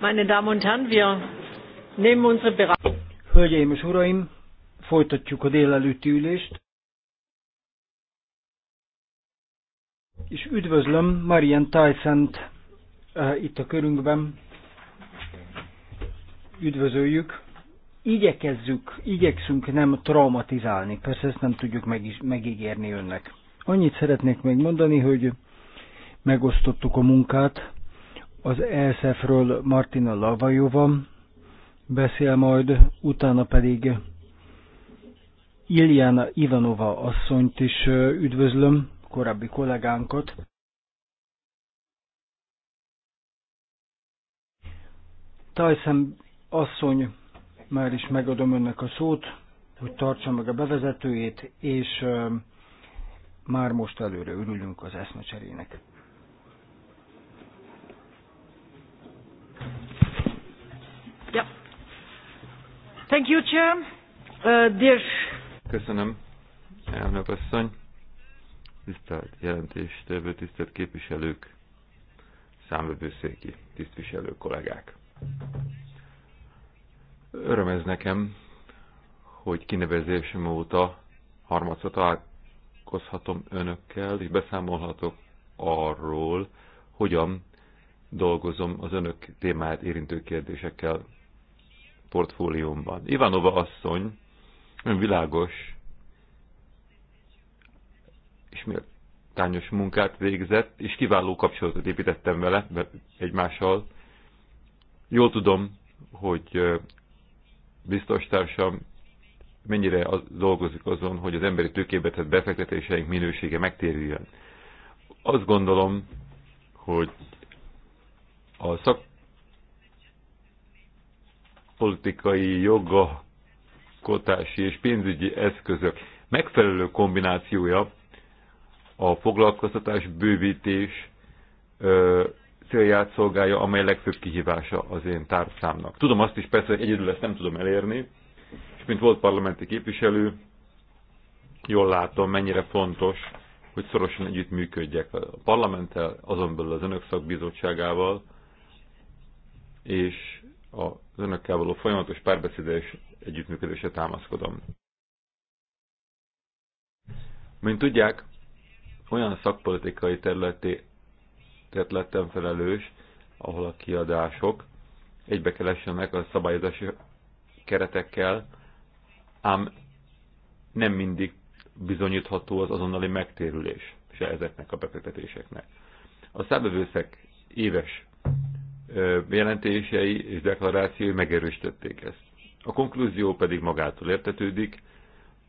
Meine Damen und Herren, wir nehmen unsere Beratung. Hölgyeim és Uraim, folytatjuk a délelőtti ülést. És üdvözlöm Marian tyson uh, eh, itt a körünkben. Üdvözöljük. Igyekezzük, igyekszünk nem traumatizálni. Persze ezt nem tudjuk meg is, megígérni önnek. Annyit szeretnék még mondani, hogy megosztottuk a munkát, az ESF-ről Martina Lavajova beszél majd, utána pedig Iljana Ivanova asszonyt is üdvözlöm, korábbi kollégánkat. Tajszem asszony, már is megadom önnek a szót, hogy tartsa meg a bevezetőjét, és már most előre örülünk az eszmecserének. Thank you, Chair. Uh, dear... Köszönöm, elnök asszony. Tisztelt jelentéstevő, tisztelt képviselők, számvevőszéki tisztviselő kollégák. Öröm ez nekem, hogy kinevezésem óta harmadszor találkozhatom önökkel, és beszámolhatok arról, hogyan dolgozom az önök témáját érintő kérdésekkel portfóliómban. Ivanova asszony, ön világos és méltányos munkát végzett, és kiváló kapcsolatot építettem vele egymással. Jól tudom, hogy biztos társam mennyire az, dolgozik azon, hogy az emberi tőkébe tett befektetéseink minősége megtérüljön. Azt gondolom, hogy a szak politikai jogalkotási és pénzügyi eszközök megfelelő kombinációja a foglalkoztatás bővítés ö, célját szolgálja, amely legfőbb kihívása az én tárcámnak. Tudom azt is persze, hogy egyedül ezt nem tudom elérni, és mint volt parlamenti képviselő, jól látom, mennyire fontos, hogy szorosan együtt működjek a parlamenttel, azon belül az önök szakbizottságával, és a az önökkel való folyamatos párbeszédre és együttműködésre támaszkodom. Mint tudják, olyan szakpolitikai területi terület lettem felelős, ahol a kiadások egybe kelessenek a szabályozási keretekkel, ám nem mindig bizonyítható az azonnali megtérülés se ezeknek a befektetéseknek. A szábevőszek éves jelentései és deklarációi megerősítették ezt. A konklúzió pedig magától értetődik,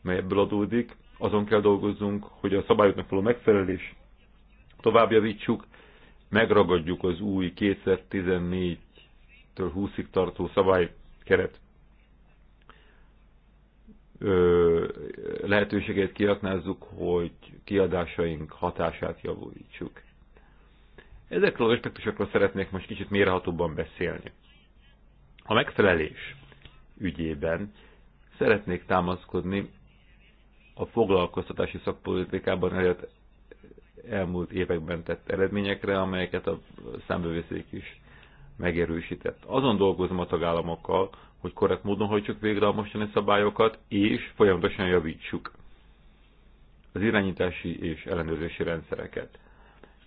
mely ebből adódik, azon kell dolgoznunk, hogy a szabályoknak való megfelelés tovább javítsuk, megragadjuk az új 2014-től 20-ig tartó szabálykeret lehetőséget kiaknázzuk, hogy kiadásaink hatását javítsuk. Ezekről az aspektusokról szeretnék most kicsit mérhatóbban beszélni. A megfelelés ügyében szeretnék támaszkodni a foglalkoztatási szakpolitikában előtt elmúlt években tett eredményekre, amelyeket a számbevészék is megerősített. Azon dolgozom a tagállamokkal, hogy korrekt módon hajtsuk végre a mostani szabályokat, és folyamatosan javítsuk az irányítási és ellenőrzési rendszereket.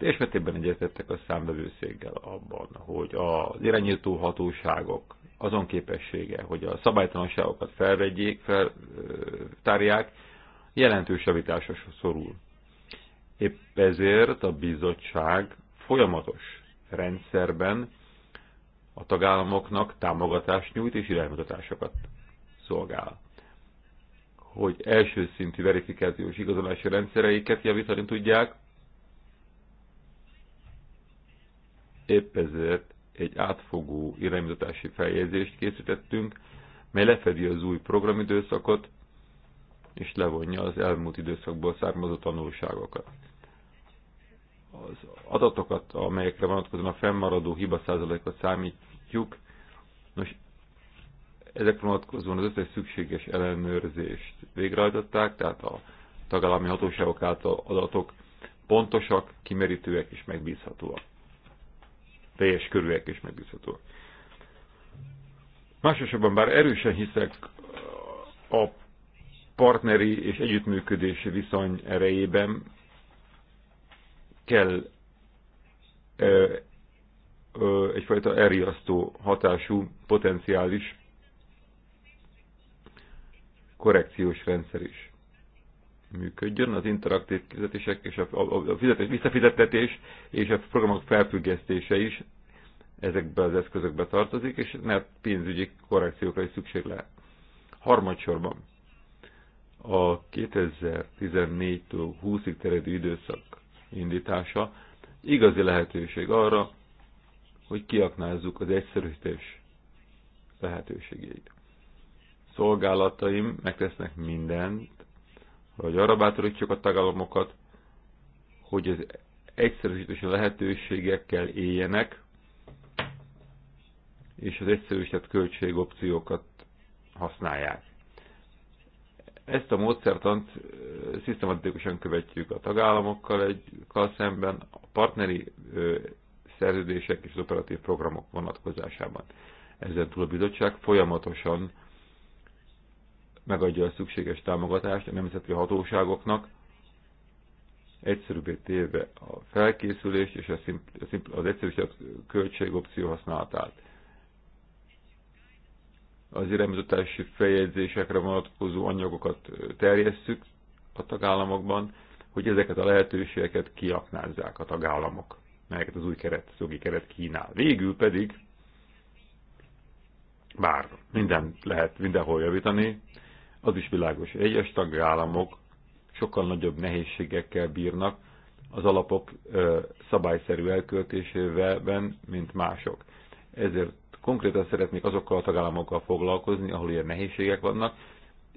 Teljes mértékben egyetettek a számvevőszéggel abban, hogy az irányító hatóságok azon képessége, hogy a szabálytalanságokat felvegyék, feltárják, jelentős javításra szorul. Épp ezért a bizottság folyamatos rendszerben a tagállamoknak támogatást nyújt és iránymutatásokat szolgál. Hogy első szintű verifikációs igazolási rendszereiket javítani tudják, Épp ezért egy átfogó irányítási feljegyzést készítettünk, mely lefedi az új programidőszakot, és levonja az elmúlt időszakból származó tanulságokat. Az adatokat, amelyekre vonatkozóan a fennmaradó hiba százalékot számítjuk, nos, ezek vonatkozóan az összes szükséges ellenőrzést végrehajtották, tehát a tagállami hatóságok által adatok pontosak, kimerítőek és megbízhatóak teljes körűek és megbízhatóak. Másosabban bár erősen hiszek a partneri és együttműködési viszony erejében, kell ö, ö, egyfajta elriasztó hatású, potenciális korrekciós rendszer is működjön, az interaktív fizetések és a, a, a fizetés, visszafizetetés és a programok felfüggesztése is ezekbe az eszközökbe tartozik, és mert pénzügyi korrekciókra is szükség lehet. Harmadsorban a 2014-től 20-ig terjedő időszak indítása igazi lehetőség arra, hogy kiaknázzuk az egyszerűsítés lehetőségeit. Szolgálataim megtesznek mindent, hogy arra bátorítsuk a tagállamokat, hogy az egyszerűsítési lehetőségekkel éljenek, és az egyszerűsített költségopciókat használják. Ezt a módszertant szisztematikusan követjük a tagállamokkal egykal szemben, a partneri szerződések és az operatív programok vonatkozásában. Ezen túl a bizottság folyamatosan megadja a szükséges támogatást a nemzeti hatóságoknak, egyszerűbbé téve a felkészülést és a szimpl, a szimpl, az egyszerűsebb költségopció használatát. Az irányítási feljegyzésekre vonatkozó anyagokat terjesszük a tagállamokban, hogy ezeket a lehetőségeket kiaknázzák a tagállamok, melyeket az új keret, jogi keret kínál. Végül pedig, bár minden lehet mindenhol javítani, az is világos. Egyes tagállamok sokkal nagyobb nehézségekkel bírnak az alapok szabályszerű elköltésével, mint mások. Ezért konkrétan szeretnék azokkal a tagállamokkal foglalkozni, ahol ilyen nehézségek vannak,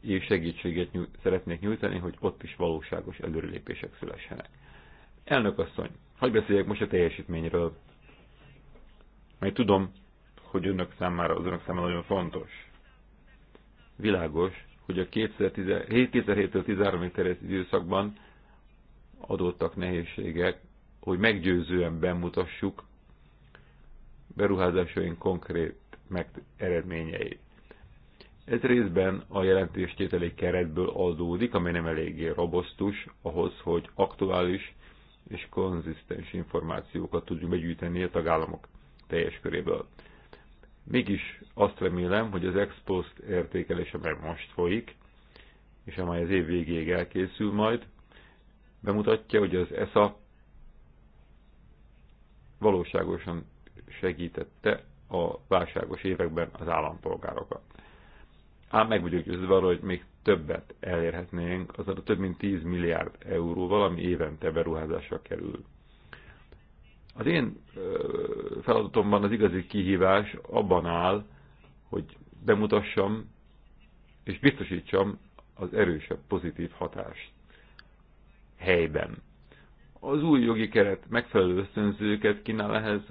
és segítséget nyújt, szeretnék nyújtani, hogy ott is valóságos előrelépések szülessenek. Elnök asszony, hogy beszéljek most a teljesítményről, mert tudom, hogy önök számára, az önök számára nagyon fontos. Világos, hogy a 2007-től 13 terjedt időszakban adottak nehézségek, hogy meggyőzően bemutassuk beruházásaink konkrét meg eredményeit. Ez részben a jelentéstételi keretből adódik, amely nem eléggé robosztus ahhoz, hogy aktuális és konzisztens információkat tudjunk begyűjteni a tagállamok teljes köréből. Mégis azt remélem, hogy az ex post értékelése meg most folyik, és amely az év végéig elkészül majd, bemutatja, hogy az ESA valóságosan segítette a válságos években az állampolgárokat. Ám meg vagyok győződve arra, hogy még többet elérhetnénk, az a több mint 10 milliárd euróval, ami évente beruházásra kerül. Az én feladatomban az igazi kihívás abban áll, hogy bemutassam és biztosítsam az erősebb pozitív hatást helyben. Az új jogi keret megfelelő ösztönzőket kínál ehhez,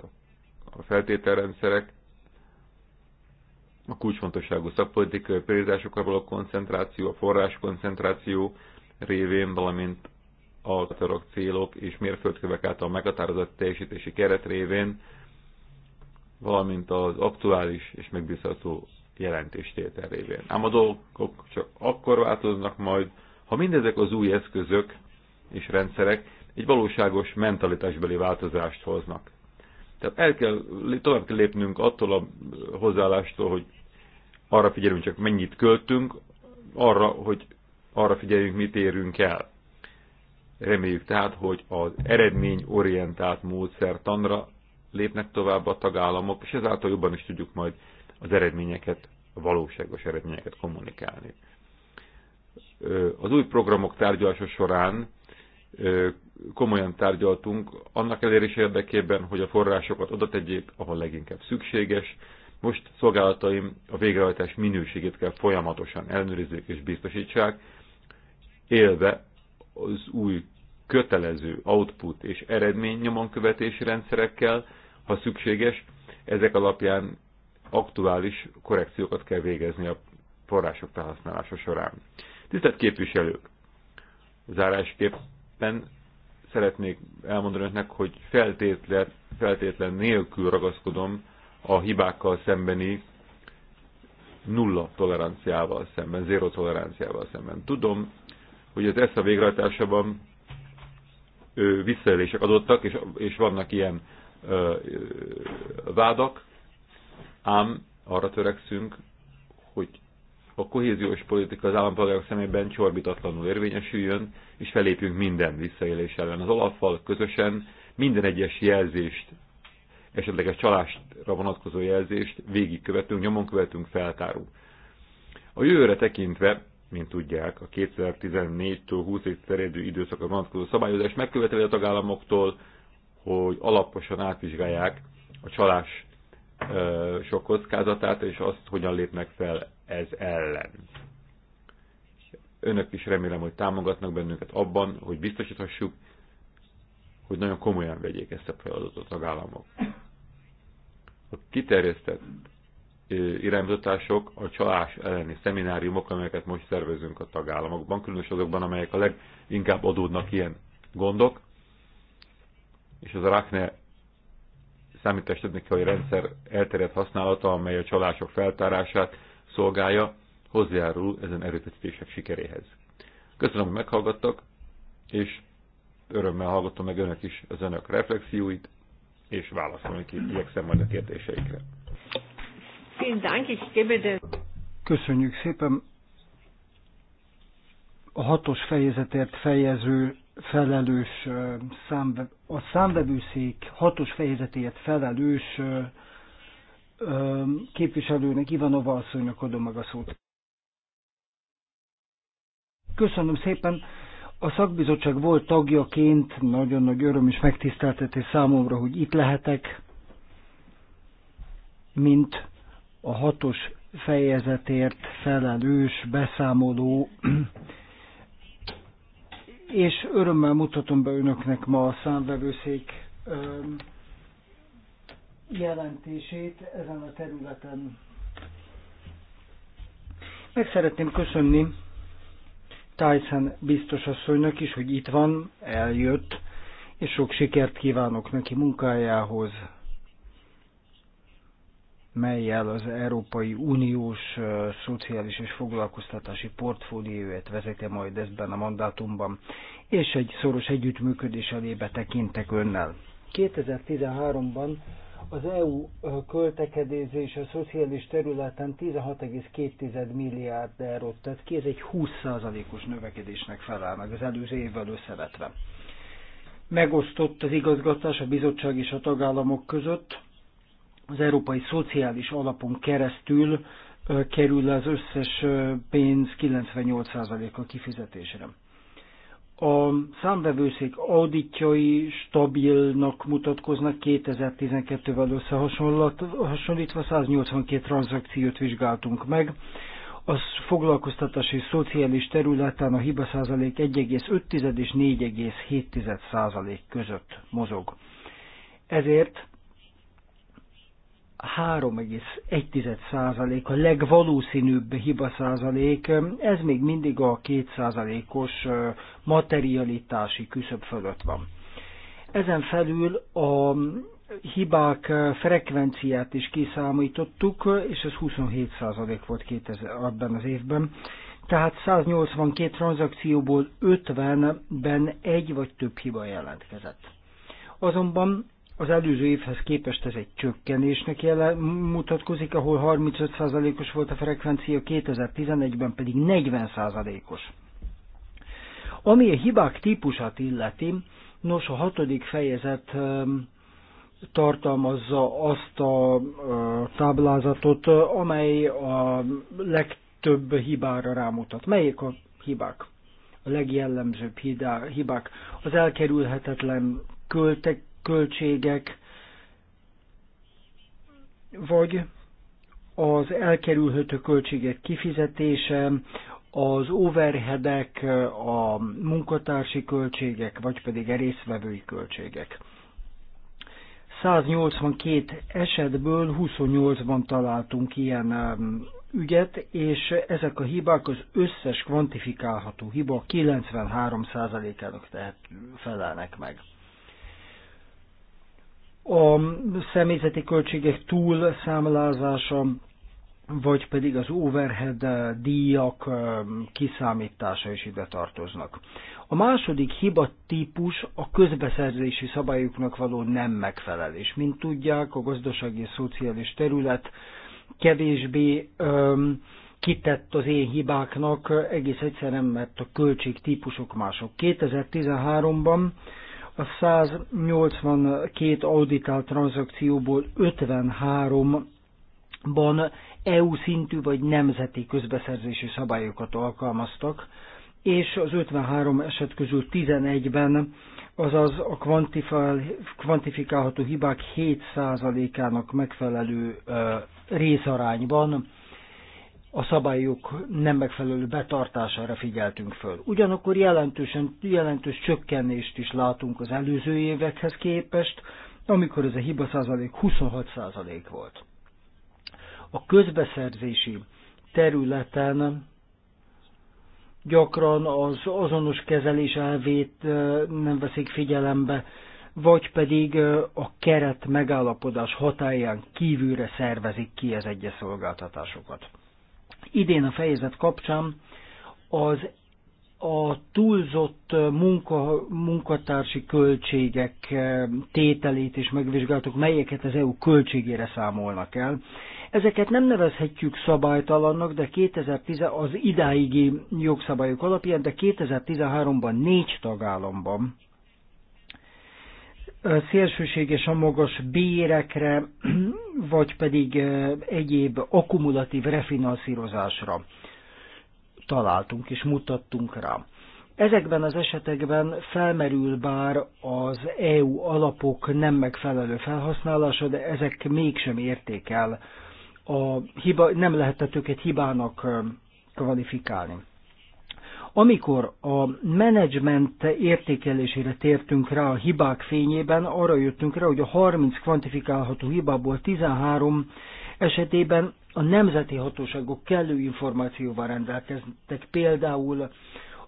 a feltételrendszerek, a kulcsfontosságú szakpolitikai prioritásokkal való koncentráció, a forrás koncentráció révén, valamint a célok és mérföldkövek által meghatározott teljesítési keret révén, valamint az aktuális és megbízható jelentéstétel révén. Ám a dolgok csak akkor változnak majd, ha mindezek az új eszközök és rendszerek egy valóságos mentalitásbeli változást hoznak. Tehát el kell, tovább kell lépnünk attól a hozzáállástól, hogy arra figyelünk csak mennyit költünk, arra, hogy arra figyeljünk, mit érünk el. Reméljük tehát, hogy az eredményorientált módszertanra lépnek tovább a tagállamok, és ezáltal jobban is tudjuk majd az eredményeket, a valóságos eredményeket kommunikálni. Az új programok tárgyalása során komolyan tárgyaltunk, annak elérés érdekében, hogy a forrásokat oda tegyék, ahol leginkább szükséges. Most szolgálataim a végrehajtás minőségét kell folyamatosan ellenőrizzék és biztosítsák, élve az új kötelező output és eredmény nyomon követési rendszerekkel, ha szükséges, ezek alapján aktuális korrekciókat kell végezni a források felhasználása során. Tisztelt képviselők! Zárásképpen szeretnék elmondani önöknek, hogy feltétlen, feltétlen nélkül ragaszkodom a hibákkal szembeni nulla toleranciával szemben, zéro toleranciával szemben. Tudom, hogy az ESZA végrehajtásában visszaélések adottak, és, és vannak ilyen ö, vádak, ám arra törekszünk, hogy a kohéziós politika az állampolgárok szemében csorbitatlanul érvényesüljön, és felépjünk minden visszaélés ellen. Az olaffal közösen minden egyes jelzést, esetleges csalásra vonatkozó jelzést végigkövetünk, nyomon követünk, feltárunk. A jövőre tekintve mint tudják, a 2014-től 20 ig terjedő időszakra vonatkozó szabályozás megköveteli a tagállamoktól, hogy alaposan átvizsgálják a csalás sok kockázatát, és azt, hogyan lépnek fel ez ellen. Önök is remélem, hogy támogatnak bennünket abban, hogy biztosíthassuk, hogy nagyon komolyan vegyék ezt a feladatot a tagállamok. A kiterjesztett irányzatások a csalás elleni szemináriumok, amelyeket most szervezünk a tagállamokban, különös azokban, amelyek a leginkább adódnak ilyen gondok, és az a Rachne számítástechnikai rendszer elterjedt használata, amely a csalások feltárását szolgálja, hozzájárul ezen erőfeszítések sikeréhez. Köszönöm, hogy meghallgattak, és örömmel hallgatom meg önök is az önök reflexióit, és válaszolni ki, igyekszem majd a kérdéseikre. Köszönjük szépen. A hatos fejezetért fejező felelős számbe, a számbevőszék hatos fejezetéért felelős képviselőnek, Ivanova asszonynak adom meg a szót. Köszönöm szépen. A szakbizottság volt tagjaként, nagyon nagy öröm és megtiszteltetés számomra, hogy itt lehetek, mint a hatos fejezetért felelős beszámoló, és örömmel mutatom be önöknek ma a számvevőszék jelentését ezen a területen. Meg szeretném köszönni Tyson biztos asszonynak is, hogy itt van, eljött, és sok sikert kívánok neki munkájához, melyel az Európai Uniós Szociális és Foglalkoztatási Portfólióját vezeti majd ezben a mandátumban, és egy szoros együttműködés elébe tekintek önnel. 2013-ban az EU költekedés a szociális területen 16,2 milliárd eurót tett ki, ez egy 20%-os növekedésnek felel meg az előző évvel összevetve. Megosztott az igazgatás a bizottság és a tagállamok között, az Európai Szociális Alapon keresztül kerül az összes pénz 98%-a kifizetésre. A számvevőszék auditjai stabilnak mutatkoznak 2012-vel összehasonlítva, 182 tranzakciót vizsgáltunk meg. A foglalkoztatási szociális területen a hiba százalék 1,5 és 4,7 százalék között mozog. Ezért 3,1% a legvalószínűbb hiba százalék, ez még mindig a 2%-os materialitási küszöb fölött van. Ezen felül a hibák frekvenciát is kiszámítottuk, és ez 27% volt 2000 az évben. Tehát 182 tranzakcióból 50-ben egy vagy több hiba jelentkezett. Azonban az előző évhez képest ez egy csökkenésnek jelen, mutatkozik, ahol 35%-os volt a frekvencia, 2011-ben pedig 40%-os. Ami a hibák típusát illeti, nos a hatodik fejezet tartalmazza azt a táblázatot, amely a legtöbb hibára rámutat. Melyik a hibák? A legjellemzőbb hibák. Az elkerülhetetlen költek, költségek, vagy az elkerülhető költségek kifizetése, az overheadek, a munkatársi költségek, vagy pedig a részvevői költségek. 182 esetből 28-ban találtunk ilyen um, ügyet, és ezek a hibák az összes kvantifikálható hiba 93%-ának tehát felelnek meg a személyzeti költségek túlszámlázása, vagy pedig az overhead díjak kiszámítása is ide tartoznak. A második hiba típus a közbeszerzési szabályoknak való nem megfelelés. Mint tudják, a gazdasági és szociális terület kevésbé öm, kitett az én hibáknak, egész egyszerűen, mert a költségtípusok mások. 2013-ban a 182 auditált tranzakcióból 53-ban EU szintű vagy nemzeti közbeszerzési szabályokat alkalmaztak, és az 53 eset közül 11-ben, azaz a kvantifikálható hibák 7%-ának megfelelő részarányban a szabályok nem megfelelő betartására figyeltünk föl. Ugyanakkor jelentősen, jelentős csökkenést is látunk az előző évekhez képest, amikor ez a hiba százalék 26 százalék volt. A közbeszerzési területen gyakran az azonos kezelés elvét nem veszik figyelembe, vagy pedig a keret megállapodás hatáján kívülre szervezik ki az egyes szolgáltatásokat. Idén a fejezet kapcsán az a túlzott munka, munkatársi költségek eh, tételét is megvizsgáltuk, melyeket az EU költségére számolnak el. Ezeket nem nevezhetjük szabálytalannak, de 2010 az idáigi jogszabályok alapján, de 2013-ban négy tagállamban szélsőséges a magas bérekre, vagy pedig egyéb akkumulatív refinanszírozásra találtunk és mutattunk rá. Ezekben az esetekben felmerül bár az EU alapok nem megfelelő felhasználása, de ezek mégsem érték el. A hiba, nem lehetett őket hibának kvalifikálni. Amikor a menedzsment értékelésére tértünk rá a hibák fényében, arra jöttünk rá, hogy a 30 kvantifikálható hibából 13 esetében a nemzeti hatóságok kellő információval rendelkeztek, például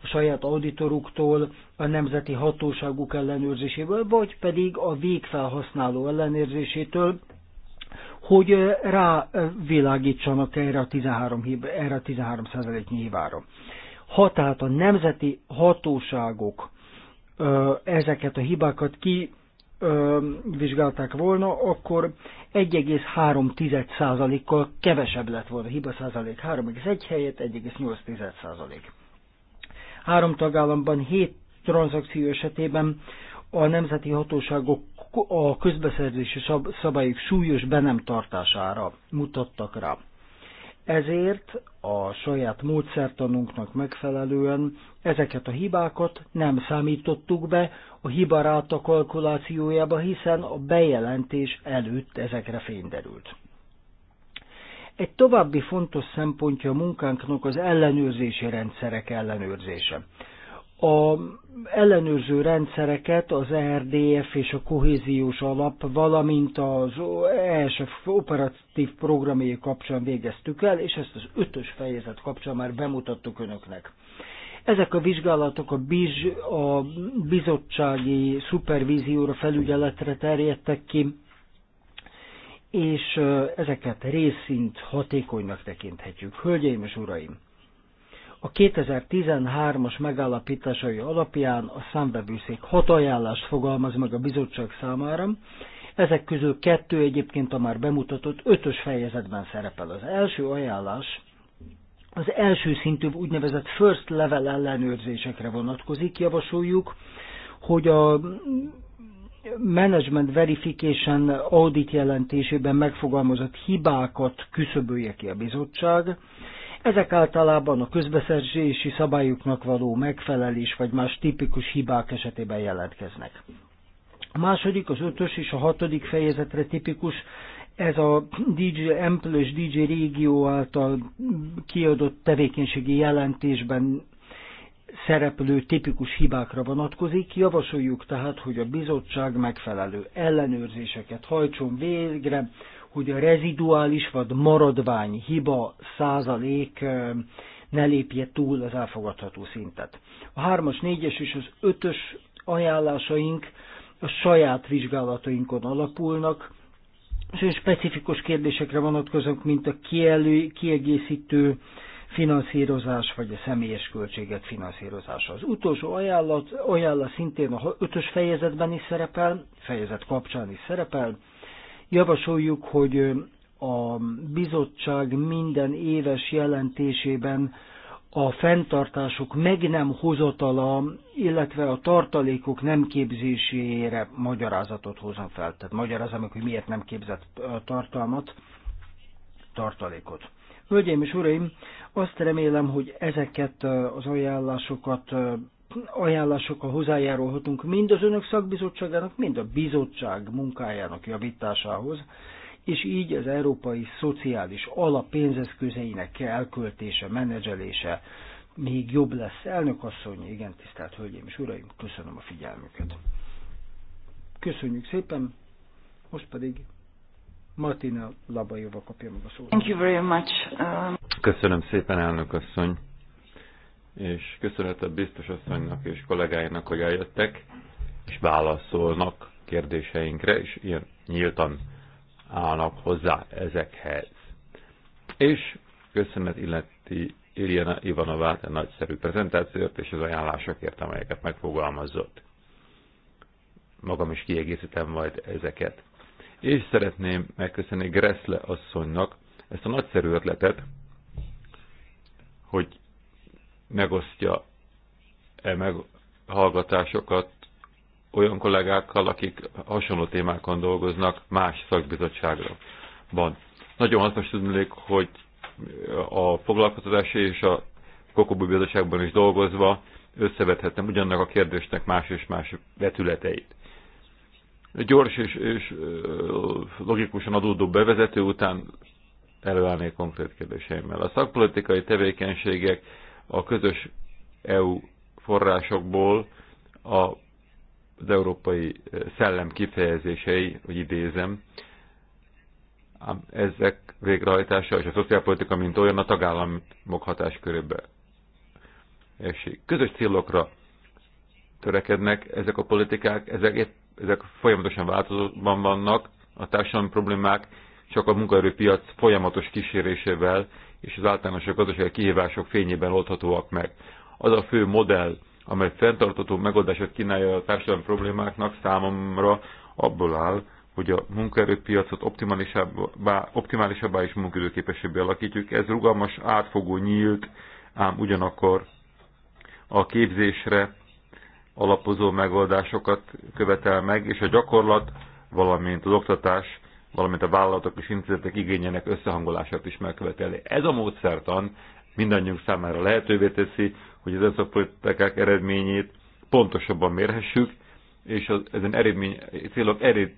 a saját auditoruktól, a nemzeti hatóságok ellenőrzéséből, vagy pedig a végfelhasználó ellenőrzésétől, hogy rávilágítsanak erre a 13, erre a 13 nyi ha a nemzeti hatóságok ezeket a hibákat ki vizsgálták volna, akkor 1,3%-kal kevesebb lett volna a hiba százalék, 3,1 helyett 1,8%. Három tagállamban 7 tranzakció esetében a nemzeti hatóságok a közbeszerzési szabályok súlyos be nem tartására mutattak rá. Ezért a saját módszertanunknak megfelelően ezeket a hibákat nem számítottuk be a hibaráta kalkulációjába, hiszen a bejelentés előtt ezekre fényderült. Egy további fontos szempontja a munkánknak az ellenőrzési rendszerek ellenőrzése a ellenőrző rendszereket az e RDF és a kohéziós alap, valamint az ESF operatív programjai kapcsán végeztük el, és ezt az ötös fejezet kapcsán már bemutattuk önöknek. Ezek a vizsgálatok a, biz, a bizottsági szupervízióra, felügyeletre terjedtek ki, és ezeket részint hatékonynak tekinthetjük. Hölgyeim és uraim! A 2013-as megállapításai alapján a számbevőszék hat ajánlást fogalmaz meg a bizottság számára, ezek közül kettő egyébként a már bemutatott ötös fejezetben szerepel. Az első ajánlás az első szintű úgynevezett first level ellenőrzésekre vonatkozik. Javasoljuk, hogy a Management Verification audit jelentésében megfogalmazott hibákat küszöbölje ki a bizottság, ezek általában a közbeszerzési szabályoknak való megfelelés vagy más tipikus hibák esetében jelentkeznek. A második, az ötös és a hatodik fejezetre tipikus, ez a DJ Ample és DJ Régió által kiadott tevékenységi jelentésben szereplő tipikus hibákra vonatkozik, javasoljuk tehát, hogy a bizottság megfelelő ellenőrzéseket hajtson végre hogy a reziduális vagy maradvány hiba százalék ne lépje túl az elfogadható szintet. A 3-as, 4-es és az 5-ös ajánlásaink a saját vizsgálatainkon alapulnak, és olyan specifikus kérdésekre vonatkoznak, mint a kielő, kiegészítő finanszírozás, vagy a személyes költségek finanszírozása. Az utolsó ajánlat, ajánlat szintén a ötös fejezetben is szerepel, fejezet kapcsán is szerepel, Javasoljuk, hogy a bizottság minden éves jelentésében a fenntartások meg nem hozatala, illetve a tartalékok nem képzésére magyarázatot hozom fel. Tehát magyarázom, hogy miért nem képzett tartalmat, tartalékot. Hölgyeim és uraim, azt remélem, hogy ezeket az ajánlásokat ajánlásokkal hozzájárulhatunk mind az önök szakbizottságának, mind a bizottság munkájának javításához, és így az európai szociális alap pénzeszközeinek elköltése, menedzselése még jobb lesz. Elnök asszony, igen, tisztelt Hölgyeim és Uraim, köszönöm a figyelmüket. Köszönjük szépen, most pedig Martina Labajova kapja meg a szót. Thank you very much. Um... Köszönöm szépen, elnök asszony és köszönet a biztos asszonynak és kollégáinak, hogy eljöttek, és válaszolnak kérdéseinkre, és ilyen nyíltan állnak hozzá ezekhez. És köszönet illeti Irjana Ivanovát a nagyszerű prezentációt és az ajánlásokért, amelyeket megfogalmazott. Magam is kiegészítem majd ezeket. És szeretném megköszönni Gressle asszonynak ezt a nagyszerű ötletet, hogy megosztja e meghallgatásokat olyan kollégákkal, akik hasonló témákon dolgoznak más szakbizottságokban. Nagyon hasznos tudnék, hogy a foglalkoztatási és a Kokobú Bizottságban is dolgozva összevethettem ugyannak a kérdésnek más és más vetületeit. Gyors és, és logikusan adódó bevezető után előállnék konkrét kérdéseimmel. A szakpolitikai tevékenységek a közös EU forrásokból a, az európai eh, szellem kifejezései, hogy idézem, ám ezek végrehajtása és a szociálpolitika, mint olyan, a tagállamok hatáskörébe esik. Közös célokra törekednek ezek a politikák, ezek, ezek folyamatosan változóban vannak, a társadalmi problémák csak a munkaerőpiac folyamatos kísérésével és az általános gazdasági kihívások fényében oldhatóak meg. Az a fő modell, amely fenntartató megoldását kínálja a társadalmi problémáknak számomra abból áll, hogy a munkaerőpiacot optimálisabbá, optimálisabbá és munkaidőképesebbé alakítjuk. Ez rugalmas, átfogó, nyílt, ám ugyanakkor a képzésre alapozó megoldásokat követel meg, és a gyakorlat, valamint az oktatás valamint a vállalatok és intézetek igényének összehangolását is megköveteli. Ez a módszertan mindannyiunk számára lehetővé teszi, hogy az ESZA politikák eredményét pontosabban mérhessük, és az, ezen eredmény, célok ered,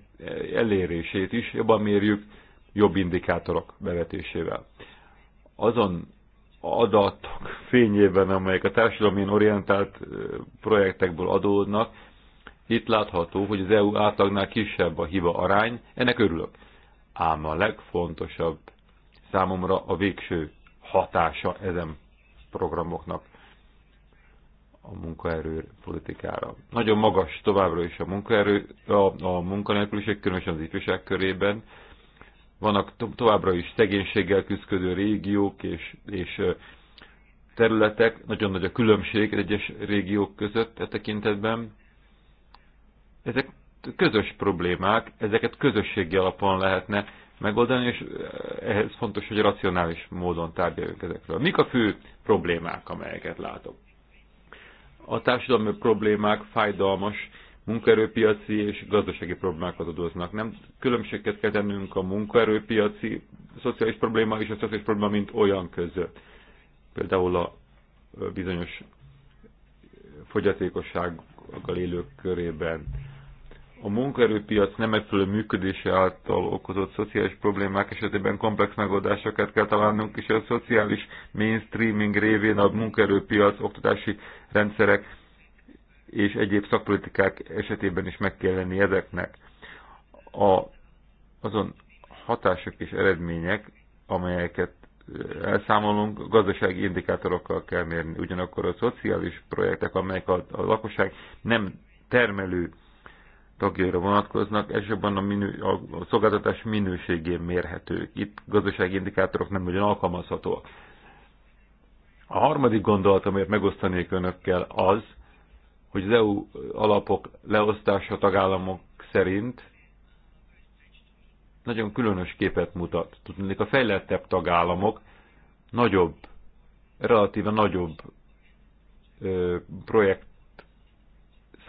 elérését is jobban mérjük jobb indikátorok bevetésével. Azon adatok fényében, amelyek a társadalmi orientált projektekből adódnak, itt látható, hogy az EU átlagnál kisebb a hiba arány, ennek örülök ám a legfontosabb számomra a végső hatása ezen programoknak a munkaerő politikára. Nagyon magas továbbra is a munkaerő, a, a munkanélküliség, különösen az ifjúság körében. Vannak to, továbbra is szegénységgel küzdködő régiók és, és területek, nagyon nagy a különbség egyes régiók között e tekintetben. Ezek közös problémák, ezeket közösségi alapon lehetne megoldani, és eh, ehhez fontos, hogy racionális módon tárgyaljunk ezekről. Mik a fő problémák, amelyeket látok? A társadalmi problémák fájdalmas munkaerőpiaci és gazdasági problémákat adóznak. Nem különbséget kell tennünk a munkaerőpiaci a szociális probléma és a szociális probléma mint olyan között. Például a eh, bizonyos fogyatékossággal élők körében a munkaerőpiac nem megfelelő működése által okozott szociális problémák esetében komplex megoldásokat kell találnunk, és a szociális mainstreaming révén a munkaerőpiac, oktatási rendszerek és egyéb szakpolitikák esetében is meg kell lenni ezeknek. A, azon hatások és eredmények, amelyeket elszámolunk, gazdasági indikátorokkal kell mérni. Ugyanakkor a szociális projektek, amelyek a, a lakosság nem termelő tagjaira vonatkoznak, elsősorban a, minő, a szolgáltatás minőségén mérhető. Itt gazdasági indikátorok nem nagyon alkalmazhatóak. A harmadik gondolat, amelyet megosztanék önökkel az, hogy az EU alapok leosztása tagállamok szerint nagyon különös képet mutat. Tudnék, a fejlettebb tagállamok nagyobb, relatíve nagyobb ö, projekt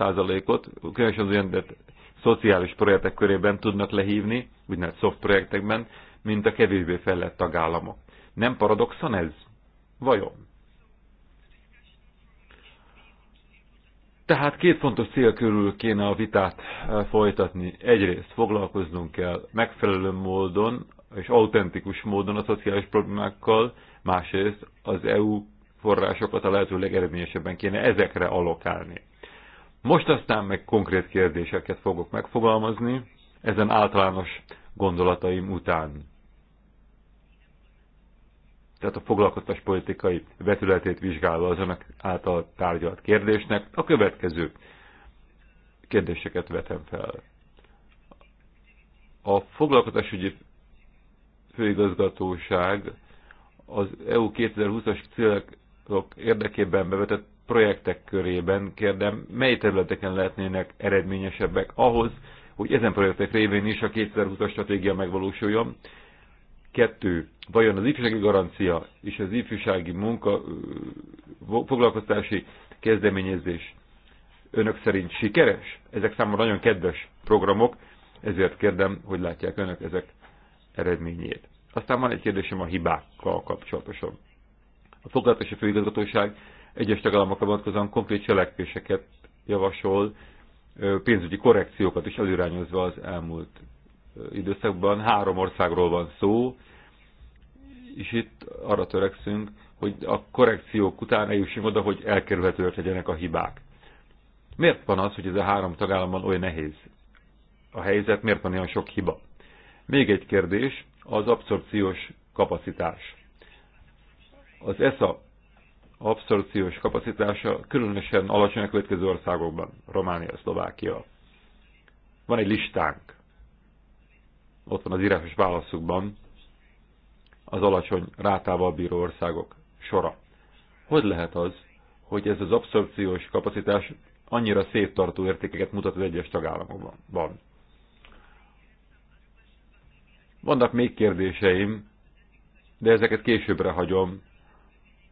százalékot, különösen az olyan szociális projektek körében tudnak lehívni, úgynevezett soft projektekben, mint a kevésbé fellett tagállamok. Nem paradoxon ez? Vajon? Tehát két fontos cél körül kéne a vitát eh, folytatni. Egyrészt foglalkoznunk kell megfelelő módon és autentikus módon a szociális problémákkal, másrészt az EU forrásokat a lehető legeredményesebben kéne ezekre alokálni. Most aztán meg konkrét kérdéseket fogok megfogalmazni, ezen általános gondolataim után. Tehát a foglalkoztatás politikai vetületét vizsgálva az önök által tárgyalt kérdésnek a következő kérdéseket vetem fel. A foglalkoztatásügyi főigazgatóság az EU 2020-as célok érdekében bevetett projektek körében kérdem, mely területeken lehetnének eredményesebbek ahhoz, hogy ezen projektek révén is a 2020-as stratégia megvalósuljon. Kettő, vajon az ifjúsági garancia és az ifjúsági munka foglalkoztási kezdeményezés önök szerint sikeres? Ezek számomra nagyon kedves programok, ezért kérdem, hogy látják önök ezek eredményét. Aztán van egy kérdésem a hibákkal kapcsolatosan. A foglalatosi főigazgatóság egyes tagállamokra vonatkozóan konkrét cselekvéseket javasol, pénzügyi korrekciókat is előrányozva az elmúlt időszakban. Három országról van szó, és itt arra törekszünk, hogy a korrekciók után eljussunk oda, hogy elkerülhetőek legyenek a hibák. Miért van az, hogy ez a három tagállamban olyan nehéz a helyzet, miért van olyan sok hiba? Még egy kérdés, az abszorpciós kapacitás. Az ESA abszorciós kapacitása különösen alacsony a következő országokban, Románia, Szlovákia. Van egy listánk, ott van az írásos válaszukban az alacsony rátával bíró országok sora. Hogy lehet az, hogy ez az abszorpciós kapacitás annyira széttartó értékeket mutat az egyes tagállamokban? Van. Vannak még kérdéseim, de ezeket későbbre hagyom,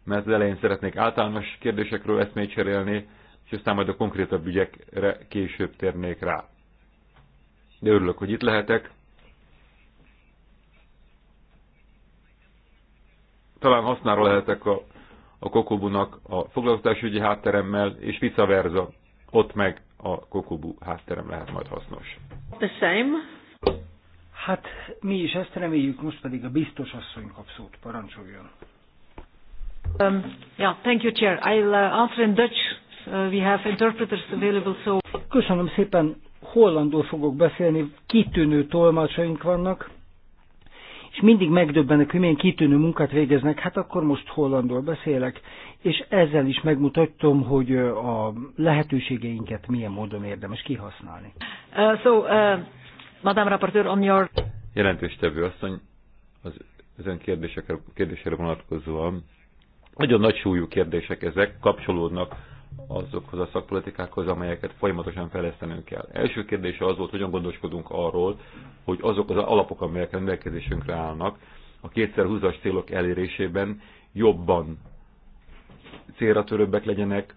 mert az elején szeretnék általános kérdésekről eszmét cserélni, és aztán majd a konkrétabb ügyekre később térnék rá. De örülök, hogy itt lehetek. Talán hasznára lehetek a, a Kokobunak a foglalkoztásügyi hátteremmel, és vice versa. Ott meg a Kokobu hátterem lehet majd hasznos. The same. Hát mi is ezt reméljük, most pedig a biztos asszony kap szót, parancsoljon. Um, yeah, thank you, Chair. I'll uh, answer in Dutch. Uh, we have interpreters available, so... Köszönöm szépen. Hollandul fogok beszélni. Kitűnő tolmácsaink vannak. És mindig megdöbbenek, hogy milyen kitűnő munkát végeznek. Hát akkor most hollandul beszélek. És ezzel is megmutatom, hogy uh, a lehetőségeinket milyen módon érdemes kihasználni. Uh, so, uh, Madame Rapporteur, on your... jelentős tevő asszony, az, az ön kérdésekre, kérdésére vonatkozóan nagyon nagy súlyú kérdések ezek, kapcsolódnak azokhoz a szakpolitikákhoz, amelyeket folyamatosan fejlesztenünk kell. Első kérdése az volt, hogyan gondoskodunk arról, hogy azok az alapok, amelyek rendelkezésünkre állnak, a 2020-as célok elérésében jobban célra törőbbek legyenek,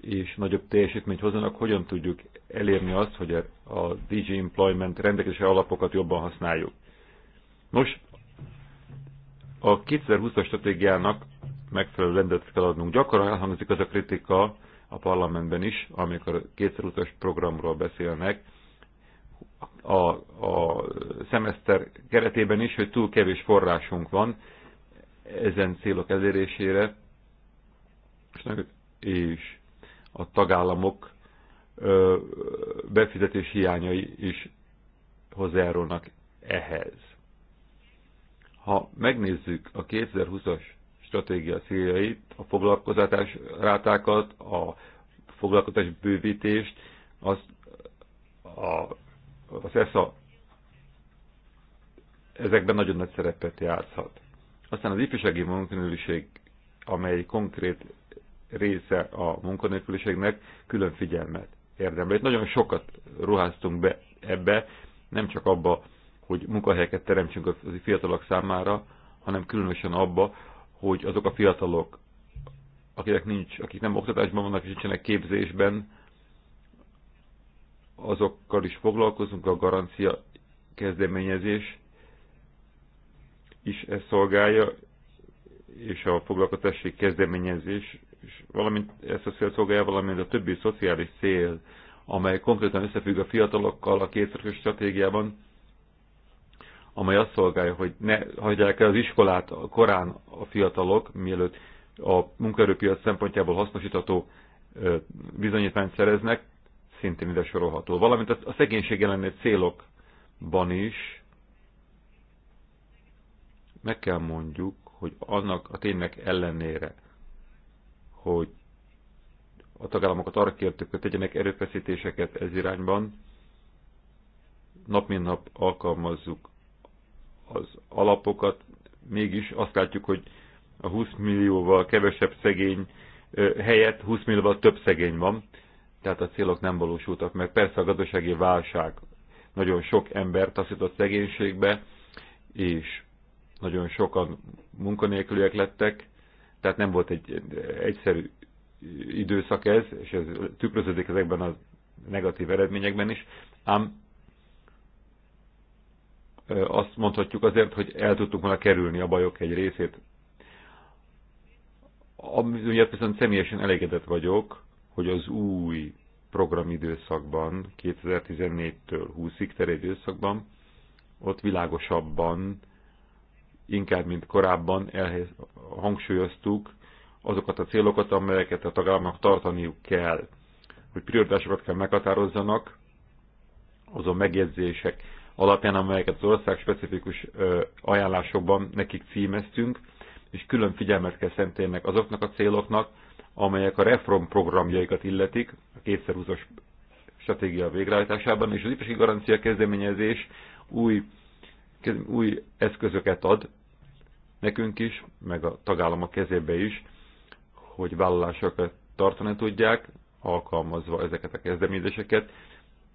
és nagyobb teljesítményt hozzanak, hogyan tudjuk elérni azt, hogy a DG Employment rendelkezésre alapokat jobban használjuk. Nos, a 2020-as stratégiának megfelelő rendet kell adnunk. Gyakran elhangzik az a kritika a parlamentben is, amikor kétszerutas programról beszélnek, a, a szemeszter keretében is, hogy túl kevés forrásunk van ezen célok elérésére, és a tagállamok befizetés hiányai is hozzájárulnak ehhez. Ha megnézzük a 2020-as stratégia céljait, a foglalkozatás rátákat, a foglalkozás bővítést, az, a, az ESA ezekben nagyon nagy szerepet játszhat. Aztán az ifjúsági munkanőrűség, amely konkrét része a munkanélküliségnek, külön figyelmet érdemel. Itt nagyon sokat ruháztunk be ebbe, nem csak abba, hogy munkahelyeket teremtsünk az fiatalok számára, hanem különösen abba, hogy azok a fiatalok, akik, nincs, akik nem oktatásban vannak és nincsenek képzésben, azokkal is foglalkozunk, a garancia kezdeményezés is ezt szolgálja, és a foglalkozási kezdeményezés, és valamint ezt a cél szolgálja, valamint a többi szociális cél, amely konkrétan összefügg a fiatalokkal a kétszeres stratégiában, amely azt szolgálja, hogy ne hagyják el az iskolát korán a fiatalok, mielőtt a munkaerőpiac szempontjából hasznosítató bizonyítványt szereznek, szintén ide sorolható. Valamint a szegénység ellené célokban is meg kell mondjuk, hogy annak a ténynek ellenére, hogy a tagállamokat arra kértük, hogy tegyenek erőfeszítéseket ez irányban, nap mint nap alkalmazzuk az alapokat, mégis azt látjuk, hogy a 20 millióval kevesebb szegény helyett 20 millióval több szegény van, tehát a célok nem valósultak meg. Persze a gazdasági válság nagyon sok ember taszított szegénységbe, és nagyon sokan munkanélküliek lettek, tehát nem volt egy egyszerű időszak ez, és ez tükröződik ezekben a negatív eredményekben is, ám azt mondhatjuk azért, hogy el tudtuk volna kerülni a bajok egy részét. Amiért viszont személyesen elégedett vagyok, hogy az új programidőszakban, 2014-től 20-ig terjedő időszakban, ott világosabban, inkább mint korábban elhez, hangsúlyoztuk azokat a célokat, amelyeket a tagállamnak tartaniuk kell, hogy prioritásokat kell meghatározzanak, azon megjegyzések, alapján, amelyeket az ország specifikus ajánlásokban nekik címeztünk, és külön figyelmet kell szentélnek azoknak a céloknak, amelyek a reform programjaikat illetik, a kétszerúzos stratégia végrehajtásában, és az ifjúsági garancia kezdeményezés új, új eszközöket ad nekünk is, meg a tagállamok kezébe is, hogy vállalásokat tartani tudják, alkalmazva ezeket a kezdeményezéseket,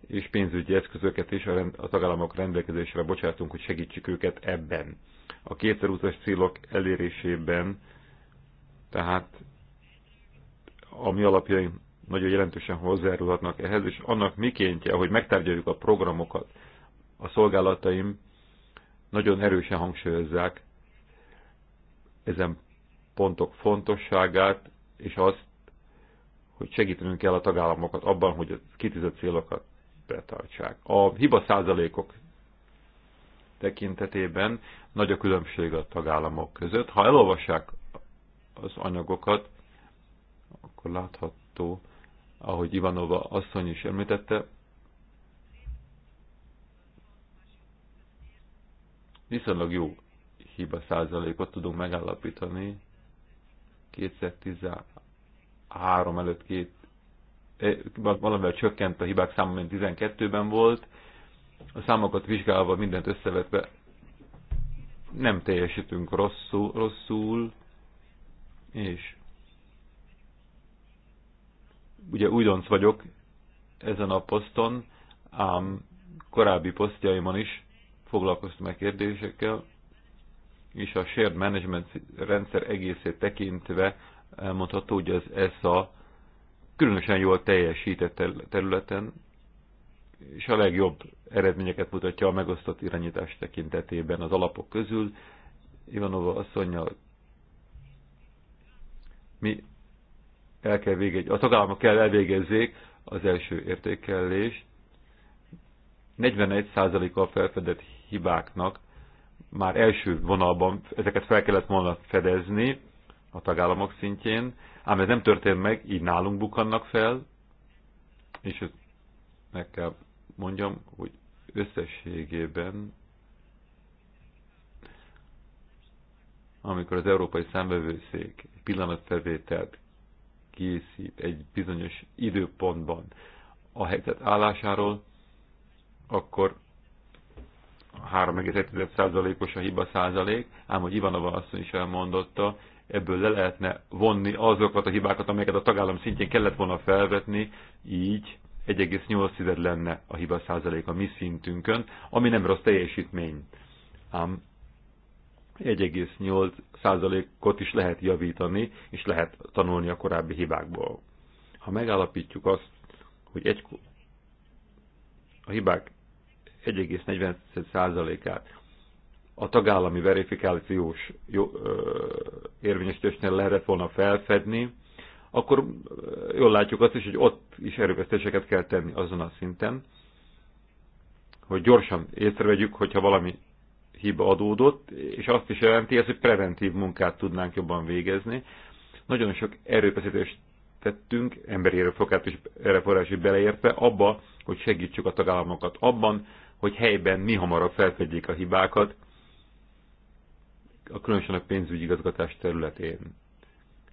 és pénzügyi eszközöket is a tagállamok rendelkezésre bocsátunk, hogy segítsük őket ebben. A 2020-as célok elérésében tehát a mi nagyon jelentősen hozzájárulhatnak ehhez, és annak mikéntje, hogy megtárgyaljuk a programokat, a szolgálataim nagyon erősen hangsúlyozzák ezen pontok fontosságát, és azt, hogy segítenünk kell a tagállamokat abban, hogy a kitűzött célokat betartsák. A hiba százalékok tekintetében nagy a különbség a tagállamok között. Ha elolvassák az anyagokat, akkor látható, ahogy Ivanova asszony is említette, viszonylag jó hiba százalékot tudunk megállapítani 2013 előtt két valamivel csökkent a hibák száma, mint 12-ben volt. A számokat vizsgálva, mindent összevetve nem teljesítünk rosszul, rosszul és ugye újdonc vagyok ezen a poszton, ám korábbi posztjaimon is foglalkoztam a e kérdésekkel, és a shared management rendszer egészét tekintve elmondható, hogy az ESA különösen jól teljesített területen, és a legjobb eredményeket mutatja a megosztott irányítás tekintetében az alapok közül. Ivanova asszonya, mi el kell végezni, a tagállamok kell elvégezzék az első értékelést. 41%-a felfedett hibáknak már első vonalban ezeket fel kellett volna fedezni, a tagállamok szintjén, ám ez nem történt meg, így nálunk bukannak fel, és ezt meg kell mondjam, hogy összességében, amikor az Európai egy pillanatfelvételt készít egy bizonyos időpontban a helyzet állásáról, akkor 3,1%-os a hiba százalék, ám hogy Ivanova asszony is elmondotta, ebből le lehetne vonni azokat a hibákat, amelyeket a tagállam szintjén kellett volna felvetni, így 1,8 lenne a hiba százalék a mi szintünkön, ami nem rossz teljesítmény. Ám 1,8 százalékot is lehet javítani, és lehet tanulni a korábbi hibákból. Ha megállapítjuk azt, hogy egy, a hibák 1,45 százalékát a tagállami verifikációs érvényesítésnél lehetett volna felfedni, akkor jól látjuk azt is, hogy ott is erőfeszítéseket kell tenni azon a szinten, hogy gyorsan észrevegyük, hogyha valami hiba adódott, és azt is jelenti ez, hogy preventív munkát tudnánk jobban végezni. Nagyon sok erőfeszítést tettünk, emberi erőfokát és erőforrás beleértve, abba, hogy segítsük a tagállamokat abban, hogy helyben mi hamarabb felfedjék a hibákat, a különösen a pénzügyi igazgatás területén.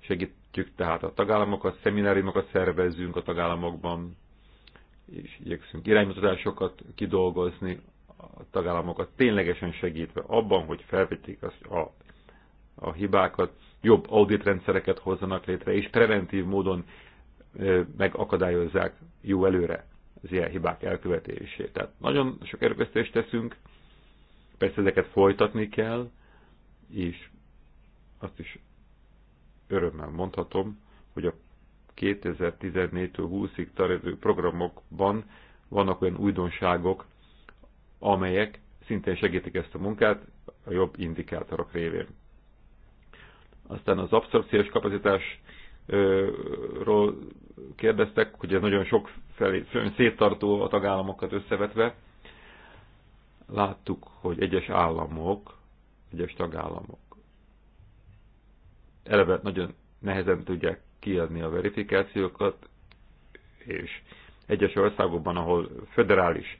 Segítjük tehát a tagállamokat, szemináriumokat szervezzünk a tagállamokban, és igyekszünk iránymutatásokat kidolgozni a tagállamokat, ténylegesen segítve abban, hogy felvették a, a, a hibákat, jobb auditrendszereket hozzanak létre, és preventív módon ö, megakadályozzák jó előre az ilyen hibák elkövetését. Tehát nagyon sok erőfeszítést teszünk, persze ezeket folytatni kell, és azt is örömmel mondhatom, hogy a 2014-től 20-ig tartó programokban vannak olyan újdonságok, amelyek szintén segítik ezt a munkát a jobb indikátorok révén. Aztán az abszorpciós kapacitásról kérdeztek, hogy ez nagyon sok felé, széttartó a tagállamokat összevetve. Láttuk, hogy egyes államok egyes tagállamok eleve nagyon nehezen tudják kiadni a verifikációkat, és egyes országokban, ahol föderális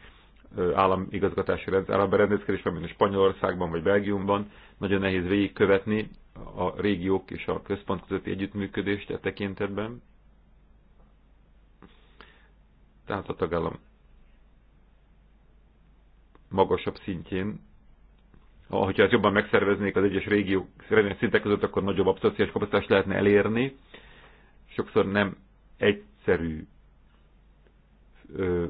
államigazgatási rendszer, államberendezkedés van, mint Spanyolországban vagy Belgiumban, nagyon nehéz végigkövetni a régiók és a központ közötti együttműködést e tekintetben. Tehát a tagállam magasabb szintjén hogyha ezt jobban megszerveznék az egyes régiók szintek között, akkor nagyobb abszociális kapacitást lehetne elérni. Sokszor nem egyszerű ö,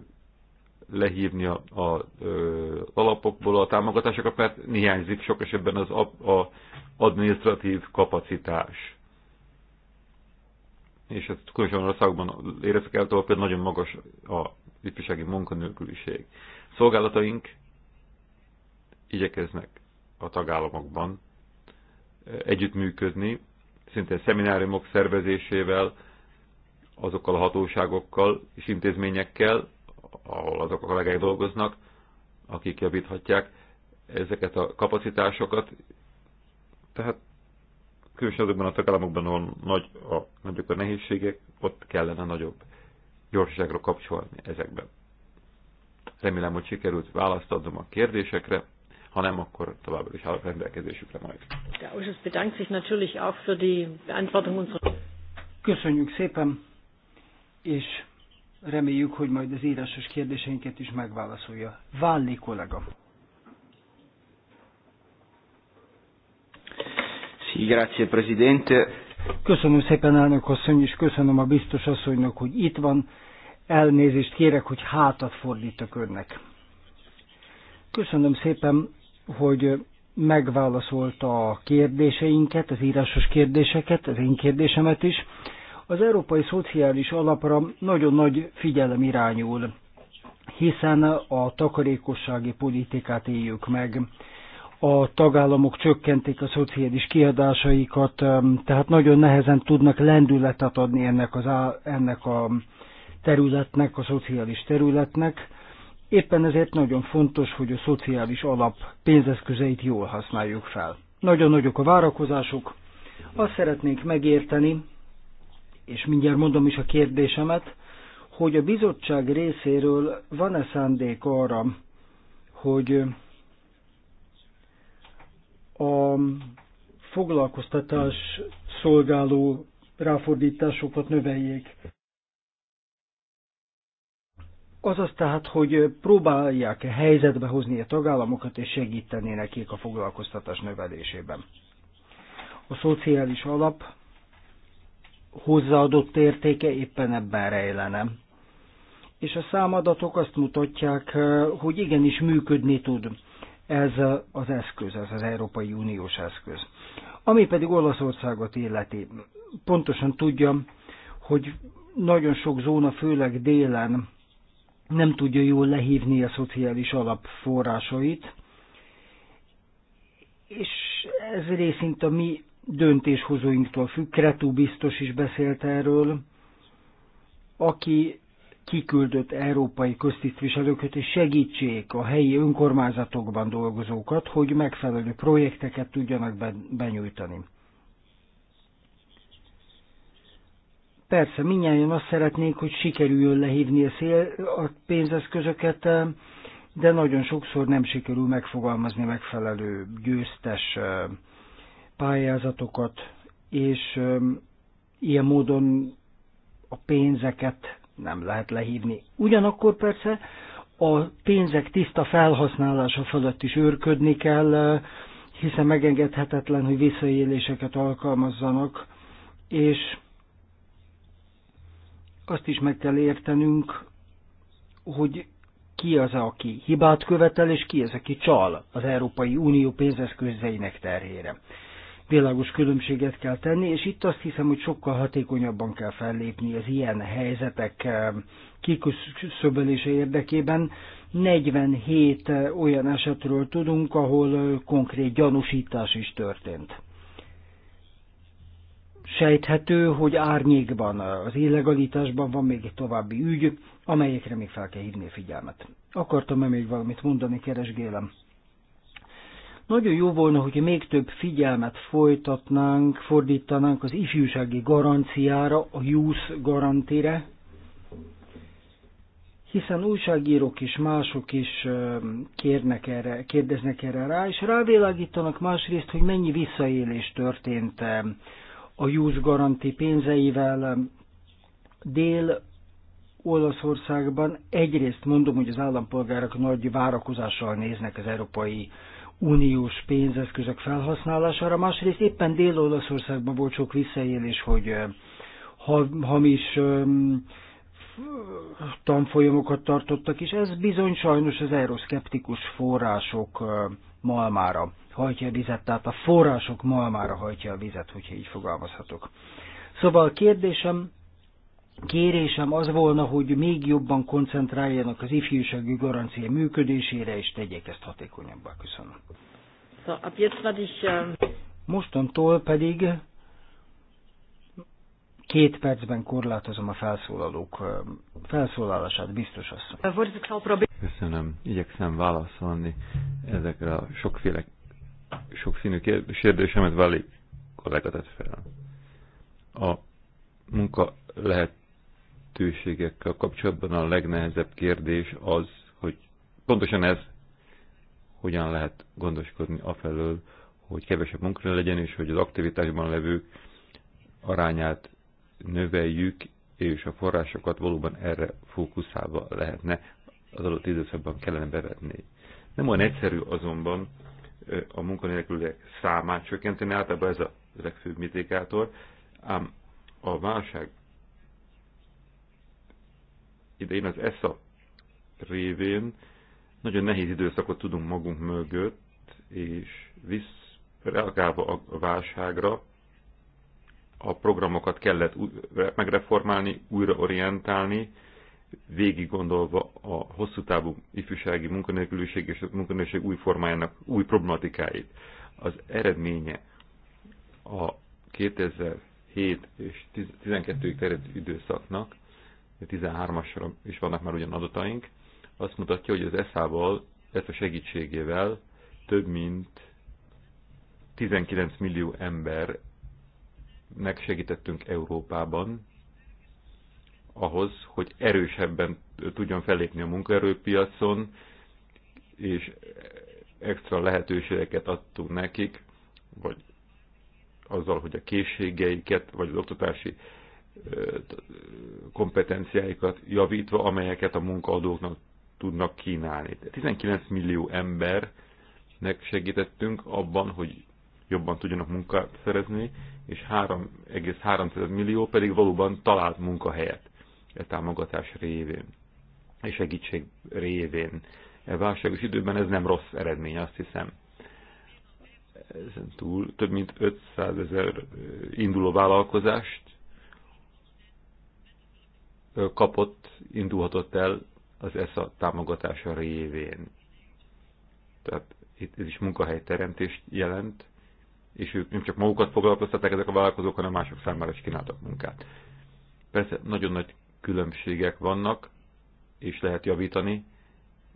lehívni a, a ö, alapokból a támogatásokat, mert hiányzik sok esetben az a, a administratív kapacitás. És ezt különösen országban éreztek el, tovább, például nagyon magas a ifjúsági munkanélküliség. Szolgálataink igyekeznek a tagállamokban együttműködni, szintén szemináriumok szervezésével, azokkal a hatóságokkal és intézményekkel, ahol azok a kollégák dolgoznak, akik javíthatják ezeket a kapacitásokat. Tehát különösen azokban a tagállamokban, ahol nagy a, nagyok a nehézségek, ott kellene nagyobb gyorsaságra kapcsolni ezekben. Remélem, hogy sikerült választ adnom a kérdésekre ha nem, akkor továbbra is a rendelkezésükre majd. Köszönjük szépen, és reméljük, hogy majd az írásos kérdéseinket is megválaszolja. Válni kollega. grazie Presidente. Köszönöm szépen elnök asszony, és köszönöm a biztos asszonynak, hogy itt van. Elnézést kérek, hogy hátat fordítok önnek. Köszönöm szépen hogy megválaszolta a kérdéseinket, az írásos kérdéseket, az én kérdésemet is. Az Európai Szociális Alapra nagyon nagy figyelem irányul, hiszen a takarékossági politikát éljük meg. A tagállamok csökkentik a szociális kiadásaikat, tehát nagyon nehezen tudnak lendületet adni ennek, az, ennek a területnek, a szociális területnek Éppen ezért nagyon fontos, hogy a szociális alap pénzeszközeit jól használjuk fel. Nagyon nagyok a várakozások. Azt szeretnénk megérteni, és mindjárt mondom is a kérdésemet, hogy a bizottság részéről van-e szándék arra, hogy a foglalkoztatás szolgáló ráfordításokat növeljék. Azaz tehát, hogy próbálják helyzetbe hozni a tagállamokat és segíteni nekik a foglalkoztatás növelésében. A szociális alap hozzáadott értéke éppen ebben rejlene. És a számadatok azt mutatják, hogy igenis működni tud ez az eszköz, ez az Európai Uniós eszköz. Ami pedig Olaszországot illeti, pontosan tudja, hogy nagyon sok zóna, főleg délen nem tudja jól lehívni a szociális alap forrásait, és ez részint a mi döntéshozóinktól függ. Kretú biztos is beszélt erről, aki kiküldött európai köztisztviselőket, és segítsék a helyi önkormányzatokban dolgozókat, hogy megfelelő projekteket tudjanak benyújtani. Persze, minnyáján azt szeretnénk, hogy sikerüljön lehívni a, szél, a pénzeszközöket, de nagyon sokszor nem sikerül megfogalmazni megfelelő győztes pályázatokat, és ilyen módon a pénzeket nem lehet lehívni. Ugyanakkor persze a pénzek tiszta felhasználása fölött is őrködni kell, hiszen megengedhetetlen, hogy visszaéléseket alkalmazzanak, és azt is meg kell értenünk, hogy ki az, aki hibát követel, és ki az, aki csal az Európai Unió pénzeszközeinek terhére. Világos különbséget kell tenni, és itt azt hiszem, hogy sokkal hatékonyabban kell fellépni az ilyen helyzetek eh, kiküszöbölése érdekében. 47 eh, olyan esetről tudunk, ahol eh, konkrét gyanúsítás is történt sejthető, hogy árnyékban, az illegalitásban van még egy további ügy, amelyekre még fel kell hívni a figyelmet. Akartam-e még valamit mondani, keresgélem? Nagyon jó volna, hogy még több figyelmet folytatnánk, fordítanánk az ifjúsági garanciára, a youth garantire, hiszen újságírók is, mások is kérnek erre, kérdeznek erre rá, és rávilágítanak másrészt, hogy mennyi visszaélés történt a Youth Garanti pénzeivel. Dél Olaszországban egyrészt mondom, hogy az állampolgárok nagy várakozással néznek az Európai Uniós pénzeszközök felhasználására, másrészt éppen Dél-Olaszországban volt sok visszaélés, hogy hamis tanfolyamokat tartottak, és ez bizony sajnos az euroszkeptikus források malmára hajtja a vizet, tehát a források malmára hajtja a vizet, hogyha így fogalmazhatok. Szóval a kérdésem, kérésem az volna, hogy még jobban koncentráljanak az ifjúsági garancia működésére, és tegyék ezt hatékonyabbá. Köszönöm. Ähm, Mostantól pedig Két percben korlátozom a felszólalók felszólalását, biztos asszony. Köszönöm. Igyekszem válaszolni ezekre a sokféle, sokszínű kérdésemet Vali kollega tett fel. A munka lehetőségekkel kapcsolatban a legnehezebb kérdés az, hogy pontosan ez hogyan lehet gondoskodni afelől, hogy kevesebb munkára legyen, és hogy az aktivitásban levők arányát növeljük, és a forrásokat valóban erre fókuszálva lehetne az adott időszakban kellene bevetni. Nem olyan egyszerű azonban a munkanélküliek számát csökkenteni, általában ez a legfőbb mitikátor, ám a válság idején az ESZA révén nagyon nehéz időszakot tudunk magunk mögött, és visz, reagálva a válságra, a programokat kellett megreformálni, újraorientálni, végig gondolva a hosszú távú ifjúsági munkanélküliség és a munkanélküliség új formájának új problematikáit. Az eredménye a 2007 és 12-ig terjedő időszaknak, 13-asra is vannak már ugyan adataink, azt mutatja, hogy az ESZÁ-val, ezt a segítségével több mint 19 millió ember megsegítettünk Európában ahhoz, hogy erősebben tudjon fellépni a munkaerőpiacon, és extra lehetőségeket adtunk nekik, vagy azzal, hogy a készségeiket, vagy az oktatási kompetenciáikat javítva, amelyeket a munkaadóknak tudnak kínálni. 19 millió embernek segítettünk abban, hogy jobban tudjanak munkát szerezni, és 3,3 millió pedig valóban talált munkahelyet e támogatás révén, és e segítség révén. E válságos időben ez nem rossz eredmény, azt hiszem. Ezen túl több mint 500 ezer induló vállalkozást kapott, indulhatott el az ESZA támogatása révén. Tehát itt ez is munkahelyteremtést jelent, és ők nem csak magukat foglalkoztatták ezek a vállalkozók, hanem mások számára is kínáltak munkát. Persze nagyon nagy különbségek vannak, és lehet javítani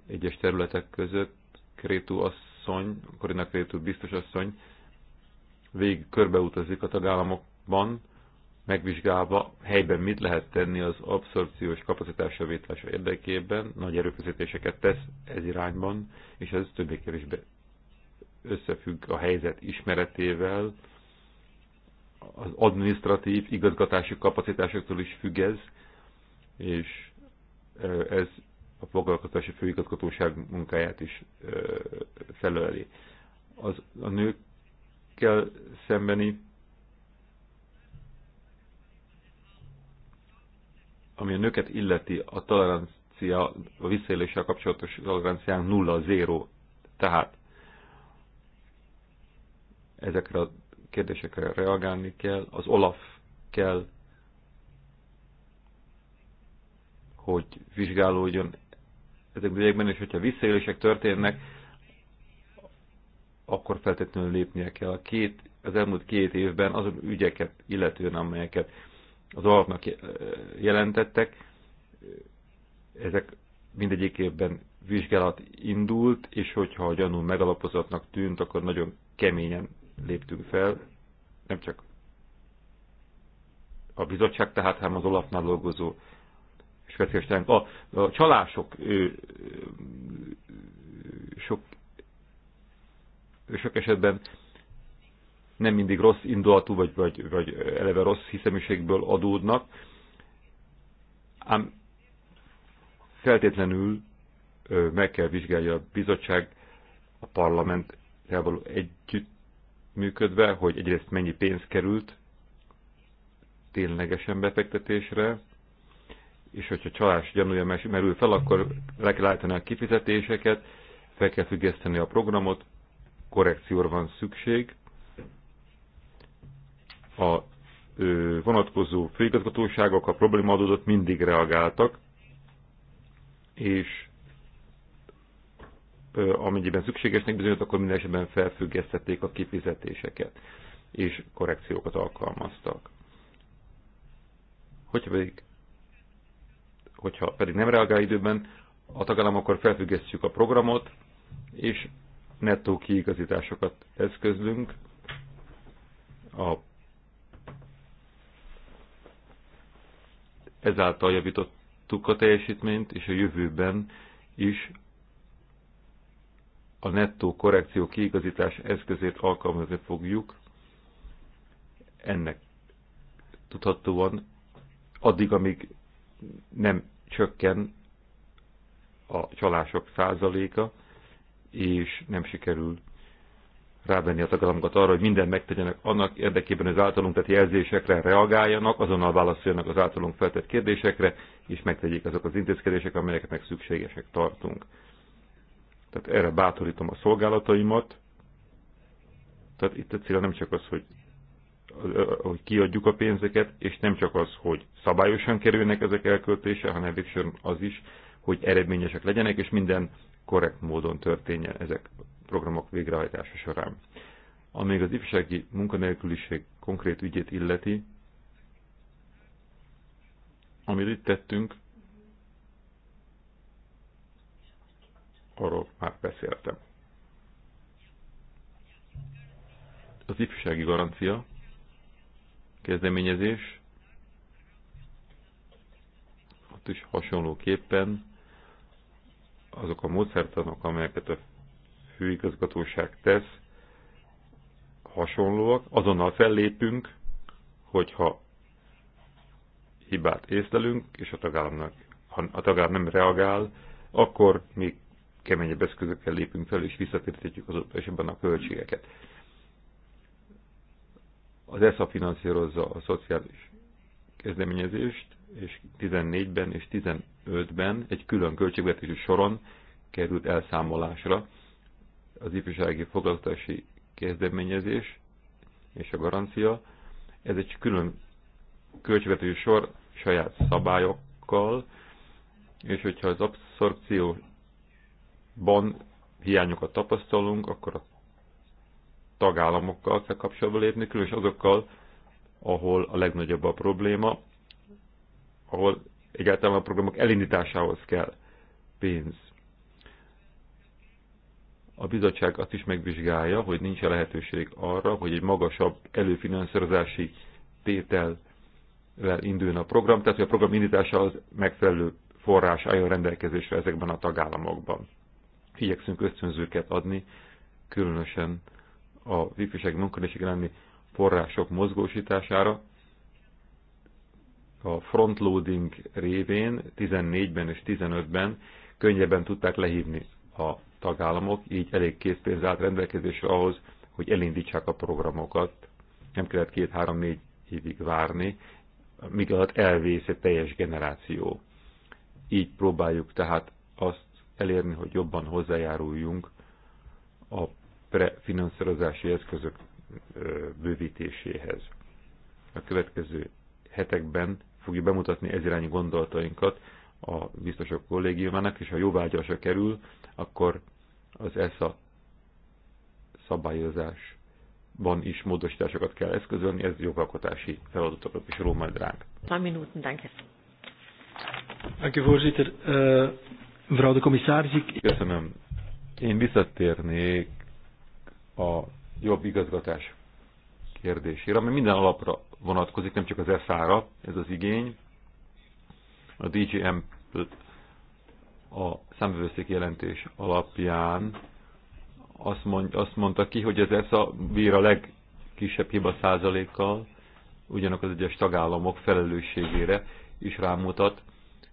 egyes területek között. Krétú asszony, Korina Krétú biztos asszony végig körbeutazik a tagállamokban, megvizsgálva helyben mit lehet tenni az abszorpciós kapacitás javítása érdekében, nagy erőfeszítéseket tesz ez irányban, és ez többé-kevésbé összefügg a helyzet ismeretével, az administratív, igazgatási kapacitásoktól is függ ez, és ez a foglalkoztatási főigazgatóság munkáját is felöleli. Az, a nőkkel szembeni, ami a nőket illeti, a tolerancia, a visszaéléssel kapcsolatos toleranciánk nulla, zéro. Tehát ezekre a kérdésekre reagálni kell, az Olaf kell, hogy vizsgálódjon Ezek ügyekben, és hogyha visszaélések történnek, akkor feltétlenül lépnie kell. A két, az elmúlt két évben azon ügyeket, illetően amelyeket az alapnak jelentettek, ezek mindegyik évben vizsgálat indult, és hogyha a gyanú megalapozatnak tűnt, akkor nagyon keményen léptünk fel, nem csak a bizottság, tehát hanem az Olafnál dolgozó speciális a, a csalások ő, sok, sok esetben nem mindig rossz indulatú, vagy, vagy, vagy eleve rossz hiszeműségből adódnak, ám feltétlenül meg kell vizsgálja a bizottság, a parlament való együtt működve, hogy egyrészt mennyi pénz került ténylegesen befektetésre, és hogyha csalás gyanúja merül fel, akkor le kell állítani a kifizetéseket, fel kell függeszteni a programot, korrekcióra van szükség. A vonatkozó főigazgatóságok a probléma adódott mindig reagáltak, és amennyiben szükségesnek bizonyult, akkor minden esetben felfüggesztették a kifizetéseket, és korrekciókat alkalmaztak. Hogyha pedig, hogyha pedig nem reagál időben, a tagállam akkor felfüggesztjük a programot, és nettó kiigazításokat eszközlünk a ezáltal javítottuk a teljesítményt, és a jövőben is a nettó korrekció kiigazítás eszközét alkalmazni fogjuk. Ennek tudhatóan addig, amíg nem csökken a csalások százaléka, és nem sikerül rávenni a tagállamokat arra, hogy mindent megtegyenek annak érdekében, az általunk tett jelzésekre reagáljanak, azonnal válaszoljanak az általunk feltett kérdésekre, és megtegyék azok az intézkedések, amelyeket meg szükségesek tartunk. Tehát erre bátorítom a szolgálataimat. Tehát itt a cél nem csak az, hogy, hogy kiadjuk a pénzeket, és nem csak az, hogy szabályosan kerülnek ezek elköltése, hanem végsősorban az is, hogy eredményesek legyenek, és minden korrekt módon történjen ezek a programok végrehajtása során. Amíg az ifjúsági munkanélküliség konkrét ügyét illeti, amit itt tettünk, arról már beszéltem. Az ifjúsági garancia kezdeményezés, ott is hasonlóképpen azok a módszertanok, amelyeket a főigazgatóság tesz, hasonlóak, azonnal fellépünk, hogyha hibát észlelünk, és a tagállamnak, ha a tagállam nem reagál, akkor még keményebb eszközökkel lépünk fel, és visszatérítjük az ott esetben a költségeket. Az ESZA finanszírozza a szociális kezdeményezést, és 14-ben és 15-ben egy külön költségvetési soron került elszámolásra az ifjúsági foglalkoztási kezdeményezés és a garancia. Ez egy külön költségvetési sor saját szabályokkal, és hogyha az abszorpció ban hiányokat tapasztalunk, akkor a tagállamokkal kell kapcsolatba lépni, különösen azokkal, ahol a legnagyobb a probléma, ahol egyáltalán a programok elindításához kell pénz. A bizottság azt is megvizsgálja, hogy nincs -e lehetőség arra, hogy egy magasabb előfinanszírozási tétellel induljon a program, tehát hogy a program indítása az megfelelő forrás álljon rendelkezésre ezekben a tagállamokban. Igyekszünk ösztönzőket adni, különösen a ifjúsági munkanélség lenni források mozgósítására. A frontloading révén 14-ben és 15-ben könnyebben tudták lehívni a tagállamok, így elég készpénz állt rendelkezésre ahhoz, hogy elindítsák a programokat. Nem kellett két-három-négy évig várni, míg alatt elvész egy teljes generáció. Így próbáljuk tehát azt elérni, hogy jobban hozzájáruljunk a prefinanszírozási eszközök bővítéséhez. A következő hetekben fogjuk bemutatni ez irányú gondolatainkat a biztosok kollégiumának, és ha jóvágyásra kerül, akkor az ESA szabályozásban is módosításokat kell eszközölni, ez jogalkotási feladatokat is ró majd ránk. Thank you, voorzitter. Uh, Mevrouw de commissaris, ik... Köszönöm. Én visszatérnék a jobb igazgatás kérdésére, ami minden alapra vonatkozik, nem csak az SZ-ra, ez az igény. A DGM a számvevőszék jelentés alapján azt, mond, azt mondta ki, hogy az ESZA bír a legkisebb hiba százalékkal, ugyanakkor az egyes tagállamok felelősségére is rámutat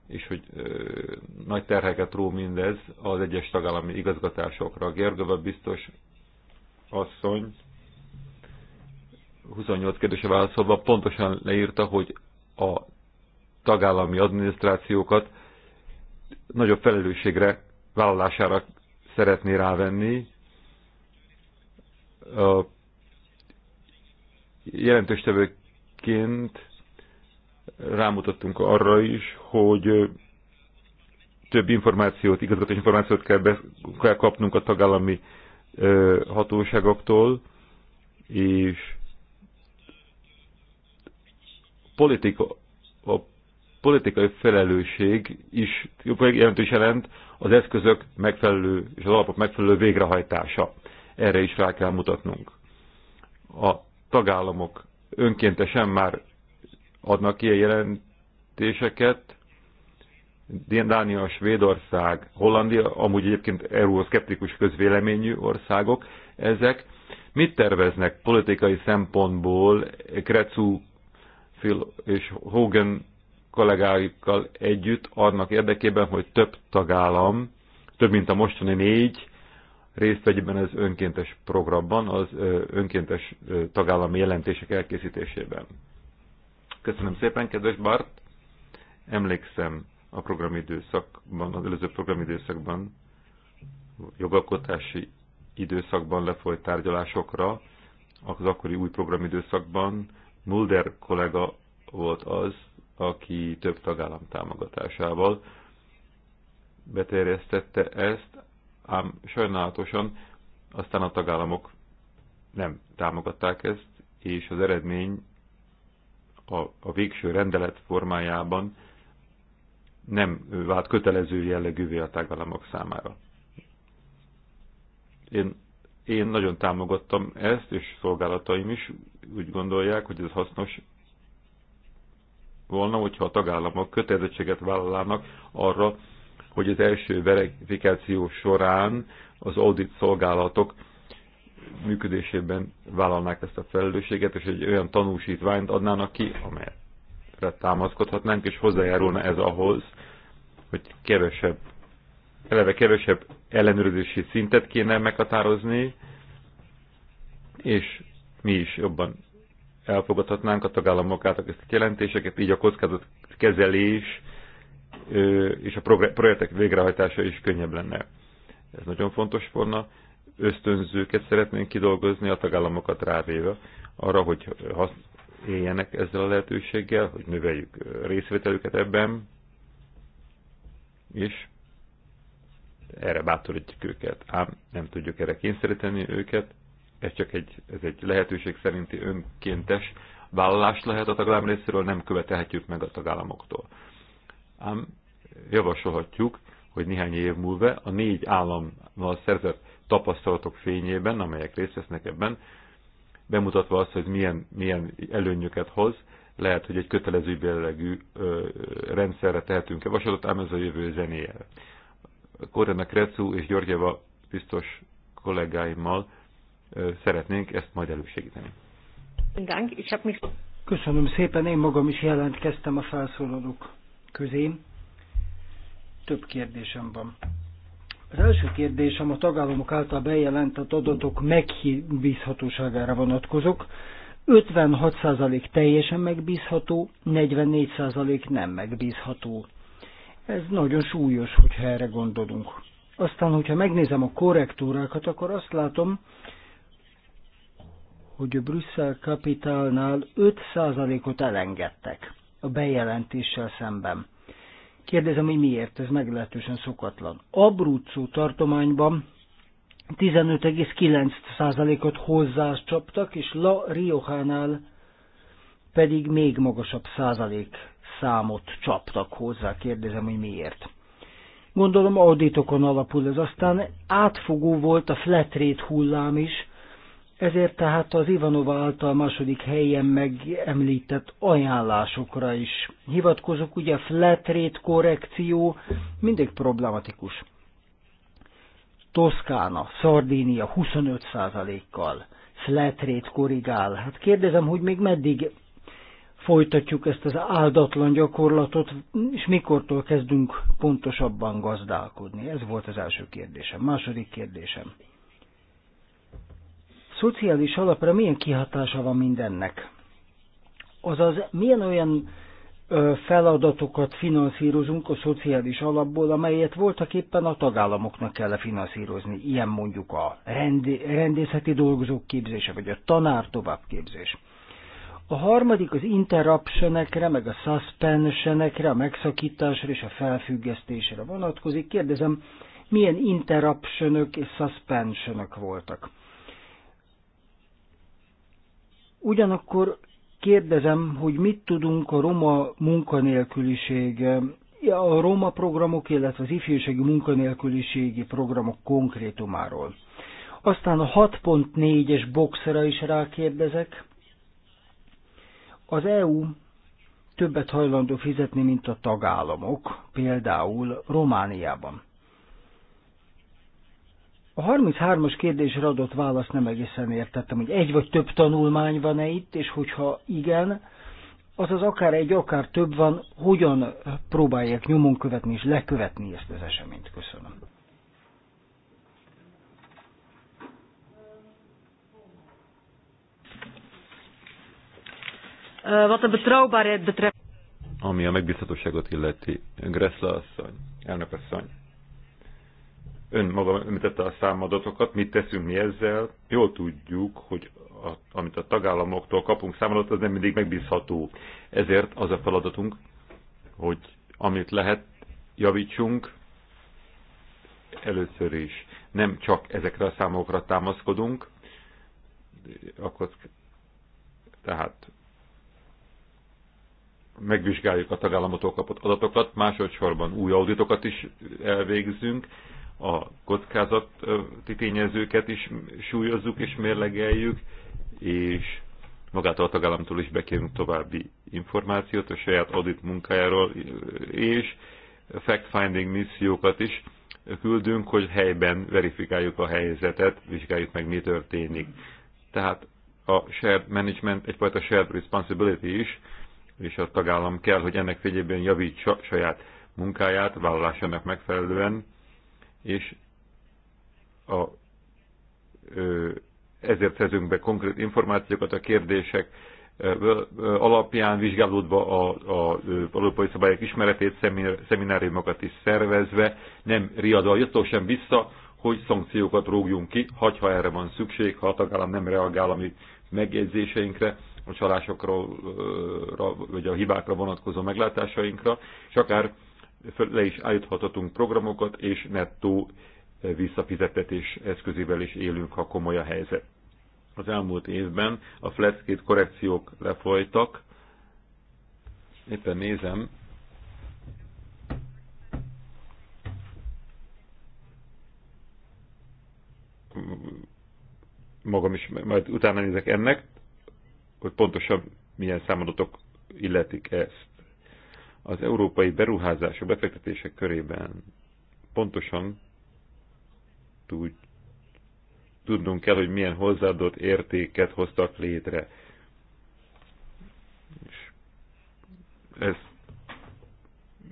és hogy ö, nagy terheket ró mindez az egyes tagállami igazgatásokra. Gergőve biztos asszony 28 kérdése válaszolva pontosan leírta, hogy a tagállami adminisztrációkat nagyobb felelősségre, vállalására szeretné rávenni. A jelentős tevőként rámutattunk arra is, hogy több információt, igazgató információt kell, be, kell kapnunk a tagállami ö, hatóságoktól, és politika, a politikai felelősség is jelentős jelent az eszközök megfelelő és az alapok megfelelő végrehajtása. Erre is rá kell mutatnunk. A tagállamok önkéntesen már adnak ilyen jelentéseket. Dánia, Svédország, Hollandia, amúgy egyébként euroszkeptikus közvéleményű országok ezek. Mit terveznek politikai szempontból Krecu Phil és Hogan kollégáikkal együtt annak érdekében, hogy több tagállam, több mint a mostani négy, részt vegyben az önkéntes programban, az önkéntes tagállami jelentések elkészítésében. Köszönöm szépen, kedves Bart. Emlékszem a programidőszakban, az előző programidőszakban, jogalkotási időszakban lefolyt tárgyalásokra, az akkori új programidőszakban Mulder kollega volt az, aki több tagállam támogatásával beterjesztette ezt, ám sajnálatosan aztán a tagállamok nem támogatták ezt, és az eredmény a, a végső rendelet formájában nem vált kötelező jellegűvé a tagállamok számára. Én, én nagyon támogattam ezt, és szolgálataim is úgy gondolják, hogy ez hasznos volna, hogyha a tagállamok kötelezettséget vállalnak arra, hogy az első verifikáció során az audit szolgálatok működésében vállalnák ezt a felelősséget, és egy olyan tanúsítványt adnának ki, amelyre támaszkodhatnánk, és hozzájárulna ez ahhoz, hogy kevesebb, eleve kevesebb ellenőrzési szintet kéne meghatározni, és mi is jobban elfogadhatnánk a tagállamok által ezt a jelentéseket, így a kockázat kezelés és a projektek végrehajtása is könnyebb lenne. Ez nagyon fontos volna ösztönzőket szeretnénk kidolgozni a tagállamokat rávéve arra, hogy éljenek ezzel a lehetőséggel, hogy növeljük részvételüket ebben, és erre bátorítjuk őket. Ám nem tudjuk erre kényszeríteni őket, ez csak egy, ez egy lehetőség szerinti önkéntes vállalás lehet a tagállam részéről, nem követelhetjük meg a tagállamoktól. Ám javasolhatjuk, hogy néhány év múlva a négy állammal szerzett tapasztalatok fényében, amelyek részt vesznek ebben, bemutatva azt, hogy milyen, milyen előnyöket hoz, lehet, hogy egy kötelező jellegű rendszerre tehetünk -e vasatot, ám ez a jövő zenéje. Korena Krecu és Györgyeva biztos kollégáimmal ö, szeretnénk ezt majd elősegíteni. Köszönöm szépen, én magam is jelentkeztem a felszólalók közé. Több kérdésem van. Az első kérdésem a tagállamok által bejelentett adatok megbízhatóságára vonatkozok. 56% teljesen megbízható, 44% nem megbízható. Ez nagyon súlyos, hogyha erre gondolunk. Aztán, hogyha megnézem a korrektúrákat, akkor azt látom, hogy a Brüsszel kapitálnál 5%-ot elengedtek a bejelentéssel szemben. Kérdezem, hogy miért, ez meglehetősen szokatlan. Abruzzo tartományban 15,9%-ot hozzácsaptak, és La Riohánál pedig még magasabb százalék számot csaptak hozzá. Kérdezem, hogy miért. Gondolom auditokon alapul ez. Aztán átfogó volt a flat rate hullám is, ezért tehát az Ivanova által második helyen megemlített ajánlásokra is hivatkozok, ugye flat rate korrekció mindig problematikus. Toszkána, Szardínia 25%-kal flat rate korrigál. Hát kérdezem, hogy még meddig folytatjuk ezt az áldatlan gyakorlatot, és mikortól kezdünk pontosabban gazdálkodni? Ez volt az első kérdésem. Második kérdésem szociális alapra milyen kihatása van mindennek? Azaz, milyen olyan feladatokat finanszírozunk a szociális alapból, amelyet voltak éppen a tagállamoknak kell finanszírozni. Ilyen mondjuk a rendi, rendészeti dolgozók képzése, vagy a tanár továbbképzés. A harmadik az interruptionekre, meg a suspensionekre, a megszakításra és a felfüggesztésre vonatkozik. Kérdezem, milyen interruptionök és suspensionök voltak? Ugyanakkor kérdezem, hogy mit tudunk a roma munkanélküliség, a roma programok, illetve az ifjúsági munkanélküliségi programok konkrétumáról. Aztán a 6.4-es boxra is rákérdezek. Az EU többet hajlandó fizetni, mint a tagállamok, például Romániában. A 33-as kérdésre adott választ nem egészen értettem, hogy egy vagy több tanulmány van-e itt, és hogyha igen, azaz akár egy, akár több van, hogyan próbálják nyomon követni és lekövetni ezt az eseményt. Köszönöm. Ami a megbízhatóságot illeti, Gressla asszony, elnök asszony. Ön maga említette a számadatokat, mit teszünk mi ezzel. Jól tudjuk, hogy a, amit a tagállamoktól kapunk számadat, az nem mindig megbízható. Ezért az a feladatunk, hogy amit lehet, javítsunk először is. Nem csak ezekre a számokra támaszkodunk, akkor tehát megvizsgáljuk a tagállamoktól kapott adatokat, másodszorban új auditokat is elvégzünk, a kockázati tényezőket is súlyozzuk és mérlegeljük, és magától a tagállamtól is bekérünk további információt a saját audit munkájáról, és fact-finding missziókat is küldünk, hogy helyben verifikáljuk a helyzetet, vizsgáljuk meg, mi történik. Tehát a shared management egyfajta shared responsibility is, és a tagállam kell, hogy ennek fényében javítsa saját munkáját, vállalásának megfelelően, és a, ö, ezért szerzünk be konkrét információkat a kérdések ö, ö, alapján vizsgálódva a európai szabályok ismeretét, szemináriumokat is szervezve, nem riadva, jöttől sem vissza, hogy szankciókat rógjunk ki, hagy, ha erre van szükség, ha a tagállam nem reagál a mi megjegyzéseinkre, a csalásokra, vagy a hibákra vonatkozó meglátásainkra, és akár le is állíthatatunk programokat, és nettó eh, visszafizetetés eszközével is élünk, ha komoly a helyzet. Az elmúlt évben a flatskate korrekciók lefolytak, éppen nézem, magam is, majd utána nézek ennek, hogy pontosan milyen számadatok illetik ezt az európai beruházások, befektetések körében pontosan tud, tudnunk kell, hogy milyen hozzáadott értéket hoztak létre. És ezt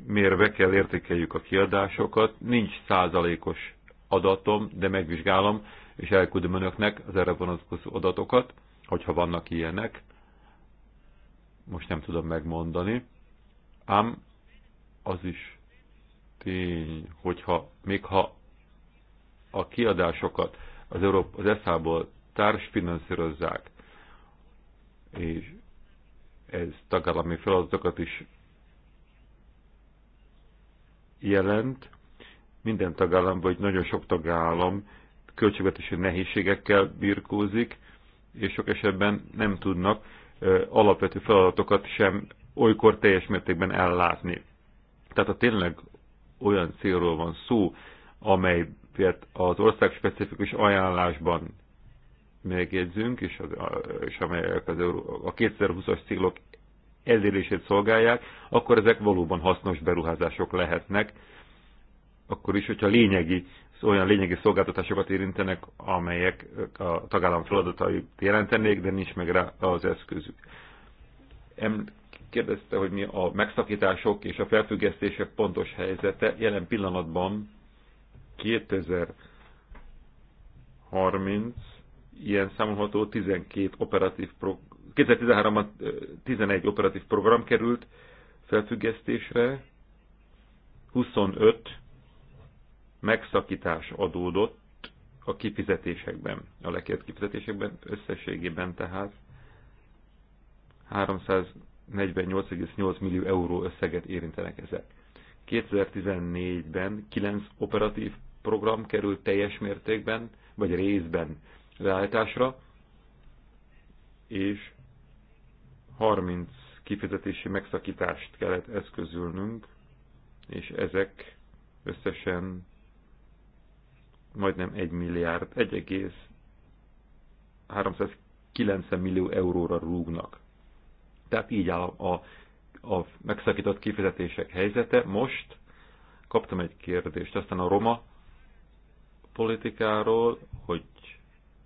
mérve kell értékeljük a kiadásokat. Nincs százalékos adatom, de megvizsgálom, és elküldöm önöknek az erre vonatkozó adatokat, hogyha vannak ilyenek. Most nem tudom megmondani Ám az is tény, hogyha még ha a kiadásokat az, Európa, az ESZA-ból társfinanszírozzák, és ez tagállami feladatokat is jelent. Minden tagállam, vagy nagyon sok tagállam költségvetési nehézségekkel birkózik, és sok esetben nem tudnak alapvető feladatokat sem olykor teljes mértékben ellátni. Tehát ha tényleg olyan célról van szó, amelyet az ország specifikus ajánlásban megjegyzünk, és, az, és amelyek az, a 2020-as célok elérését szolgálják, akkor ezek valóban hasznos beruházások lehetnek, akkor is, hogyha lényegi, olyan lényegi szolgáltatásokat érintenek, amelyek a tagállam feladatait jelentenék, de nincs meg rá az eszközük kérdezte, hogy mi a megszakítások és a felfüggesztések pontos helyzete. Jelen pillanatban 2030 ilyen számolható 12 operatív pro, 2013-ban 11 operatív program került felfüggesztésre, 25 megszakítás adódott a kifizetésekben, a lekért kifizetésekben, összességében tehát 300 48,8 millió euró összeget érintenek ezek. 2014-ben 9 operatív program került teljes mértékben, vagy részben leállításra, és 30 kifizetési megszakítást kellett eszközülnünk, és ezek összesen majdnem 1 milliárd, 1,390 millió euróra rúgnak tehát így áll a, a megszakított kifizetések helyzete. Most kaptam egy kérdést, aztán a roma politikáról, hogy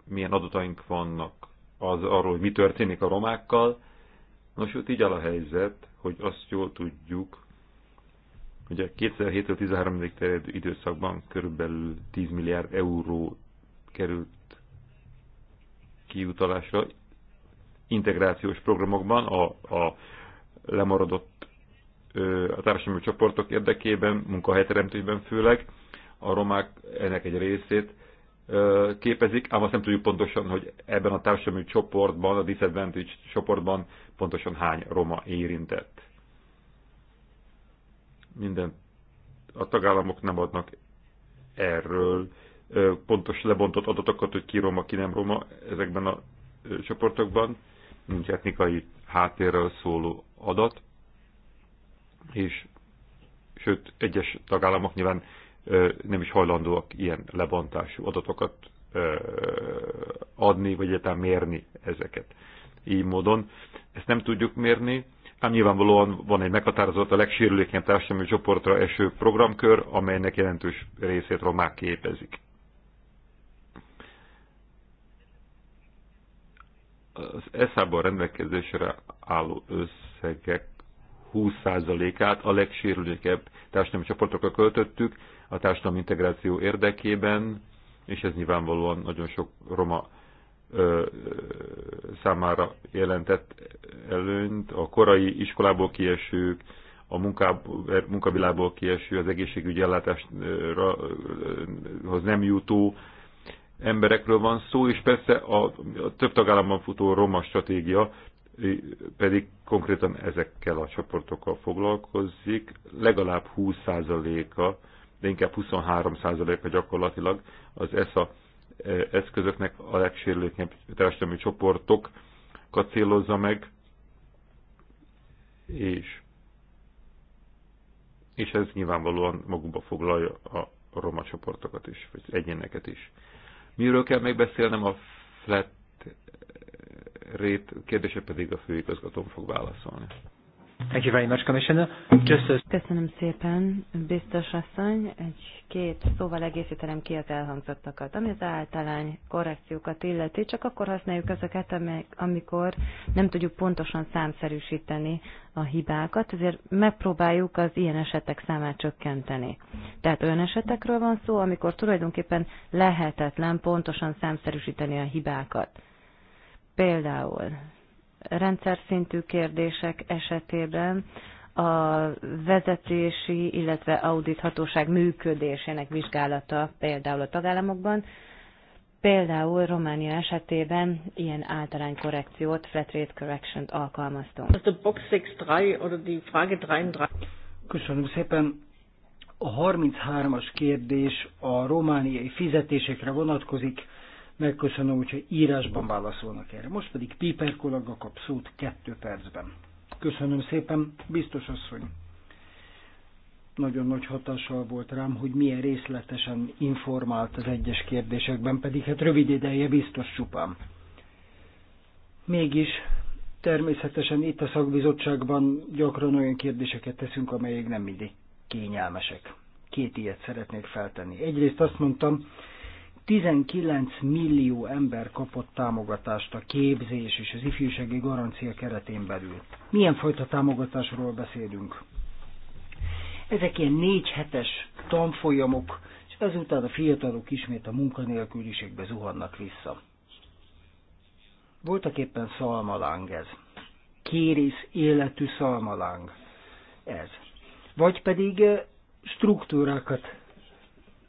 milyen adataink vannak az arról, hogy mi történik a romákkal. Nos, ott így áll a helyzet, hogy azt jól tudjuk, hogy a 2007-től 13 terjedő időszakban körülbelül 10 milliárd euró került kiutalásra, integrációs programokban a, a lemaradott a társadalmi csoportok érdekében, munkahelyteremtésben főleg, a romák ennek egy részét képezik, ám azt nem tudjuk pontosan, hogy ebben a társadalmi csoportban, a disadvantage csoportban pontosan hány roma érintett. Minden a tagállamok nem adnak erről pontos lebontott adatokat, hogy ki roma, ki nem roma ezekben a csoportokban nincs etnikai háttérről szóló adat, és sőt, egyes tagállamok nyilván nem is hajlandóak ilyen lebontású adatokat adni, vagy egyáltalán mérni ezeket. Így módon ezt nem tudjuk mérni, ám nyilvánvalóan van egy meghatározott a legsérülékenyebb társadalmi csoportra eső programkör, amelynek jelentős részét romák képezik. az ESZÁ-ban rendelkezésre álló összegek 20%-át a legsérülékebb társadalmi csoportokra költöttük a társadalmi integráció érdekében, és ez nyilvánvalóan nagyon sok roma ö, számára jelentett előnyt. A korai iskolából kiesők, a munkabilából kieső, az egészségügyi ellátáshoz nem jutó, emberekről van szó, és persze a, a több tagállamban futó roma stratégia pedig konkrétan ezekkel a csoportokkal foglalkozik. Legalább 20%-a, de inkább 23%-a gyakorlatilag az ESA eszközöknek a legsérülékenyebb társadalmi csoportokat célozza meg, és, és ez nyilvánvalóan magukba foglalja a roma csoportokat is, vagy egyéneket is. Miről kell megbeszélnem a flat rate kérdése pedig a főigazgatón fog válaszolni. Thank you very much, Commissioner. Just a... Köszönöm szépen, biztos asszony. Egy-két szóval egészítenem ki az elhangzottakat. Ami az általány korrekciókat illeti, csak akkor használjuk ezeket, amikor nem tudjuk pontosan számszerűsíteni a hibákat, ezért megpróbáljuk az ilyen esetek számát csökkenteni. Tehát olyan esetekről van szó, amikor tulajdonképpen lehetetlen pontosan számszerűsíteni a hibákat. Például rendszer szintű kérdések esetében a vezetési, illetve audíthatóság működésének vizsgálata például a tagállamokban. Például Románia esetében ilyen általány korrekciót, flat rate correction-t alkalmaztunk. Köszönöm szépen. A 33-as kérdés a romániai fizetésekre vonatkozik. Megköszönöm, hogyha írásban válaszolnak erre. Most pedig Piper kollega kap szót kettő percben. Köszönöm szépen, biztos asszony. Nagyon nagy hatással volt rám, hogy milyen részletesen informált az egyes kérdésekben, pedig hát rövid ideje biztos csupán. Mégis természetesen itt a szakbizottságban gyakran olyan kérdéseket teszünk, amelyek nem mindig kényelmesek. Két ilyet szeretnék feltenni. Egyrészt azt mondtam, 19 millió ember kapott támogatást a képzés és az ifjúsági garancia keretén belül. Milyen fajta támogatásról beszélünk? Ezek ilyen négy hetes tanfolyamok, és ezután a fiatalok ismét a munkanélküliségbe zuhannak vissza. Voltak éppen szalmaláng ez. Kérész életű szalmaláng ez. Vagy pedig eh, struktúrákat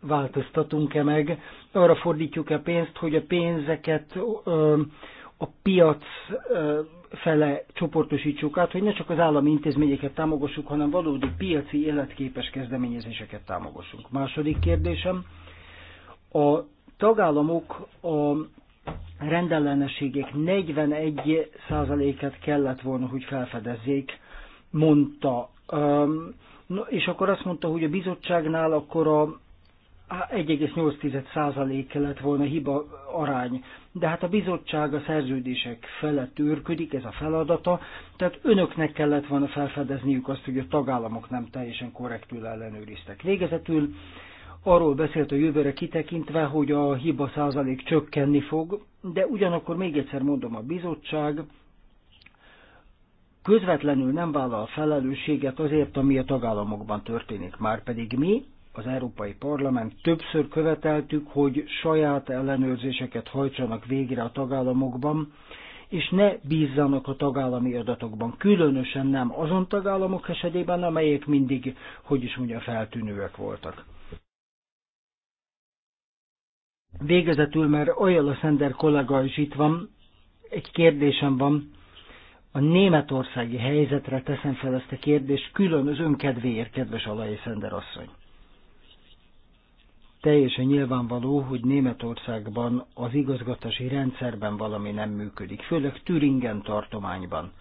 változtatunk-e meg, arra fordítjuk-e pénzt, hogy a pénzeket a piac fele csoportosítsuk át, hogy ne csak az állami intézményeket támogassuk, hanem valódi piaci életképes kezdeményezéseket támogassunk. Második kérdésem, a tagállamok a rendellenességek 41%-et kellett volna, hogy felfedezzék, mondta. És akkor azt mondta, hogy a bizottságnál akkor a 1,8% lett volna hiba arány. De hát a bizottság a szerződések felett őrködik, ez a feladata, tehát önöknek kellett volna felfedezniük azt, hogy a tagállamok nem teljesen korrektül ellenőriztek. Végezetül arról beszélt a jövőre kitekintve, hogy a hiba százalék csökkenni fog, de ugyanakkor még egyszer mondom, a bizottság közvetlenül nem vállal a felelősséget azért, ami a tagállamokban történik. Márpedig mi, az Európai Parlament többször követeltük, hogy saját ellenőrzéseket hajtsanak végre a tagállamokban, és ne bízzanak a tagállami adatokban, különösen nem azon tagállamok esetében, amelyek mindig, hogy is mondja, feltűnőek voltak. Végezetül, mert olyan a Szender kollega is itt van, egy kérdésem van, a németországi helyzetre teszem fel ezt a kérdést, külön az önkedvéért, kedves Alai Szender asszony. Teljesen nyilvánvaló, hogy Németországban az igazgatási rendszerben valami nem működik, főleg Türingen tartományban.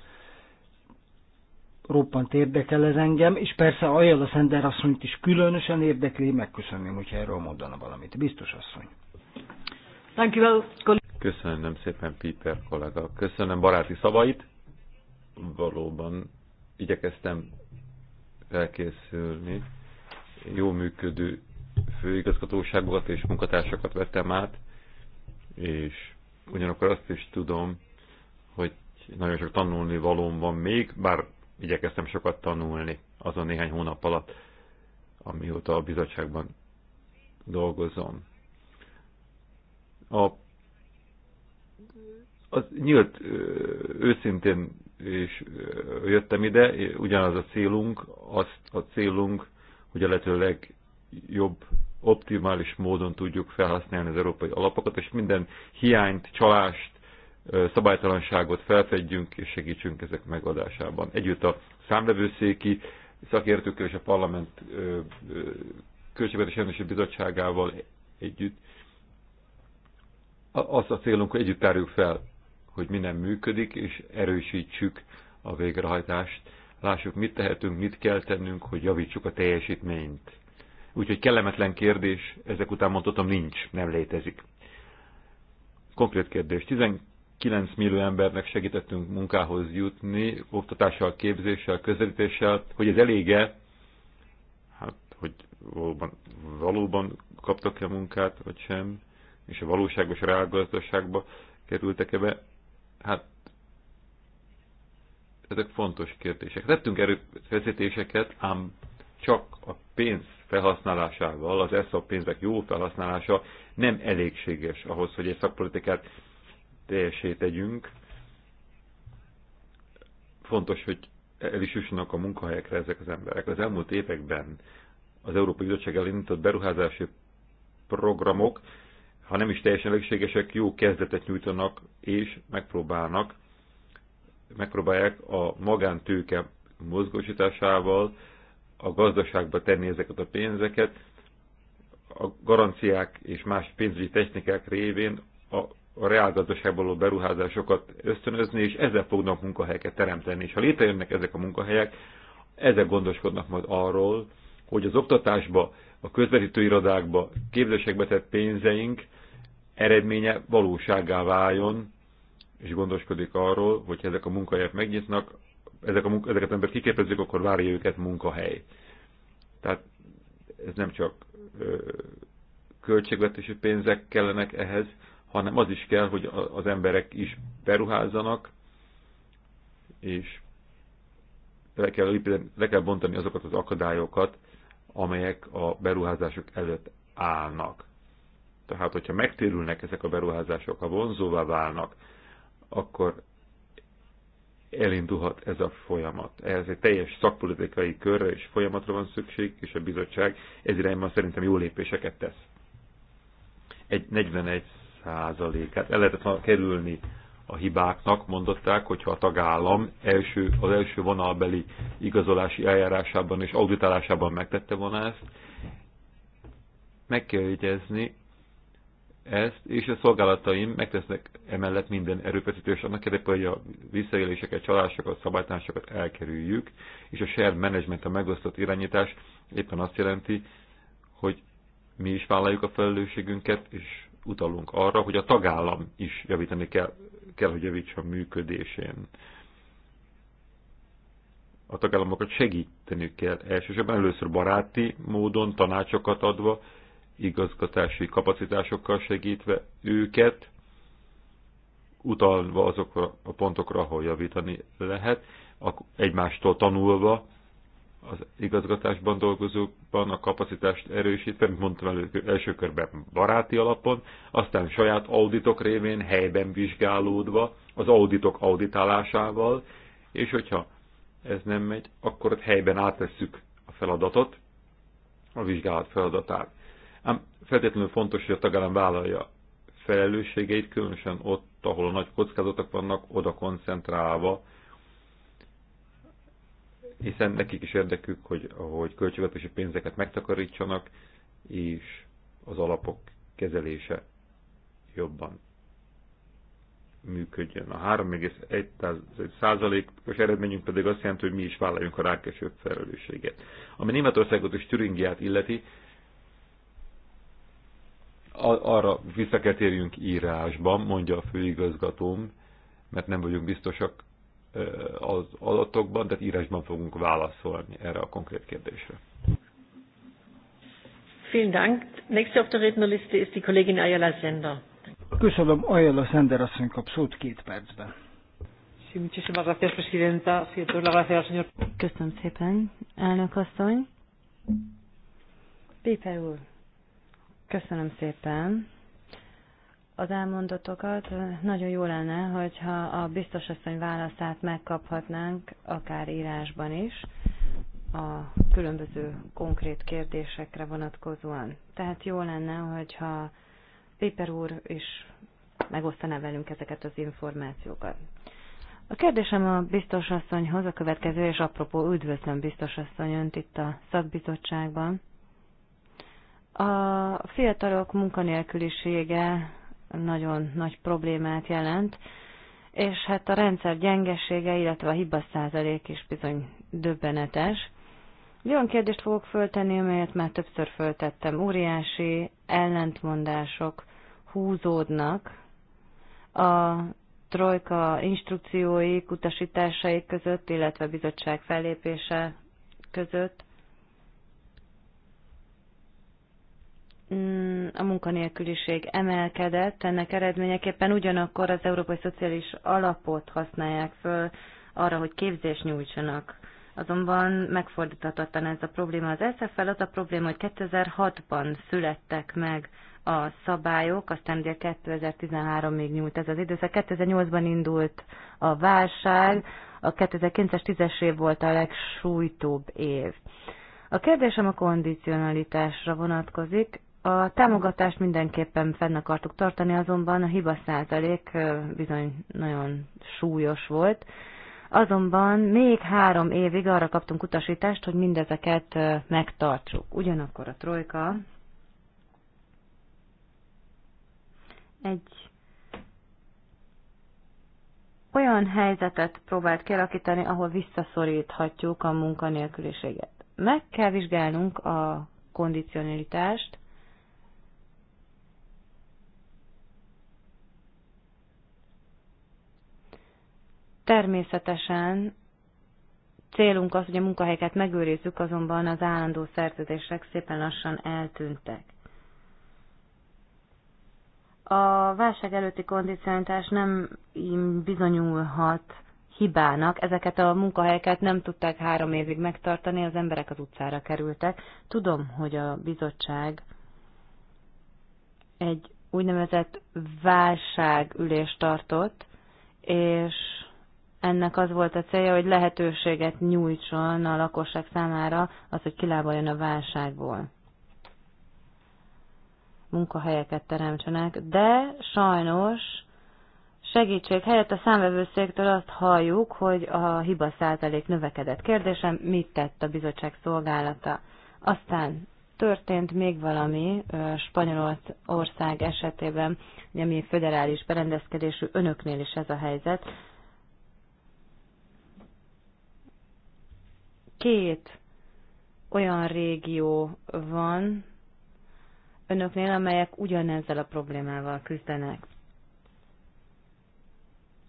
Roppant érdekel ez engem, és persze Ajala Szender asszonyt is különösen érdekli, megköszönöm, hogyha erről mondana valamit. Biztos asszony. Köszönöm szépen, Péter kollega. Köszönöm baráti szavait. Valóban igyekeztem elkészülni. jó működő főigazgatóságokat és munkatársakat vettem át, és ugyanakkor azt is tudom, hogy nagyon sok tanulni valóm van még, bár igyekeztem sokat tanulni azon néhány hónap alatt, amióta a bizottságban dolgozom. A, az nyílt őszintén és jöttem ide, ugyanaz a célunk, azt a célunk, hogy a lehető jobb, optimális módon tudjuk felhasználni az európai alapokat, és minden hiányt, csalást, szabálytalanságot felfedjünk és segítsünk ezek megadásában. Együtt a számlevőszéki szakértőkkel és a parlament költségvetési bizottságával együtt az a célunk, hogy együtt tárjuk fel, hogy mi nem működik, és erősítsük a végrehajtást. Lássuk, mit tehetünk, mit kell tennünk, hogy javítsuk a teljesítményt. Úgyhogy kellemetlen kérdés, ezek után mondhatom, nincs, nem létezik. Konkrét kérdés. 19 millió embernek segítettünk munkához jutni, oktatással, képzéssel, közelítéssel, hogy ez elége, hát, hogy valóban, valóban kaptak-e munkát, vagy sem, és a valóságos reálgazdaságba kerültek-e be, hát ezek fontos kérdések. Tettünk erőfeszítéseket, ám csak a pénz felhasználásával, az ESZA pénzek jó felhasználása nem elégséges ahhoz, hogy egy szakpolitikát teljesé tegyünk. Fontos, hogy el is jussanak a munkahelyekre ezek az emberek. Az elmúlt években az Európai Bizottság elindított beruházási programok, ha nem is teljesen elégségesek, jó kezdetet nyújtanak és megpróbálnak, megpróbálják a magántőke mozgósításával a gazdaságba tenni ezeket a pénzeket, a garanciák és más pénzügyi technikák révén a, a reálgazdaságból való beruházásokat ösztönözni, és ezzel fognak munkahelyeket teremteni. És ha létrejönnek ezek a munkahelyek, ezek gondoskodnak majd arról, hogy az oktatásba, a irodákba képzésekbe tett pénzeink eredménye valóságá váljon, és gondoskodik arról, hogy ezek a munkahelyek megnyitnak, ezek a, ezeket ember kiképezzük, akkor várja őket munkahely. Tehát ez nem csak ö, költségvetési pénzek kellenek ehhez, hanem az is kell, hogy az emberek is beruházzanak, és le kell, le kell bontani azokat az akadályokat, amelyek a beruházások előtt állnak. Tehát, hogyha megtérülnek ezek a beruházások, ha vonzóvá válnak, akkor elindulhat ez a folyamat. Ehhez egy teljes szakpolitikai körre és folyamatra van szükség, és a bizottság ez irányban szerintem jó lépéseket tesz. Egy 41 százalékát el lehetett volna kerülni a hibáknak, mondották, hogyha a tagállam első, az első vonalbeli igazolási eljárásában és auditálásában megtette volna ezt, meg kell jegyezni, ezt, és a szolgálataim megtesznek emellett minden erőfeszítést annak érdekében, hogy a visszaéléseket, csalásokat, szabálytársakat elkerüljük, és a shared management, a megosztott irányítás éppen azt jelenti, hogy mi is vállaljuk a felelősségünket, és utalunk arra, hogy a tagállam is javítani kell, kell hogy javítsa a működésén. A tagállamokat segíteni kell elsősorban, először baráti módon, tanácsokat adva, igazgatási kapacitásokkal segítve őket, utalva azokra a pontokra, ahol javítani lehet, egymástól tanulva az igazgatásban dolgozókban a kapacitást erősítve, mint mondtam elő, első körben baráti alapon, aztán saját auditok révén helyben vizsgálódva, az auditok auditálásával, és hogyha ez nem megy, akkor ott helyben átvesszük a feladatot, a vizsgálat feladatát. Ám feltétlenül fontos, hogy a tagállam vállalja felelősségeit, különösen ott, ahol a nagy kockázatok vannak, oda koncentrálva, hiszen nekik is érdekük, hogy, hogy költségvetési pénzeket megtakarítsanak, és az alapok kezelése jobban működjön. A 3,1%-os eredményünk pedig azt jelenti, hogy mi is vállaljunk a rákesőbb felelősséget. Ami Németországot és Türingiát illeti, arra vissza kell térjünk írásban, mondja a főigazgatóm, mert nem vagyunk biztosak az adatokban, tehát írásban fogunk válaszolni erre a konkrét kérdésre. Vielen Dank. Nächste auf der Rednerliste ist die Kollegin Ayala Sender. Köszönöm, Ayala Sender asszony kap szót két percben. Köszönöm szépen, elnök asszony. Péper úr, Köszönöm szépen az elmondatokat. Nagyon jó lenne, hogyha a biztosasszony válaszát megkaphatnánk, akár írásban is, a különböző konkrét kérdésekre vonatkozóan. Tehát jó lenne, hogyha Péper úr is megosztaná velünk ezeket az információkat. A kérdésem a biztosasszonyhoz a következő, és apropó üdvözlöm biztosasszony önt itt a szakbizottságban. A fiatalok munkanélkülisége nagyon nagy problémát jelent, és hát a rendszer gyengesége, illetve a hiba százalék is bizony döbbenetes. Egy olyan kérdést fogok föltenni, amelyet már többször föltettem. Óriási ellentmondások húzódnak a trojka instrukciói, utasításai között, illetve bizottság fellépése között. Mm, a munkanélküliség emelkedett, ennek eredményeképpen ugyanakkor az Európai Szociális Alapot használják föl arra, hogy képzés nyújtsanak. Azonban megfordíthatatlan ez a probléma. Az ESZF az a probléma, hogy 2006-ban születtek meg a szabályok, aztán ugye 2013-ig nyúlt ez az időszak. 2008-ban indult a válság, a 2009-es 10-es év volt a legsújtóbb év. A kérdésem a kondicionalitásra vonatkozik. A támogatást mindenképpen fenn akartuk tartani, azonban a hiba százalék bizony nagyon súlyos volt. Azonban még három évig arra kaptunk utasítást, hogy mindezeket megtartsuk. Ugyanakkor a trojka egy olyan helyzetet próbált kialakítani, ahol visszaszoríthatjuk a munkanélküliséget. Meg kell vizsgálnunk a kondicionalitást, Természetesen célunk az, hogy a munkahelyeket megőrizzük, azonban az állandó szerződések szépen lassan eltűntek. A válság előtti kondicionálás nem bizonyulhat hibának. Ezeket a munkahelyeket nem tudták három évig megtartani, az emberek az utcára kerültek. Tudom, hogy a bizottság egy úgynevezett válságülést tartott, és ennek az volt a célja, hogy lehetőséget nyújtson a lakosság számára az, hogy kilábaljon a válságból. Munkahelyeket teremtsenek, de sajnos segítség helyett a számvevőszéktől azt halljuk, hogy a hiba százalék növekedett. Kérdésem, mit tett a bizottság szolgálata? Aztán történt még valami Spanyolország esetében, ami föderális berendezkedésű, önöknél is ez a helyzet. két olyan régió van önöknél, amelyek ugyanezzel a problémával küzdenek.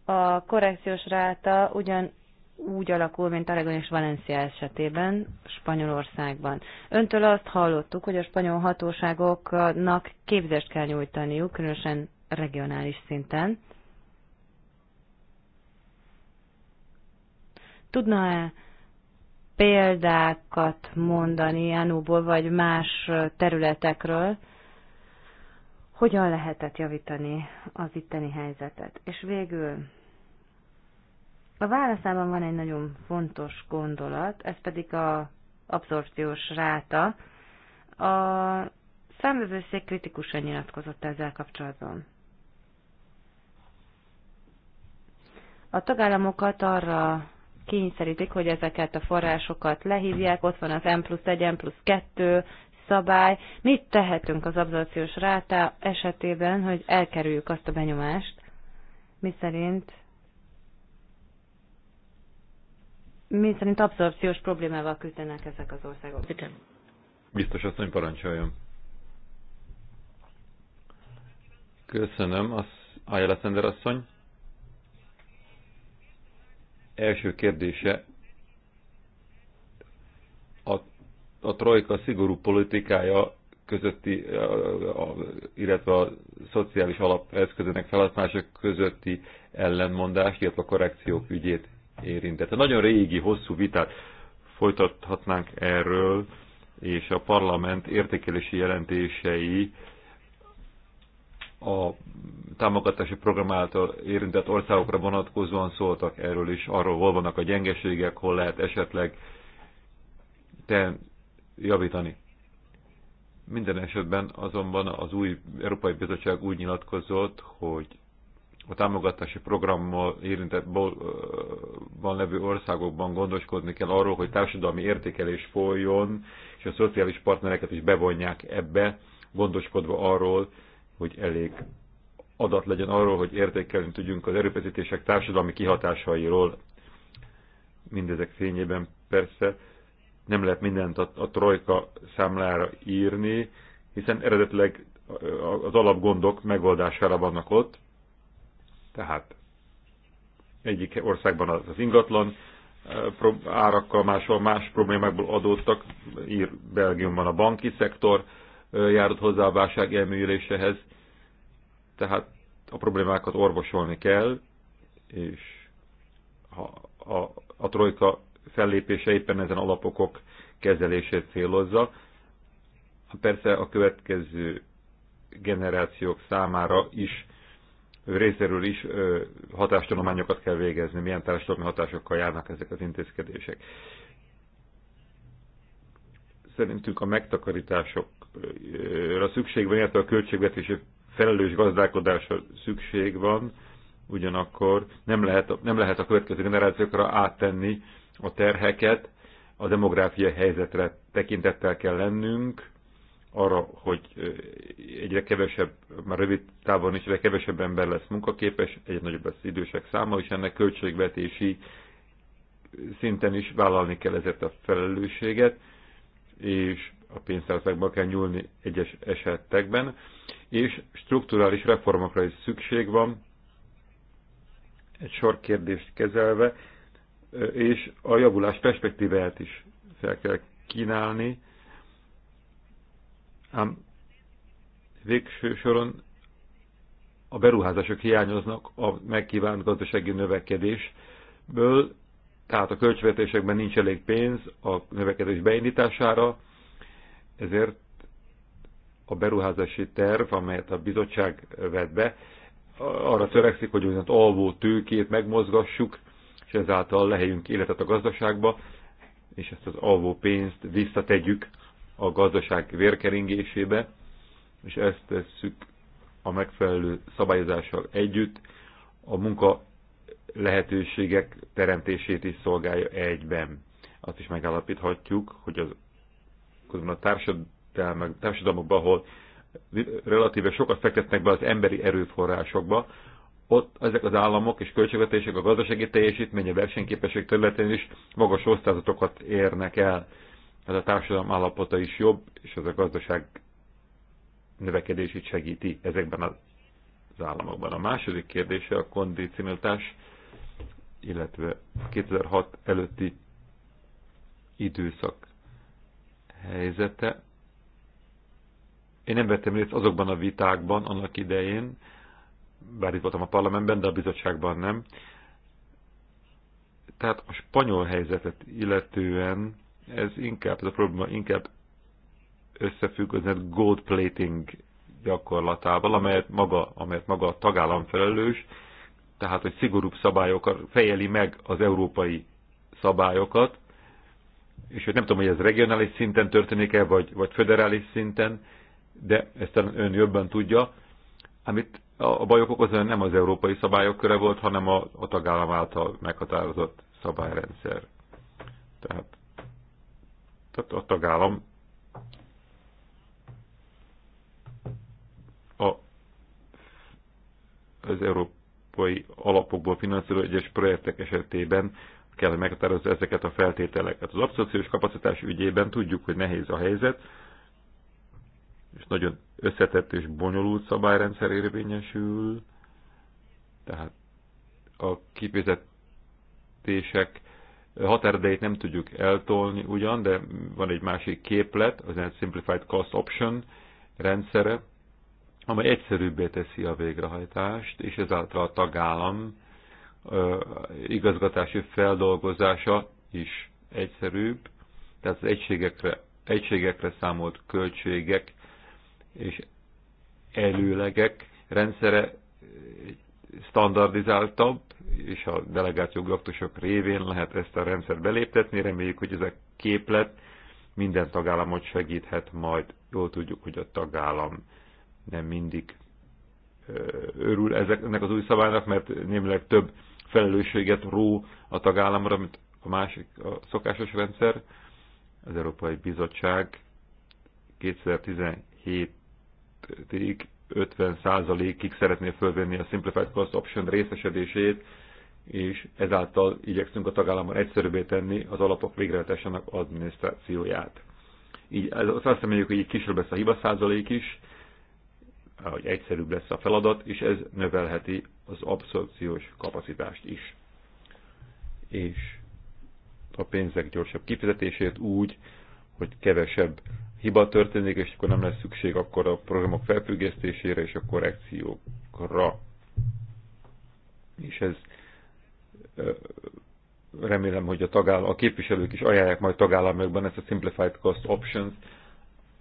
A korrekciós ráta ugyan úgy alakul, mint Aragon és Valencia esetében Spanyolországban. Öntől azt hallottuk, hogy a spanyol hatóságoknak képzést kell nyújtaniuk, különösen regionális szinten. Tudna-e példákat mondani Anúból, vagy más területekről, hogyan lehetett javítani az itteni helyzetet. És végül a válaszában van egy nagyon fontos gondolat, ez pedig a abszorpciós ráta. A számvevőszék kritikusan nyilatkozott ezzel kapcsolatban. A tagállamokat arra kényszerítik, hogy ezeket a forrásokat lehívják. Ott van az M plusz 1, M plusz 2 szabály. Mit tehetünk az abszorciós rátá esetében, hogy elkerüljük azt a benyomást, szerint? mi szerint abszorpciós problémával küzdenek ezek az országok. Igen. Biztos azt, hogy parancsoljon. Köszönöm, az Ayala Szender asszony. Első kérdése a, a trojka szigorú politikája közötti, a, a, illetve a szociális alapeszközönek felhasználása közötti ellenmondás, illetve a korrekciók ügyét érintette. Nagyon régi, hosszú vitát folytathatnánk erről, és a parlament értékelési jelentései a támogatási program által érintett országokra vonatkozóan szóltak erről is, arról hol vannak a gyengeségek, hol lehet esetleg te javítani. Minden esetben azonban az új Európai Bizottság úgy nyilatkozott, hogy a támogatási programmal van levő országokban gondoskodni kell arról, hogy társadalmi értékelés folyjon, és a szociális partnereket is bevonják ebbe, gondoskodva arról, hogy elég adat legyen arról, hogy értékelni tudjunk az erőfeszítések társadalmi kihatásairól. Mindezek fényében persze nem lehet mindent a, a trojka számlára írni, hiszen eredetileg az alapgondok megoldására vannak ott. Tehát egyik országban az ingatlan eh, árakkal, máshol más problémákból adódtak, ír Belgiumban a banki szektor, járult hozzá a válság elműléséhez, Tehát a problémákat orvosolni kell, és ha a, a trojka fellépése éppen ezen alapokok kezelését célozza. Persze a következő generációk számára is részéről is hatástanulmányokat kell végezni, milyen társadalmi hatásokkal járnak ezek az intézkedések. Szerintünk a megtakarítások szükség van, illetve a költségvetési felelős gazdálkodásra szükség van, ugyanakkor nem lehet, nem lehet a következő generációkra áttenni a terheket, a demográfia helyzetre tekintettel kell lennünk, arra, hogy egyre kevesebb, már rövid távon is egyre kevesebb ember lesz munkaképes, egyre nagyobb lesz idősek száma, és ennek költségvetési szinten is vállalni kell ezért a felelősséget, és a pénztárcákba kell nyúlni egyes esetekben, és strukturális reformokra is szükség van, egy sor kérdést kezelve, és a javulás perspektíváját is fel kell kínálni, ám végső soron a beruházások hiányoznak a megkívánt gazdasági növekedésből, tehát a költségvetésekben nincs elég pénz a növekedés beindítására, ezért a beruházási terv, amelyet a bizottság vett be, arra törekszik, hogy úgynevezett alvó tőkét megmozgassuk, és ezáltal lehelyünk életet a gazdaságba, és ezt az alvó pénzt visszategyük a gazdaság vérkeringésébe, és ezt tesszük a megfelelő szabályozással együtt, a munka lehetőségek teremtését is szolgálja egyben. Azt is megállapíthatjuk, hogy az a társadalmakban, ahol relatíve sokat fektetnek be az emberi erőforrásokba, ott ezek az államok és költségvetések a gazdasági teljesítmény, a versenyképesség területén is magas osztázatokat érnek el. Ez a társadalom állapota is jobb, és ez a gazdaság növekedését segíti ezekben az államokban. A második kérdése a kondicionalitás, illetve 2006 előtti időszak helyzete. Én nem vettem részt azokban a vitákban annak idején, bár itt voltam a parlamentben, de a bizottságban nem. Tehát a spanyol helyzetet illetően ez inkább, ez a probléma inkább összefügg az gold plating gyakorlatával, amelyet maga, amelyet maga a tagállam felelős, tehát hogy szigorúbb szabályokat fejeli meg az európai szabályokat, és hogy nem tudom, hogy ez regionális szinten történik-e, vagy, vagy föderális szinten, de ezt ön jobban tudja, amit a bajok okozóan nem az európai szabályok köre volt, hanem a, a tagállam által meghatározott szabályrendszer. Tehát, tehát a tagállam a, az európai alapokból finanszírozott egyes projektek esetében kell, hogy meghatározza ezeket a feltételeket. Az abszorciós kapacitás ügyében tudjuk, hogy nehéz a helyzet, és nagyon összetett és bonyolult szabályrendszer érvényesül, tehát a kifizetések határidejét nem tudjuk eltolni ugyan, de van egy másik képlet, az egy Simplified Cost Option rendszere, amely egyszerűbbé teszi a végrehajtást, és ezáltal a tagállam igazgatási feldolgozása is egyszerűbb, tehát az egységekre, egységekre számolt költségek és előlegek rendszere standardizáltabb, és a delegációk aktusok révén lehet ezt a rendszer beléptetni. Reméljük, hogy ez a képlet minden tagállamot segíthet majd. Jól tudjuk, hogy a tagállam nem mindig örül ezeknek az új szabálynak, mert némileg több felelősséget ró a tagállamra, mint a másik a szokásos rendszer. Az Európai Bizottság 2017-ig 50%-ig szeretné fölvenni a Simplified Cost Option részesedését, és ezáltal igyekszünk a tagállamon egyszerűbbé tenni az alapok végrehajtásának adminisztrációját. Így azt reméljük, hogy így kisebb lesz a hiba százalék is, hogy egyszerűbb lesz a feladat, és ez növelheti az abszorpciós kapacitást is. És a pénzek gyorsabb kifizetését úgy, hogy kevesebb hiba történik, és akkor nem lesz szükség akkor a programok felfüggesztésére és a korrekciókra. És ez remélem, hogy a, tagállam, a képviselők is ajánlják majd tagállamokban ezt a Simplified Cost Options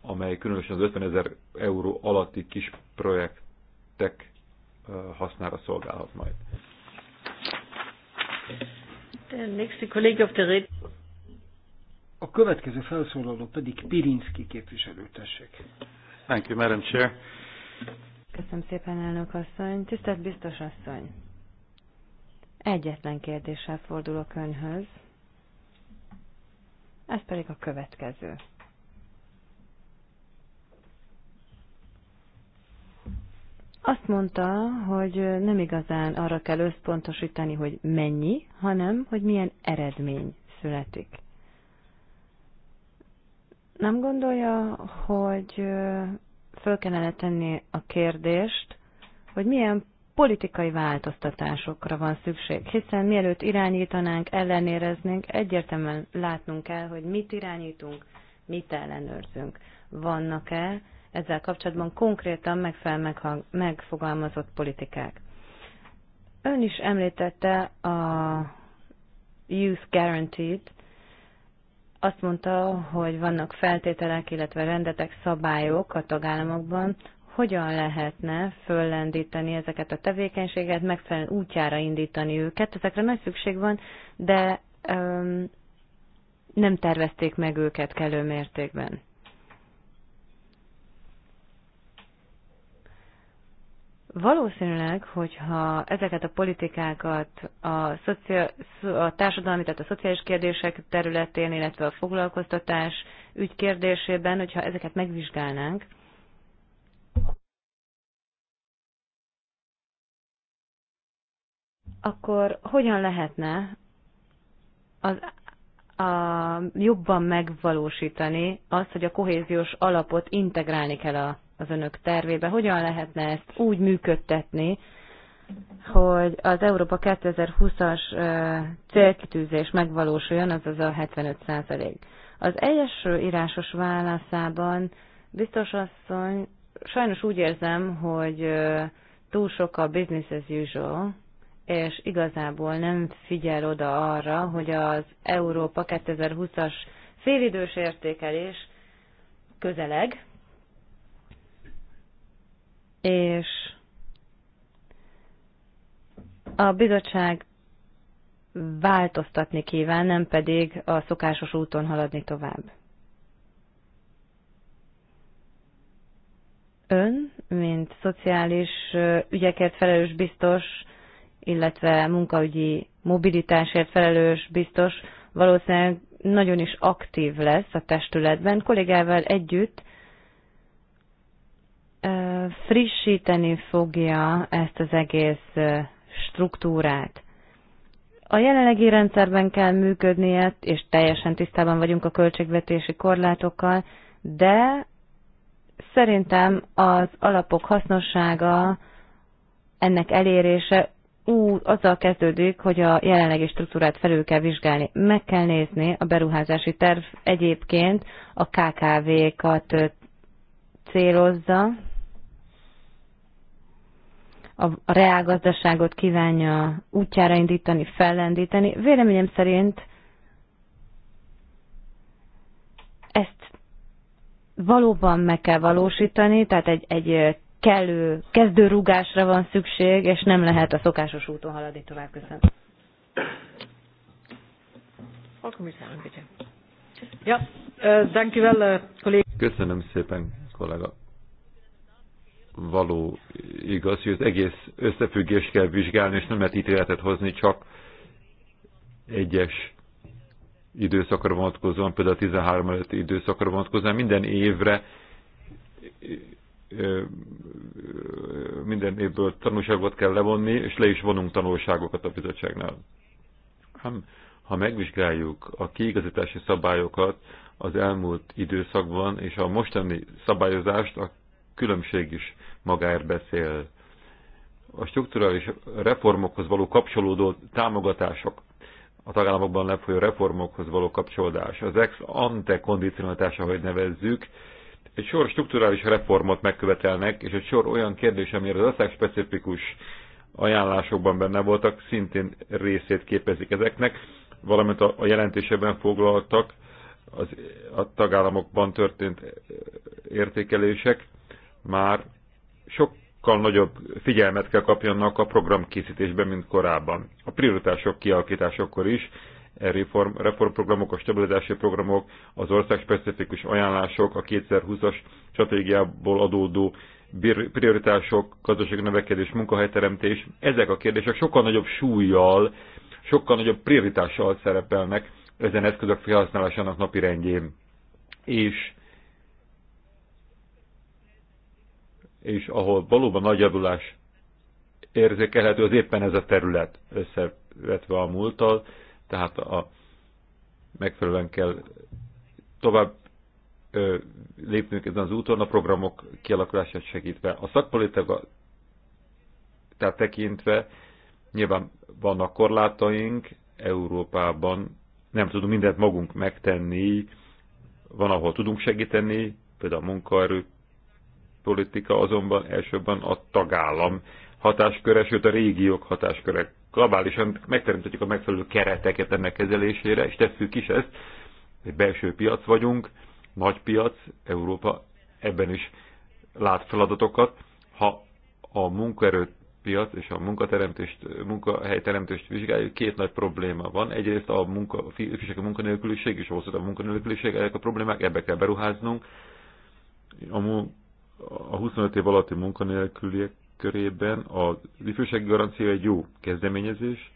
amely különösen az 50 ezer euró alatti kis projektek hasznára szolgálhat majd. A következő felszólaló pedig Pirinski képviselő, tessék. Thank you, Madam Chair. Köszönöm szépen, elnök asszony. Tisztelt biztos asszony. Egyetlen kérdéssel fordulok önhöz. Ez pedig a következő. Azt mondta, hogy nem igazán arra kell összpontosítani, hogy mennyi, hanem hogy milyen eredmény születik. Nem gondolja, hogy föl kellene tenni a kérdést, hogy milyen politikai változtatásokra van szükség, hiszen mielőtt irányítanánk, ellenéreznénk, egyértelműen látnunk kell, hogy mit irányítunk, mit ellenőrzünk. Vannak-e ezzel kapcsolatban konkrétan megfogalmazott politikák. Ön is említette a Youth Guaranteed, azt mondta, hogy vannak feltételek, illetve rendetek, szabályok a tagállamokban, hogyan lehetne föllendíteni ezeket a tevékenységet, megfelelően útjára indítani őket. Ezekre nagy szükség van, de öm, nem tervezték meg őket kellő mértékben. Valószínűleg, hogyha ezeket a politikákat a, a társadalmi, tehát a szociális kérdések területén, illetve a foglalkoztatás ügy kérdésében, hogyha ezeket megvizsgálnánk, akkor hogyan lehetne az, a, jobban megvalósítani azt, hogy a kohéziós alapot integrálni kell a az önök tervébe? Hogyan lehetne ezt úgy működtetni, hogy az Európa 2020-as célkitűzés megvalósuljon, azaz a 75 százalék. Az első írásos válaszában biztos asszony, sajnos úgy érzem, hogy túl sok a business as usual, és igazából nem figyel oda arra, hogy az Európa 2020-as félidős értékelés közeleg, és a bizottság változtatni kíván, nem pedig a szokásos úton haladni tovább. Ön, mint szociális ügyekért felelős biztos, illetve munkaügyi mobilitásért felelős biztos, valószínűleg nagyon is aktív lesz a testületben, kollégával együtt frissíteni fogja ezt az egész struktúrát. A jelenlegi rendszerben kell működnie, és teljesen tisztában vagyunk a költségvetési korlátokkal, de szerintem az alapok hasznossága, ennek elérése ú, azzal kezdődik, hogy a jelenlegi struktúrát felül kell vizsgálni. Meg kell nézni a beruházási terv egyébként a KKV-kat célozza, a reálgazdaságot kívánja útjára indítani, fellendíteni. Véleményem szerint ezt valóban meg kell valósítani, tehát egy, egy kellő kezdőrugásra van szükség, és nem lehet a szokásos úton haladni tovább. Köszönöm. Ja, äh, äh, Köszönöm szépen, kollega való igaz, hogy az egész összefüggést kell vizsgálni, és nem lehet ítéletet hozni csak egyes időszakra vonatkozóan, például a 13 előtti időszakra vonatkozóan, minden évre minden évből tanulságot kell levonni, és le is vonunk tanulságokat a bizottságnál. Ha megvizsgáljuk a kiigazítási szabályokat az elmúlt időszakban, és a mostani szabályozást, akkor különbség is magáért beszél. A strukturális reformokhoz való kapcsolódó támogatások, a tagállamokban lefolyó reformokhoz való kapcsolódás, az ex-ante kondicionalitása, hogy nevezzük, egy sor strukturális reformot megkövetelnek, és egy sor olyan kérdés, amire az ország specifikus ajánlásokban benne voltak, szintén részét képezik ezeknek, valamint a jelentésében foglaltak az, a tagállamokban történt értékelések már sokkal nagyobb figyelmet kell kapjanak a programkészítésben, mint korábban. A prioritások kialakításakor is, e reform, reformprogramok, a stabilizási programok, az országspecifikus ajánlások, a 2020-as stratégiából adódó prioritások, gazdasági növekedés, munkahelyteremtés, ezek a kérdések sokkal nagyobb súlyjal, sokkal nagyobb prioritással szerepelnek ezen eszközök felhasználásának napi rendjén. És és ahol valóban nagy javulás érzékelhető, az éppen ez a terület összevetve a múlttal, tehát a, megfelelően kell tovább ö, lépnünk ezen az úton, a programok kialakulását segítve. A szakpolitika tehát tekintve nyilván vannak korlátaink, Európában nem tudunk mindent magunk megtenni, van, ahol tudunk segíteni, például a munkaerő politika azonban elsőbben a tagállam hatásköre, sőt a régiók hatásköre. Globálisan megteremtetjük a megfelelő kereteket ennek kezelésére, és tesszük is ezt. Egy belső piac vagyunk, nagy piac, Európa ebben is lát feladatokat. Ha a piac és a munkateremtést, munkahelyteremtést vizsgáljuk, két nagy probléma van. Egyrészt a munka, a munkanélküliség és hosszú a munkanélküliség, ezek a problémák, ebbe kell beruháznunk. A a 25 év alatti munkanélküliek körében az ifjúsági garancia egy jó kezdeményezés.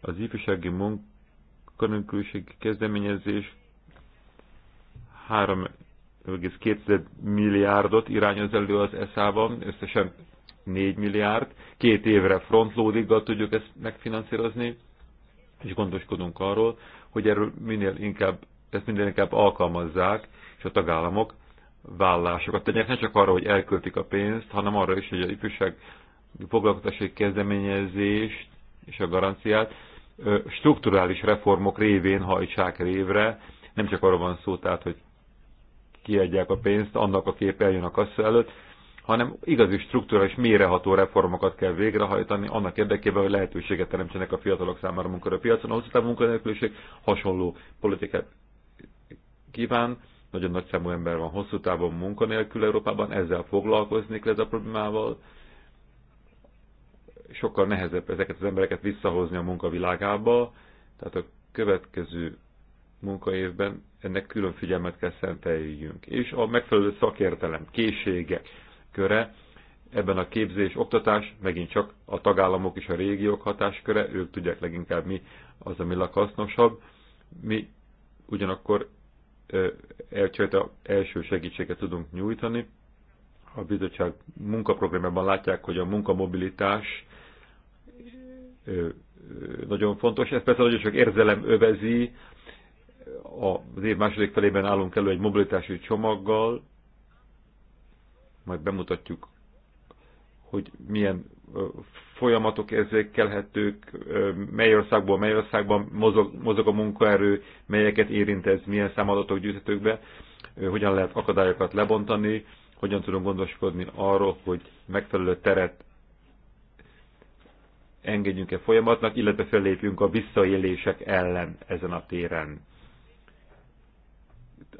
Az ifjúsági munkanélküliség kezdeményezés 3,2 milliárdot irányoz elő az ESZÁ-ban, összesen 4 milliárd. Két évre frontloadinggal tudjuk ezt megfinanszírozni, és gondoskodunk arról, hogy erről minél inkább, ezt minél inkább alkalmazzák, és a tagállamok vállásokat tegyenek, nem csak arra, hogy elköltik a pénzt, hanem arra is, hogy a ifjúság foglalkoztatási kezdeményezést és a garanciát strukturális reformok révén hajtsák révre. Nem csak arra van szó, tehát, hogy kiadják a pénzt, annak a kép eljön a kassza előtt, hanem igazi strukturális méreható reformokat kell végrehajtani annak érdekében, hogy lehetőséget teremtsenek a fiatalok számára munkára a piacon. A hosszú munkanélküliség hasonló politikát kíván, nagyon nagy számú ember van hosszú távon munkanélkül Európában, ezzel foglalkozni kell ez a problémával. Sokkal nehezebb ezeket az embereket visszahozni a munkavilágába, tehát a következő munkaévben ennek külön figyelmet kell szenteljünk. És a megfelelő szakértelem, készségek köre, ebben a képzés, oktatás megint csak a tagállamok és a régiók hatásköre, ők tudják leginkább mi az, ami hasznosabb. Mi ugyanakkor elcsajta első segítséget tudunk nyújtani. A bizottság munkaprogramjában látják, hogy a munkamobilitás nagyon fontos. Ez persze nagyon sok érzelem övezi. Az év második felében állunk elő egy mobilitási csomaggal, majd bemutatjuk, hogy milyen folyamatok érzékelhetők, mely országból, mely országban mozog, mozog a munkaerő, melyeket érint ez, milyen számadatok gyűjthetők be, hogyan lehet akadályokat lebontani, hogyan tudunk gondoskodni arról, hogy megfelelő teret engedjünk-e folyamatnak, illetve fellépjünk a visszaélések ellen ezen a téren.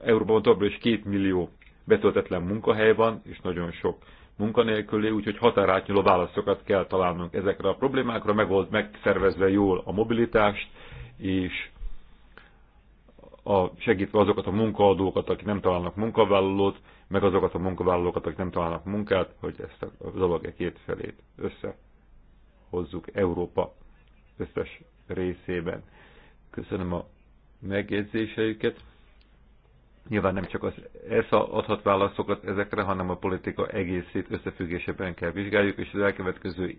Európában továbbra is két millió betöltetlen munkahely van, és nagyon sok munkanélkülé, úgyhogy határátnyúló válaszokat kell találnunk ezekre a problémákra, megold, megszervezve jól a mobilitást, és a, segítve azokat a munkaadókat, akik nem találnak munkavállalót, meg azokat a munkavállalókat, akik nem találnak munkát, hogy ezt a dolog két felét összehozzuk Európa összes részében. Köszönöm a megjegyzéseiket. Nyilván nem csak az ESA adhat válaszokat ezekre, hanem a politika egészét összefüggésében kell vizsgáljuk, és az elkövetkező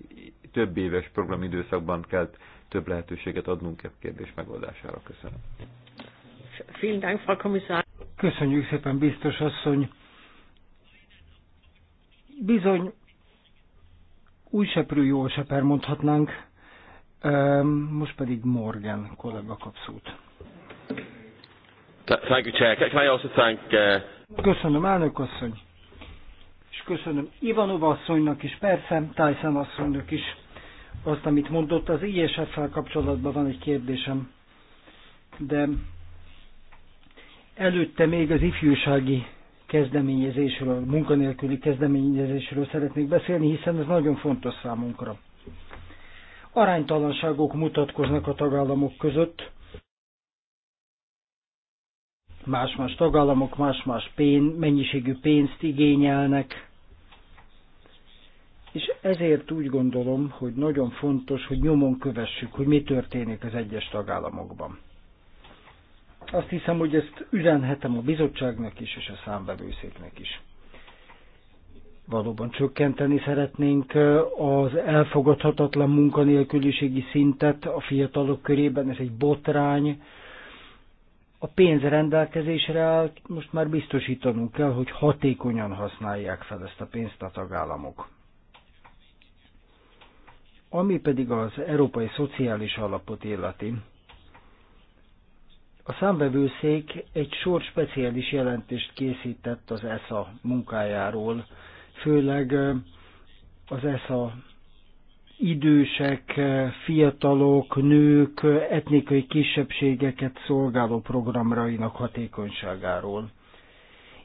több éves programidőszakban kell több lehetőséget adnunk e kérdés megoldására. Köszönöm. Köszönjük szépen, biztos asszony. Bizony, új seprű, jó seper mondhatnánk. Most pedig Morgan kollega kap szót. Thank you, Chair. Can I also thank... Uh, köszönöm, elnök asszony. És köszönöm Ivanova asszonynak is, persze, Tyson asszonynak is azt, amit mondott. Az ISF-fel kapcsolatban van egy kérdésem, de előtte még az ifjúsági kezdeményezésről, munkanélküli kezdeményezésről szeretnék beszélni, hiszen ez nagyon fontos számunkra. Aránytalanságok mutatkoznak a tagállamok között, Más-más tagállamok más-más pén mennyiségű pénzt igényelnek, és ezért úgy gondolom, hogy nagyon fontos, hogy nyomon kövessük, hogy mi történik az egyes tagállamokban. Azt hiszem, hogy ezt üzenhetem a bizottságnak is, és a számbevőszéknek is. Valóban csökkenteni szeretnénk az elfogadhatatlan munkanélküliségi szintet a fiatalok körében, ez egy botrány, a pénz rendelkezésre áll, most már biztosítanunk kell, hogy hatékonyan használják fel ezt a pénzt a tagállamok. Ami pedig az Európai Szociális Alapot illeti, a számbevőszék egy sor speciális jelentést készített az ESA munkájáról, főleg az ESA idősek, fiatalok, nők, etnikai kisebbségeket szolgáló programrainak hatékonyságáról.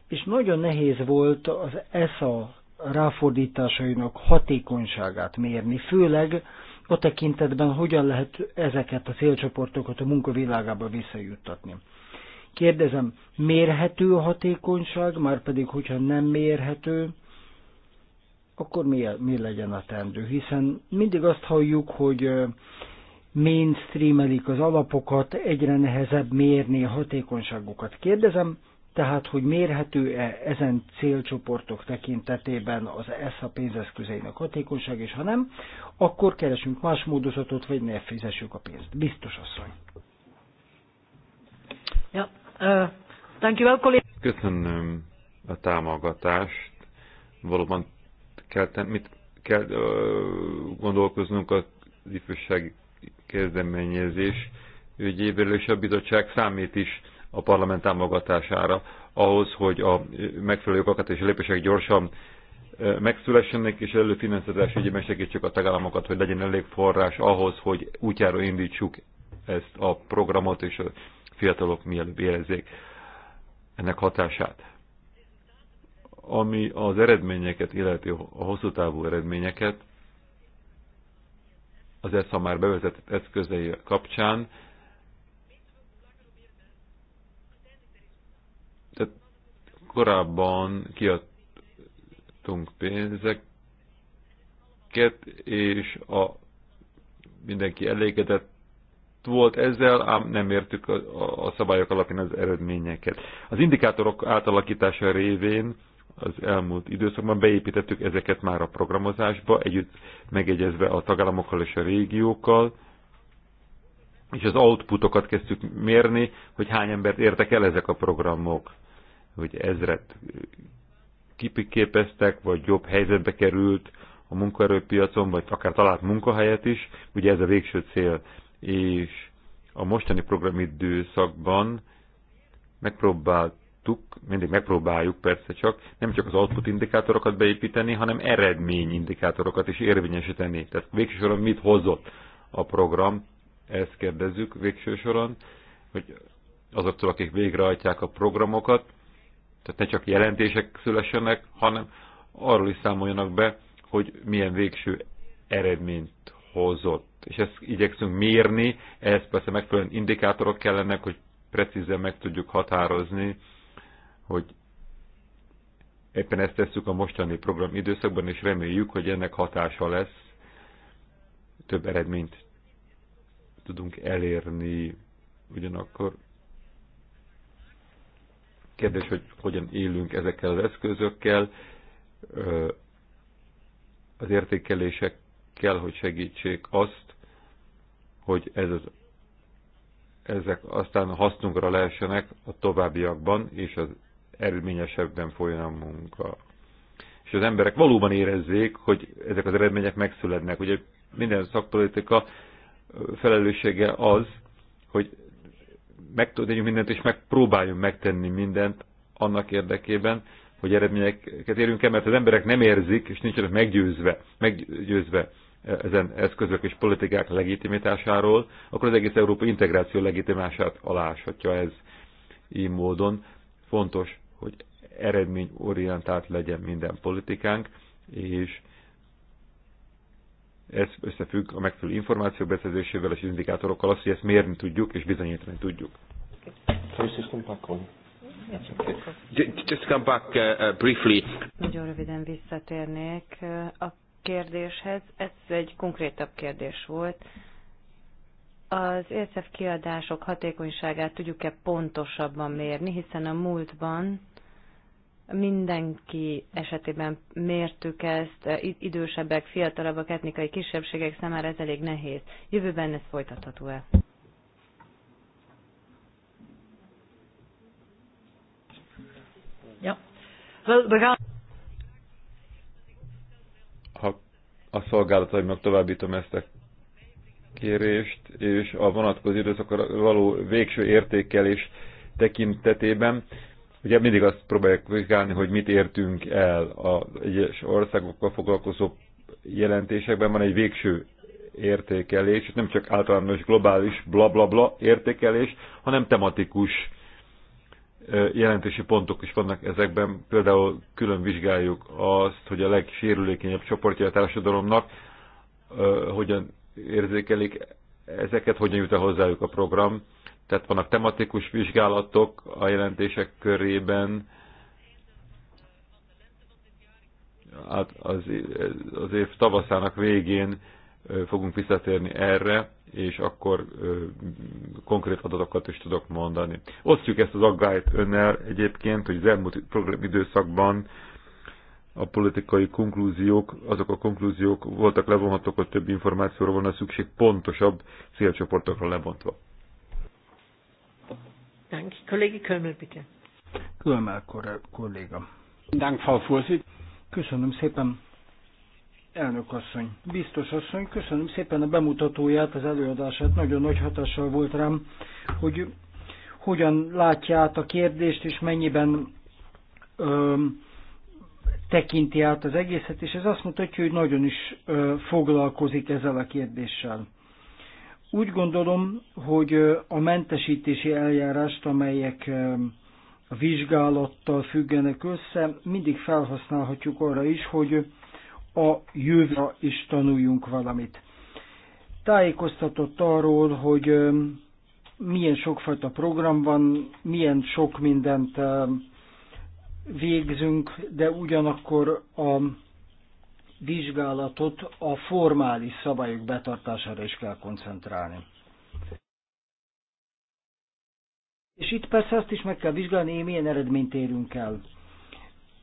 És nagyon nehéz volt az ESA ráfordításainak hatékonyságát mérni, főleg a tekintetben, hogyan lehet ezeket a célcsoportokat a munkavilágába visszajuttatni. Kérdezem, mérhető a hatékonyság, már pedig, hogyha nem mérhető, akkor mi, mi legyen a tendő? Hiszen mindig azt halljuk, hogy mainstreamelik az alapokat, egyre nehezebb mérni a hatékonyságukat. Kérdezem, tehát, hogy mérhető-e ezen célcsoportok tekintetében az ESZA pénzeszközeinek hatékonyság, és ha nem, akkor keresünk más módozatot, vagy ne fizessük a pénzt. Biztos asszony. Ja, uh, thank you, well, Köszönöm a támogatást. Valóban kell, mit kell ö, gondolkoznunk az ifjúság kezdeményezés ügyében, és a bizottság számít is a parlament támogatására ahhoz, hogy a megfelelő jogokat és lépések gyorsan megszülessenek, és előfinanszírozás ügyében segítsük a tagállamokat, hogy legyen elég forrás ahhoz, hogy útjára indítsuk ezt a programot, és a fiatalok mielőbb érezzék ennek hatását ami az eredményeket, illeti a hosszú távú eredményeket, az a már bevezetett eszközei kapcsán, tehát korábban kiadtunk pénzeket, és a, mindenki elégedett volt ezzel, ám nem értük a, a szabályok alapján az eredményeket. Az indikátorok átalakítása révén az elmúlt időszakban beépítettük ezeket már a programozásba, együtt megegyezve a tagállamokkal és a régiókkal, és az outputokat kezdtük mérni, hogy hány embert értek el ezek a programok, hogy ezret kipiképeztek, vagy jobb helyzetbe került a munkaerőpiacon, vagy akár talált munkahelyet is, ugye ez a végső cél. És a mostani programidőszakban megpróbált szoktuk, mindig megpróbáljuk persze csak, nem csak az output indikátorokat beépíteni, hanem eredmény indikátorokat is érvényesíteni. Tehát végső soron mit hozott a program, ezt kérdezzük végső soron, hogy azoktól, akik végrehajtják a programokat, tehát ne csak jelentések szülessenek, hanem arról is számoljanak be, hogy milyen végső eredményt hozott. És ezt igyekszünk mérni, ehhez persze megfelelően indikátorok kellenek, hogy precízen meg tudjuk határozni, hogy éppen ezt tesszük a mostani program időszakban, és reméljük, hogy ennek hatása lesz, több eredményt tudunk elérni. Ugyanakkor kérdés, hogy hogyan élünk ezekkel az eszközökkel, az értékelések kell, hogy segítsék azt, hogy ez az, ezek aztán hasznunkra lehessenek a továbbiakban, és az eredményesebben folyjon a munka. És az emberek valóban érezzék, hogy ezek az eredmények megszületnek. Ugye minden szakpolitika felelőssége az, hogy megtudjunk mindent, és megpróbáljunk megtenni mindent annak érdekében, hogy eredményeket érjünk el, mert az emberek nem érzik, és nincsenek meggyőzve, meggyőzve ezen eszközök és politikák legitimitásáról, akkor az egész Európa integráció legitimását aláshatja ez így módon. Fontos, hogy eredményorientált legyen minden politikánk, és ez összefügg a megfelelő információ beszerzésével és indikátorokkal, azt, hogy ezt mérni tudjuk és bizonyítani tudjuk. Just come back uh, uh, briefly. Nagyon röviden visszatérnék uh, a kérdéshez. Ez egy konkrétabb kérdés volt az ESF kiadások hatékonyságát tudjuk-e pontosabban mérni, hiszen a múltban mindenki esetében mértük ezt, idősebbek, fiatalabbak, etnikai kisebbségek számára ez elég nehéz. Jövőben ez folytatható-e? Ja. Ha a szolgálataimnak továbbítom ezt a kérést és a vonatkozó időszakra való végső értékelés tekintetében. Ugye mindig azt próbáljuk vizsgálni, hogy mit értünk el az egyes országokkal foglalkozó jelentésekben. Van egy végső értékelés, és nem csak általános globális blablabla bla, bla értékelés, hanem tematikus jelentési pontok is vannak ezekben. Például külön vizsgáljuk azt, hogy a legsérülékenyebb csoportja a társadalomnak hogyan érzékelik ezeket, hogyan jut el hozzájuk a program. Tehát vannak tematikus vizsgálatok a jelentések körében, hát az, az év tavaszának végén fogunk visszatérni erre, és akkor konkrét adatokat is tudok mondani. Osztjuk ezt az aggályt önnel egyébként, hogy az elmúlt program időszakban a politikai konklúziók, azok a konklúziók voltak levonhatók, hogy több információra volna szükség, pontosabb célcsoportokra lebontva. Dank. Kollégi Kölmel, bitte. Kölmel kolléga. Dank, Frau Köszönöm szépen, elnök asszony. Biztos asszony, köszönöm szépen a bemutatóját, az előadását. Nagyon nagy hatással volt rám, hogy hogyan látja át a kérdést, és mennyiben öm, tekinti át az egészet, és ez azt mutatja, hogy nagyon is foglalkozik ezzel a kérdéssel. Úgy gondolom, hogy a mentesítési eljárást, amelyek a vizsgálattal függenek össze, mindig felhasználhatjuk arra is, hogy a jövőre is tanuljunk valamit. Tájékoztatott arról, hogy milyen sokfajta program van, milyen sok mindent végzünk, de ugyanakkor a vizsgálatot a formális szabályok betartására is kell koncentrálni. És itt persze azt is meg kell vizsgálni, milyen eredményt érünk el.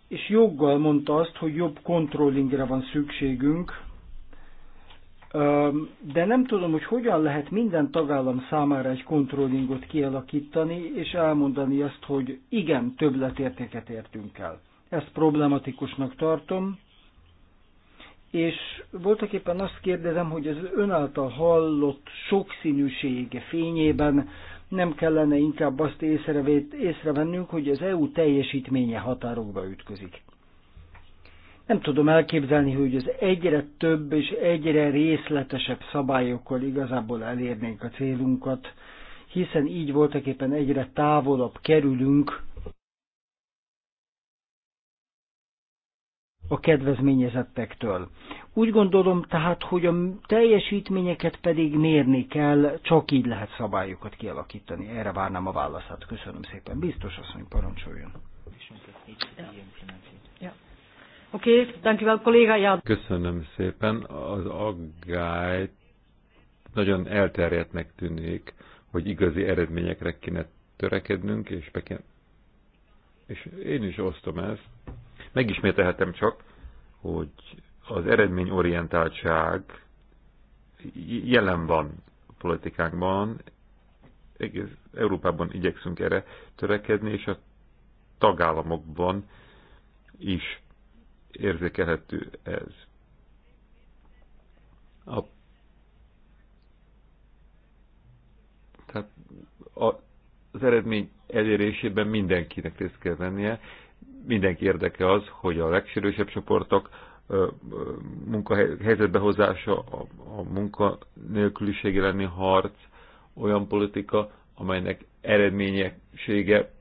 És joggal mondta azt, hogy jobb kontrollingre van szükségünk, de nem tudom, hogy hogyan lehet minden tagállam számára egy kontrollingot kialakítani, és elmondani azt, hogy igen, többletértéket értünk el. Ezt problematikusnak tartom, és voltak éppen azt kérdezem, hogy az ön által hallott sokszínűség fényében nem kellene inkább azt észrevennünk, hogy az EU teljesítménye határokba ütközik. Nem tudom elképzelni, hogy az egyre több és egyre részletesebb szabályokkal igazából elérnénk a célunkat, hiszen így voltak éppen egyre távolabb kerülünk a kedvezményezettektől. Úgy gondolom tehát, hogy a teljesítményeket pedig mérni kell, csak így lehet szabályokat kialakítani. Erre várnám a válaszát. Köszönöm szépen. Biztos asszony, parancsoljon. Köszönöm. Oké, okay, dankjewel kolléga. Köszönöm szépen. Az aggály nagyon elterjedtnek tűnik, hogy igazi eredményekre kéne törekednünk, és, be és én is osztom ezt. Megismételhetem csak, hogy az eredményorientáltság jelen van a politikánkban, egész Európában igyekszünk erre törekedni, és a tagállamokban is érzékelhető ez. A, tehát a, az eredmény elérésében mindenkinek részt kell vennie. Mindenki érdeke az, hogy a legsérősebb csoportok munkahelyzetbe hozása, a, a munkanélküliség elleni harc, olyan politika, amelynek eredményessége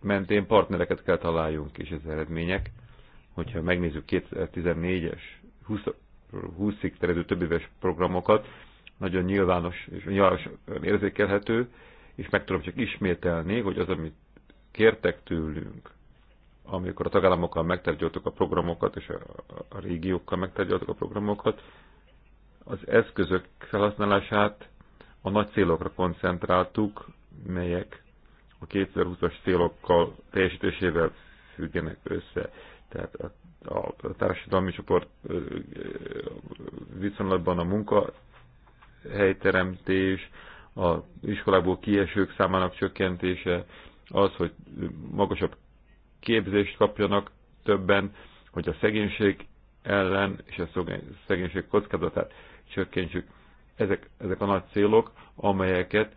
mentén partnereket kell találjunk, és az eredmények hogyha megnézzük 2014-es 20-ig terjedő több éves programokat, nagyon nyilvános és nyilvános érzékelhető, és meg tudom csak ismételni, hogy az, amit kértek tőlünk, amikor a tagállamokkal megtárgyaltuk a programokat, és a, a régiókkal megtárgyaltuk a programokat, az eszközök felhasználását a nagy célokra koncentráltuk, melyek a 2020-as célokkal teljesítésével függenek össze. Tehát a, a társadalmi csoport viszonylatban a munka helyteremtés, a iskolából kiesők számának csökkentése, az, hogy magasabb képzést kapjanak többen, hogy a szegénység ellen és a szegénység kockázatát csökkentsük. Ezek, ezek a nagy célok, amelyeket,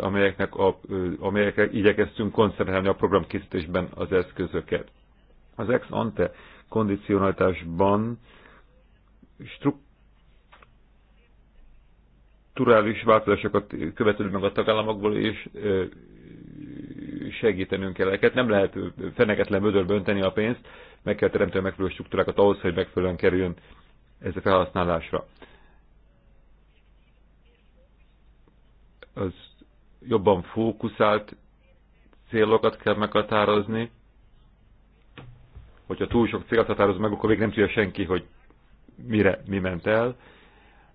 amelyeknek a, amelyekre igyekeztünk koncentrálni a programkészítésben az eszközöket az ex ante kondicionalitásban strukturális változásokat követelünk meg a tagállamokból, és segítenünk kell eket. Nem lehet feneketlen vödörbe önteni a pénzt, meg kell teremteni a megfelelő struktúrákat ahhoz, hogy megfelelően kerüljön ez a felhasználásra. Az jobban fókuszált célokat kell meghatározni, hogyha túl sok célt határoz meg, akkor még nem tudja senki, hogy mire, mi ment el.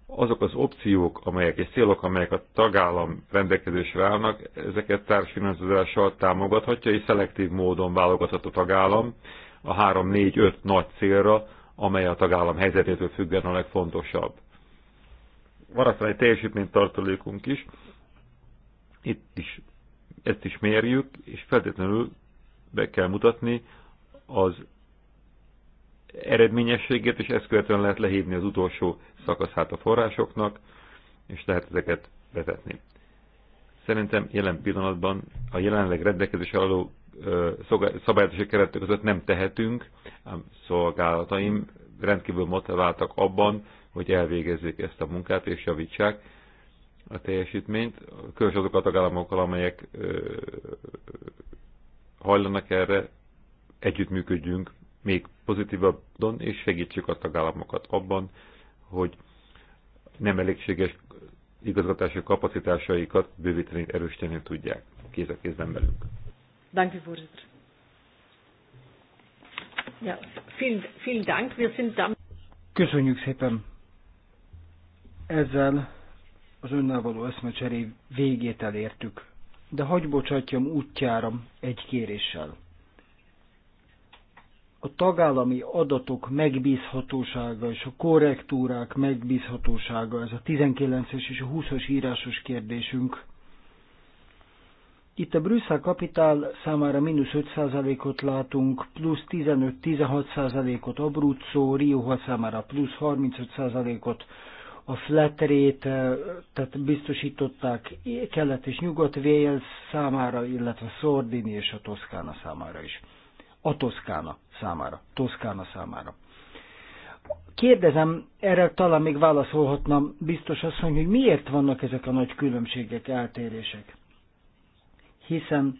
Azok az opciók, amelyek és célok, amelyek a tagállam rendelkezésre állnak, ezeket társfinanszírozással támogathatja, és szelektív módon válogathat a tagállam a 3-4-5 nagy célra, amely a tagállam helyzetétől függően a legfontosabb. Van aztán egy teljesítménytartalékunk is, itt is ezt is mérjük, és feltétlenül be kell mutatni az eredményességét, és ezt követően lehet lehívni az utolsó szakaszát a forrásoknak, és lehet ezeket bevetni. Szerintem jelen pillanatban a jelenleg rendelkezés álló szabályozási keretek között nem tehetünk, ám szolgálataim rendkívül motiváltak abban, hogy elvégezzék ezt a munkát és javítsák a teljesítményt, Különös azok a tagállamokkal, amelyek hajlanak erre, együttműködjünk még pozitívabban, és segítsük a tagállamokat abban, hogy nem elégséges igazgatási kapacitásaikat bővíteni, erősíteni tudják kéz a kézben velünk. Ja, vielen, vielen Dank. Wir sind Köszönjük szépen. Ezzel az önnel való eszmecseré végét elértük, de hagy bocsátjam útjára egy kéréssel a tagállami adatok megbízhatósága és a korrektúrák megbízhatósága, ez a 19-es és a 20-as írásos kérdésünk. Itt a Brüsszel kapitál számára mínusz 5%-ot látunk, plusz 15-16%-ot Abruzzo, Rioha számára plusz 35%-ot, a flat rate, eh, tehát biztosították kelet és nyugat Wales számára, illetve Sordini és a Toszkána számára is a Toszkána számára. Toszkána számára. Kérdezem, erre talán még válaszolhatnám, biztos asszony, hogy miért vannak ezek a nagy különbségek, eltérések. Hiszen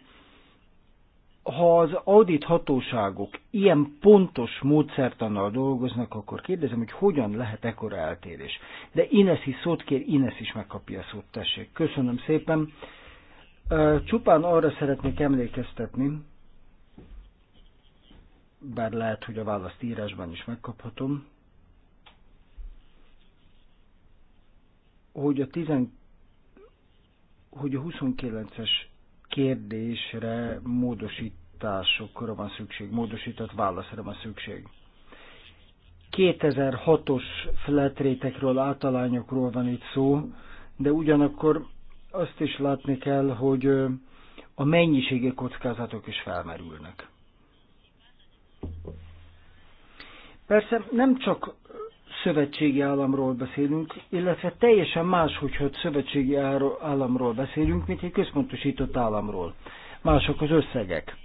ha az audit hatóságok ilyen pontos módszertannal dolgoznak, akkor kérdezem, hogy hogyan lehet ekkora eltérés. De Ines is szót kér, Ines is megkapja a szót, tessék. Köszönöm szépen. Csupán arra szeretnék emlékeztetni, bár lehet, hogy a választ írásban is megkaphatom, hogy a, tizen... hogy a 29-es kérdésre módosításokra van szükség, módosított válaszra van szükség. 2006-os fletrétekről, általányokról van itt szó, de ugyanakkor azt is látni kell, hogy a mennyiségi kockázatok is felmerülnek. Persze nem csak szövetségi államról beszélünk, illetve teljesen más, hogyha szövetségi államról beszélünk, mint egy központosított államról. Mások az összegek.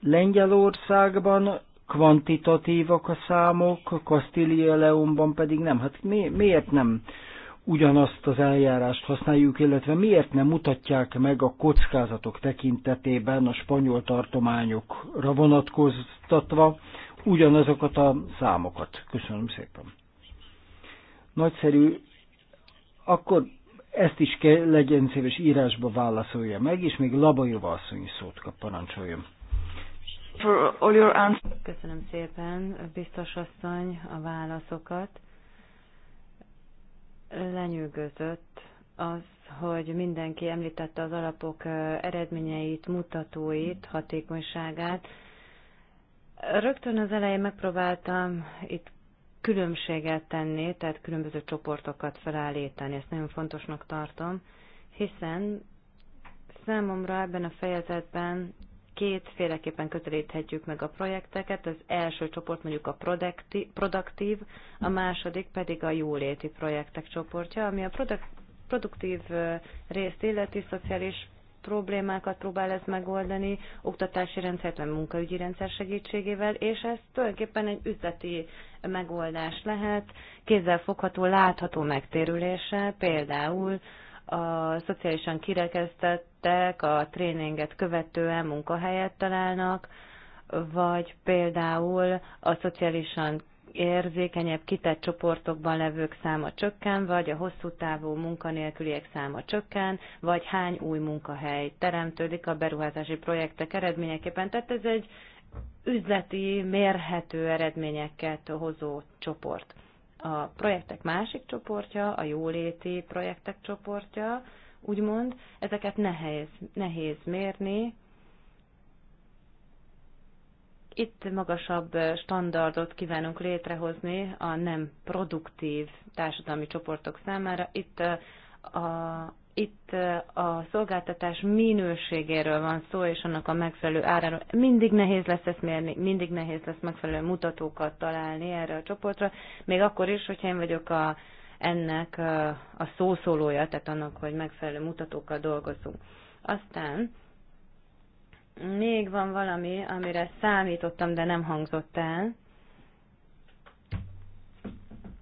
Lengyelországban kvantitatívak a számok, Kastília Leónban pedig nem. Hát mi, miért nem ugyanazt az eljárást használjuk, illetve miért nem mutatják meg a kockázatok tekintetében a spanyol tartományokra vonatkoztatva ugyanazokat a számokat. Köszönöm szépen. Nagyszerű. Akkor ezt is kell, legyen szíves írásba válaszolja meg, és még Labajova asszony szót kap, parancsoljon. Köszönöm szépen, biztos asszony, a válaszokat lenyűgözött az, hogy mindenki említette az alapok eredményeit, mutatóit, hatékonyságát. Rögtön az elején megpróbáltam itt különbséget tenni, tehát különböző csoportokat felállítani, ezt nagyon fontosnak tartom, hiszen számomra ebben a fejezetben kétféleképpen közelíthetjük meg a projekteket. Az első csoport mondjuk a produktív, a második pedig a jóléti projektek csoportja, ami a produktív részt illeti szociális problémákat próbál ez megoldani, oktatási nem munkaügyi rendszer segítségével, és ez tulajdonképpen egy üzleti megoldás lehet, fogható, látható megtérülése, például a szociálisan kirekesztettek a tréninget követően munkahelyet találnak, vagy például a szociálisan érzékenyebb, kitett csoportokban levők száma csökken, vagy a hosszú távú munkanélküliek száma csökken, vagy hány új munkahely teremtődik a beruházási projektek eredményeképpen. Tehát ez egy üzleti, mérhető eredményeket hozó csoport a projektek másik csoportja, a jóléti projektek csoportja, úgymond, ezeket nehéz, nehéz mérni. Itt magasabb standardot kívánunk létrehozni a nem produktív társadalmi csoportok számára. Itt a, itt a szolgáltatás minőségéről van szó, és annak a megfelelő áráról. Mindig nehéz lesz ezt mérni, mindig nehéz lesz megfelelő mutatókat találni erre a csoportra, még akkor is, hogyha én vagyok a, ennek a, a szószólója, tehát annak, hogy megfelelő mutatókkal dolgozunk. Aztán még van valami, amire számítottam, de nem hangzott el.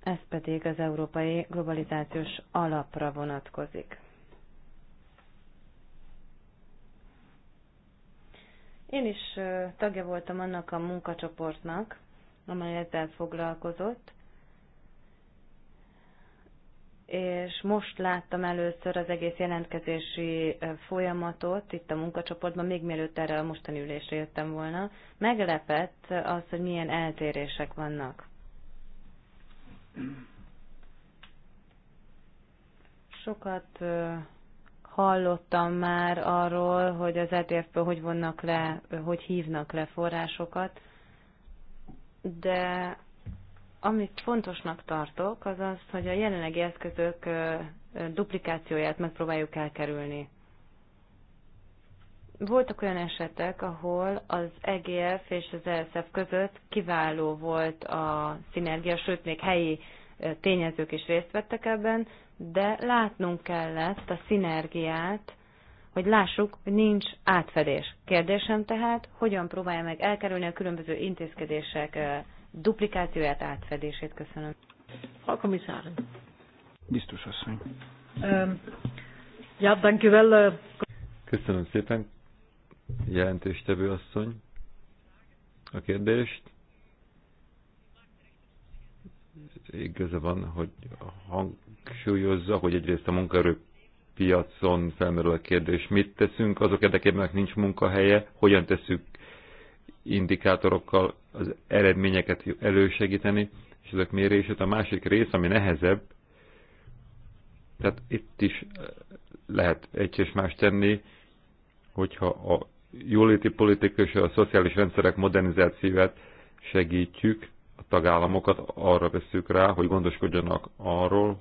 Ez pedig az Európai Globalizációs Alapra vonatkozik. Én is tagja voltam annak a munkacsoportnak, amely ezzel foglalkozott, és most láttam először az egész jelentkezési folyamatot itt a munkacsoportban, még mielőtt erre a mostani ülésre jöttem volna. Meglepett az, hogy milyen eltérések vannak. Sokat Hallottam már arról, hogy az ETF-ből hogy vonnak le, hogy hívnak le forrásokat, de amit fontosnak tartok, az az, hogy a jelenlegi eszközök duplikációját megpróbáljuk elkerülni. Voltak olyan esetek, ahol az EGF és az ESF között kiváló volt a szinergia, sőt még helyi tényezők is részt vettek ebben, de látnunk kellett a szinergiát, hogy lássuk, hogy nincs átfedés. Kérdésem tehát, hogyan próbálja meg elkerülni a különböző intézkedések duplikációját, átfedését? Köszönöm. a Kommissarin. Biztos asszony. Ja, Köszönöm szépen, jelentéstevő asszony, a kérdést. Igaza van, hogy a hang, hangsúlyozza, hogy egyrészt a munkaerő piacon felmerül a kérdés, mit teszünk azok érdekében, nincs munkahelye, hogyan tesszük indikátorokkal az eredményeket elősegíteni, és ezek mérését. A másik rész, ami nehezebb, tehát itt is lehet egy és más tenni, hogyha a jóléti politika és a szociális rendszerek modernizációját segítjük, a tagállamokat arra veszük rá, hogy gondoskodjanak arról,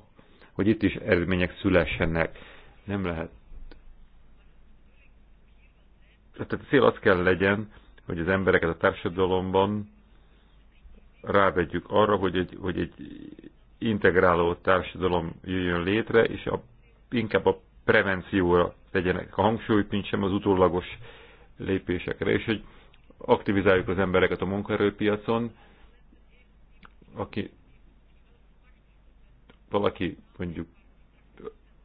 hogy itt is eredmények szülessenek. Nem lehet. Tehát a cél az kell legyen, hogy az embereket a társadalomban rávegyük arra, hogy egy, hogy egy integráló társadalom jöjjön létre, és a, inkább a prevencióra tegyenek a hangsúlyt, mint sem az utólagos lépésekre, és hogy aktivizáljuk az embereket a munkaerőpiacon, aki valaki mondjuk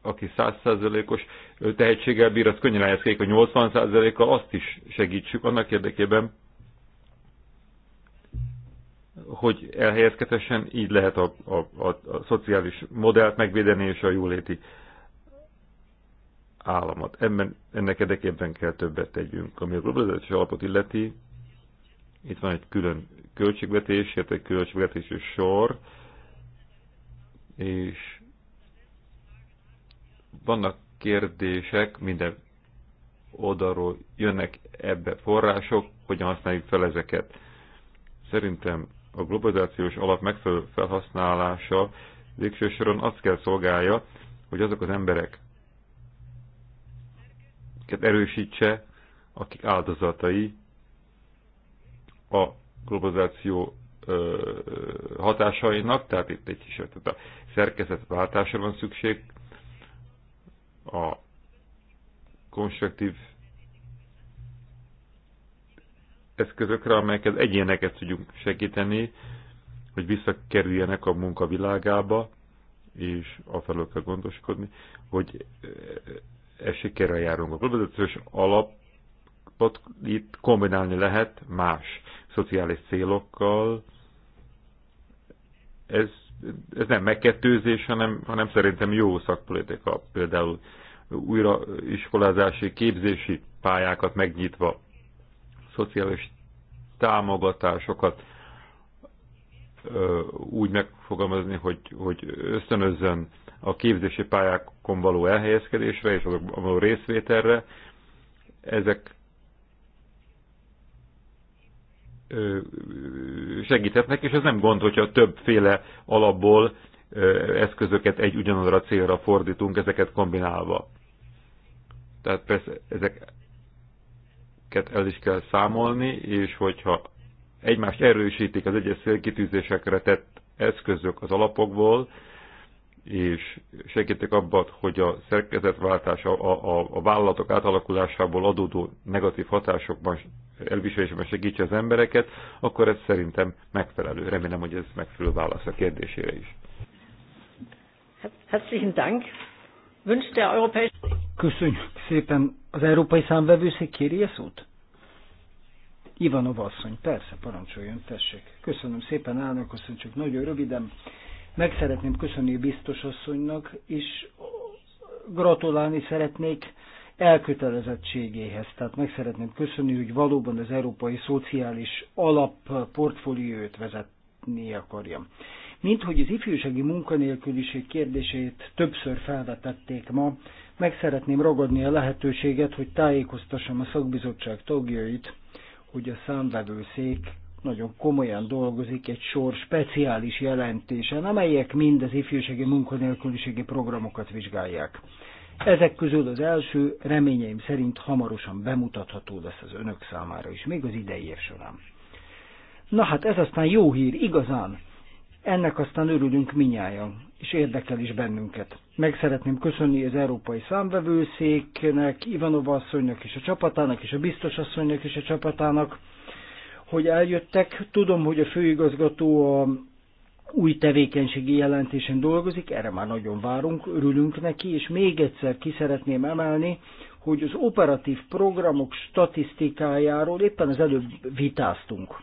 aki 100%-os tehetséggel bír, az könnyen helyezkedik, hogy 80%-kal azt is segítsük annak érdekében, hogy elhelyezkedhessen, így lehet a, a, a, a szociális modellt megvédeni és a jóléti államot. Ebben, ennek érdekében kell többet tegyünk. Ami a globalizációs alapot illeti, itt van egy külön költségvetés, egy költségvetési sor, és vannak kérdések, minden oldalról jönnek ebbe források, hogyan használjuk fel ezeket. Szerintem a globalizációs alap megfelelő felhasználása végső soron azt kell szolgálja, hogy azok az emberek erősítse, akik áldozatai a globalizáció hatásainak, tehát itt egy kis a szerkezetváltásra van szükség, a konstruktív eszközökre, amelyeket egyéneket tudjuk segíteni, hogy visszakerüljenek a munka világába, és afelől kell gondoskodni, hogy e, e sikerre járunk. A globalizációs alapot itt kombinálni lehet más szociális célokkal, ez, ez nem megkettőzés, hanem, hanem szerintem jó szakpolitika, például újra iskolázási, képzési pályákat megnyitva, szociális támogatásokat úgy megfogalmazni, hogy, hogy ösztönözzön a képzési pályákon való elhelyezkedésre és azok való részvételre. Ezek segíthetnek, és ez nem gond, hogyha többféle alapból eszközöket egy ugyanazra célra fordítunk, ezeket kombinálva. Tehát persze ezeket el is kell számolni, és hogyha egymást erősítik az egyes célkitűzésekre tett eszközök az alapokból, és segítik abban, hogy a szerkezetváltás, a, a, a vállalatok átalakulásából adódó negatív hatásokban elviselésében segítse az embereket, akkor ez szerintem megfelelő. Remélem, hogy ez megfelelő válasz a kérdésére is. Herzlichen Dank. Wünscht der Europäische... Köszönjük szépen. Az Európai Számvevőszék kéri a szót? Ivanova asszony, persze, parancsoljon, tessék. Köszönöm szépen, állnak, asszony, csak nagyon röviden. Meg szeretném köszönni a biztos asszonynak, és gratulálni szeretnék elkötelezettségéhez. Tehát meg szeretném köszönni, hogy valóban az Európai Szociális Alap portfóliót vezetni akarja. Mint hogy az ifjúsági munkanélküliség kérdését többször felvetették ma, meg szeretném ragadni a lehetőséget, hogy tájékoztassam a szakbizottság tagjait, hogy a számvevőszék nagyon komolyan dolgozik egy sor speciális jelentésen, amelyek mind az ifjúsági munkanélküliségi programokat vizsgálják. Ezek közül az első reményeim szerint hamarosan bemutatható lesz az önök számára is, még az idei év során. Na hát ez aztán jó hír, igazán. Ennek aztán örülünk minnyáján, és érdekel is bennünket. Meg szeretném köszönni az Európai Számvevőszéknek, Ivanova asszonynak és a csapatának, és a biztos asszonynak és a csapatának, hogy eljöttek. Tudom, hogy a főigazgató a új tevékenységi jelentésen dolgozik, erre már nagyon várunk, örülünk neki, és még egyszer ki szeretném emelni, hogy az operatív programok statisztikájáról éppen az előbb vitáztunk,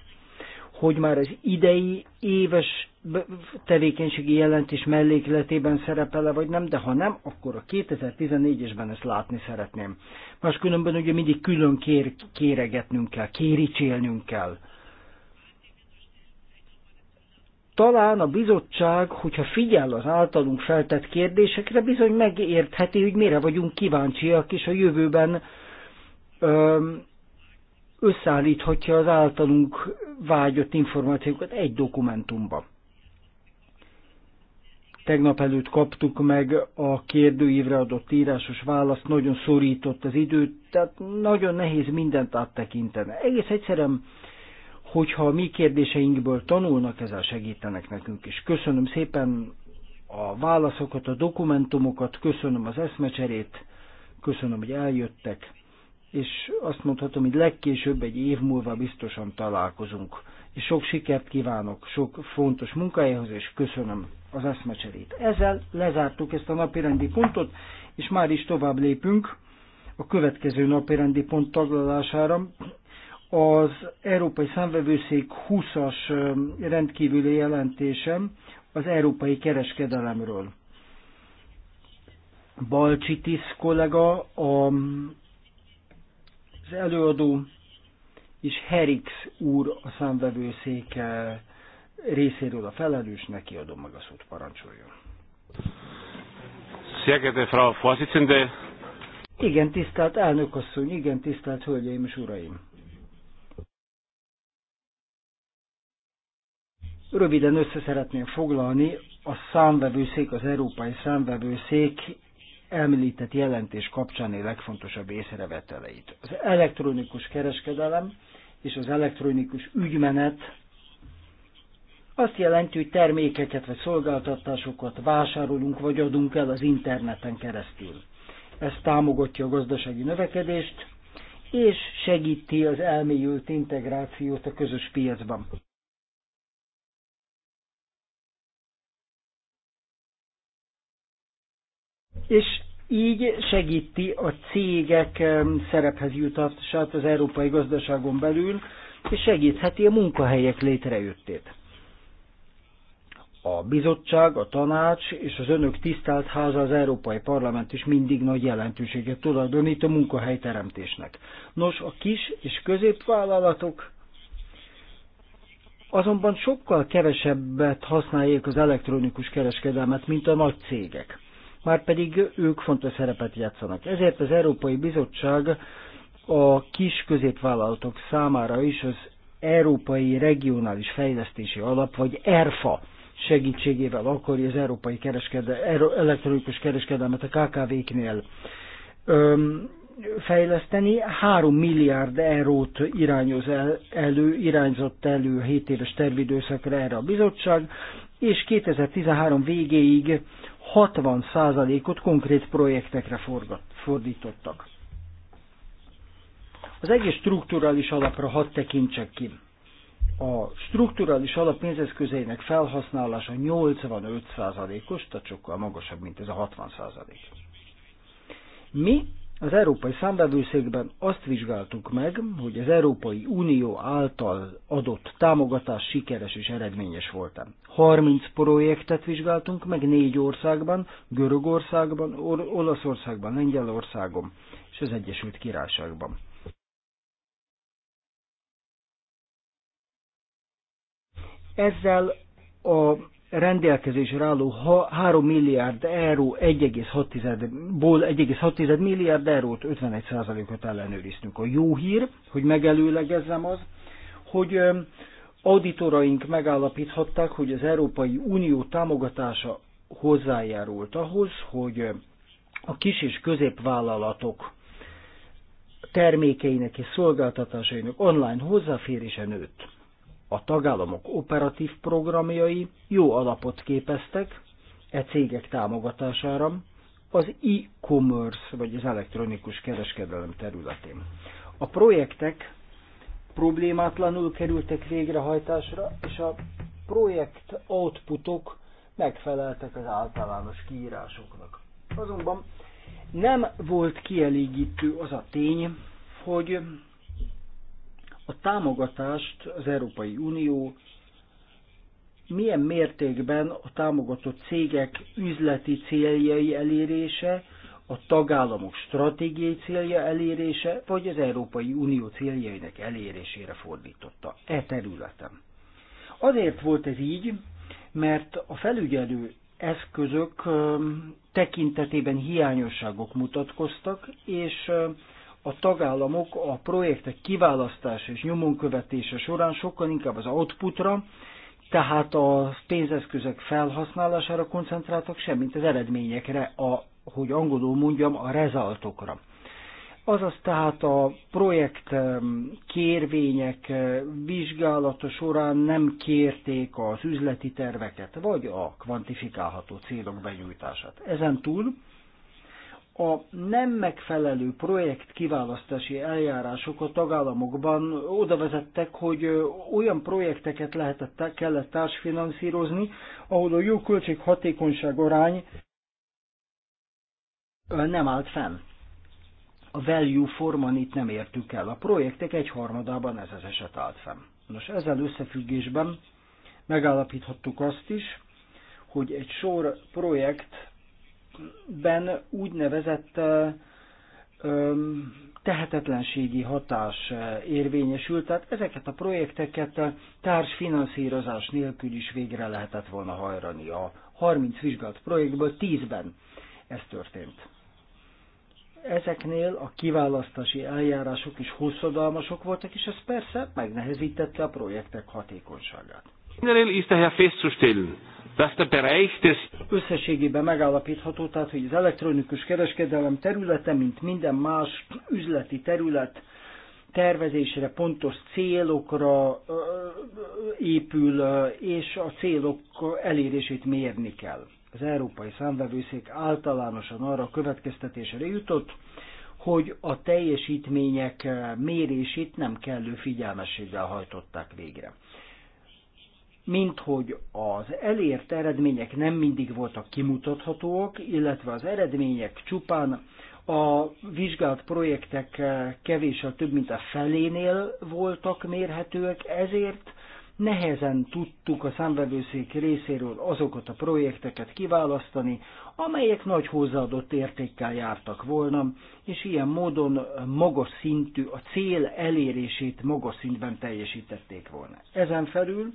hogy már az idei éves tevékenységi jelentés mellékletében szerepele, vagy nem, de ha nem, akkor a 2014-esben ezt látni szeretném. Máskülönben ugye mindig külön kér, kéregetnünk kell, kéricsélnünk kell talán a bizottság, hogyha figyel az általunk feltett kérdésekre, bizony megértheti, hogy mire vagyunk kíváncsiak, és a jövőben összeállíthatja az általunk vágyott információkat egy dokumentumba. Tegnap előtt kaptuk meg a kérdőívre adott írásos választ, nagyon szorított az időt, tehát nagyon nehéz mindent áttekinteni. Egész egyszerűen hogyha a mi kérdéseinkből tanulnak, ezzel segítenek nekünk is. Köszönöm szépen a válaszokat, a dokumentumokat, köszönöm az eszmecserét, köszönöm, hogy eljöttek, és azt mondhatom, hogy legkésőbb egy év múlva biztosan találkozunk. És sok sikert kívánok, sok fontos munkájához, és köszönöm az eszmecserét. Ezzel lezártuk ezt a napi rendi pontot, és már is tovább lépünk a következő napi rendi pont taglalására, az Európai Számvevőszék 20-as rendkívüli jelentésem az európai kereskedelemről. Balcsitis kollega, a, az előadó, és Herix úr a számvevőszék részéről a felelős, neki adom meg a szót, parancsoljon. Sehr geehrte Frau Vorsitzende, igen, tisztelt elnök asszony, igen, tisztelt hölgyeim és uraim. Röviden össze szeretném foglalni a számvevőszék, az Európai Számvevőszék említett jelentés kapcsán a legfontosabb észreveteleit. Az elektronikus kereskedelem és az elektronikus ügymenet azt jelenti, hogy termékeket vagy szolgáltatásokat vásárolunk vagy adunk el az interneten keresztül. Ez támogatja a gazdasági növekedést, és segíti az elmélyült integrációt a közös piacban. és így segíti a cégek szerephez jutását az európai gazdaságon belül, és segítheti a munkahelyek létrejöttét. A bizottság, a tanács és az önök tisztelt háza az Európai Parlament is mindig nagy jelentőséget tulajdonít a munkahelyteremtésnek. Nos, a kis és középvállalatok azonban sokkal kevesebbet használják az elektronikus kereskedelmet, mint a nagy cégek márpedig ők fontos szerepet játszanak. Ezért az Európai Bizottság a kis középvállalatok számára is az Európai Regionális Fejlesztési Alap, vagy ERFA segítségével akarja az európai kereskedel, elektronikus kereskedelmet a KKV-knél fejleszteni. 3 milliárd eurót irányoz el, elő, irányzott elő 7 éves tervidőszakra erre a bizottság, és 2013 végéig 60%-ot konkrét projektekre fordítottak. Az egész strukturális alapra hat tekintsek ki. A strukturális alap pénzeszközeinek felhasználása 85%-os, tehát sokkal magasabb, mint ez a 60%. Mi az Európai Számbevőszékben azt vizsgáltuk meg, hogy az Európai Unió által adott támogatás sikeres és eredményes volt. 30 projektet vizsgáltunk meg négy országban, Görögországban, Or- Olaszországban, Lengyelországon és az Egyesült Királyságban. Ezzel a rendelkezésre álló 3 milliárd euró 1,6-ból 1,6 milliárd eurót 51%-ot ellenőriztünk. A jó hír, hogy megelőlegezzem az, hogy auditoraink megállapíthatták, hogy az Európai Unió támogatása hozzájárult ahhoz, hogy a kis és középvállalatok termékeinek és szolgáltatásainak online hozzáférése nőtt a tagállamok operatív programjai jó alapot képeztek e cégek támogatására az e-commerce, vagy az elektronikus kereskedelem területén. A projektek problémátlanul kerültek végrehajtásra, és a projekt outputok megfeleltek az általános kiírásoknak. Azonban nem volt kielégítő az a tény, hogy a támogatást az Európai Unió milyen mértékben a támogatott cégek üzleti céljai elérése, a tagállamok stratégiai célja elérése, vagy az Európai Unió céljainak elérésére fordította e területen. Azért volt ez így, mert a felügyelő eszközök tekintetében hiányosságok mutatkoztak, és a tagállamok a projektek kiválasztása és nyomonkövetése során sokkal inkább az outputra, tehát a pénzeszközök felhasználására koncentráltak, semmint az eredményekre, a, hogy angolul mondjam, a rezaltokra. Azaz tehát a projekt kérvények vizsgálata során nem kérték az üzleti terveket, vagy a kvantifikálható célok benyújtását. Ezen túl a nem megfelelő projekt kiválasztási eljárások a tagállamokban oda vezettek, hogy olyan projekteket lehetett, kellett társfinanszírozni, ahol a jó költség hatékonyság arány nem állt fenn. A value forman itt nem értük el. A projektek egyharmadában ez az eset állt fenn. Nos, ezzel összefüggésben megállapíthattuk azt is, hogy egy sor projekt ben úgynevezett tehetetlenségi hatás érvényesült, tehát ezeket a projekteket társfinanszírozás nélkül is végre lehetett volna hajrani. A 30 vizsgált projektből 10-ben ez történt. Ezeknél a kiválasztási eljárások is hosszadalmasok voltak, és ez persze megnehezítette a projektek hatékonyságát. Generell ist daher festzustellen, dass der Bereich des Összességében megállapítható, tehát, hogy az elektronikus kereskedelem területe, mint minden más üzleti terület, tervezésre, pontos célokra épül, és a célok elérését mérni kell. Az Európai Számvevőszék általánosan arra a következtetésre jutott, hogy a teljesítmények mérését nem kellő figyelmességgel hajtották végre mint hogy az elért eredmények nem mindig voltak kimutathatóak, illetve az eredmények csupán a vizsgált projektek kevéssel több mint a felénél voltak mérhetőek, ezért nehezen tudtuk a számvevőszék részéről azokat a projekteket kiválasztani, amelyek nagy hozzáadott értékkel jártak volna, és ilyen módon magas szintű, a cél elérését magas szintben teljesítették volna. Ezen felül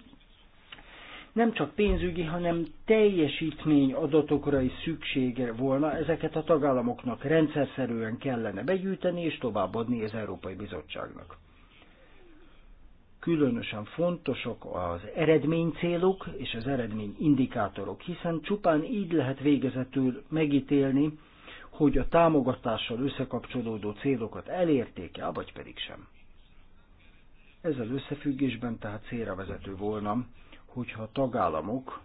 nem csak pénzügyi, hanem teljesítmény adatokra is szüksége volna, ezeket a tagállamoknak rendszerszerűen kellene begyűjteni és továbbadni az Európai Bizottságnak. Különösen fontosak az eredménycélok és az eredményindikátorok, hiszen csupán így lehet végezetül megítélni, hogy a támogatással összekapcsolódó célokat elérték-e, vagy pedig sem. Ezzel összefüggésben tehát célra vezető volna, hogyha a tagállamok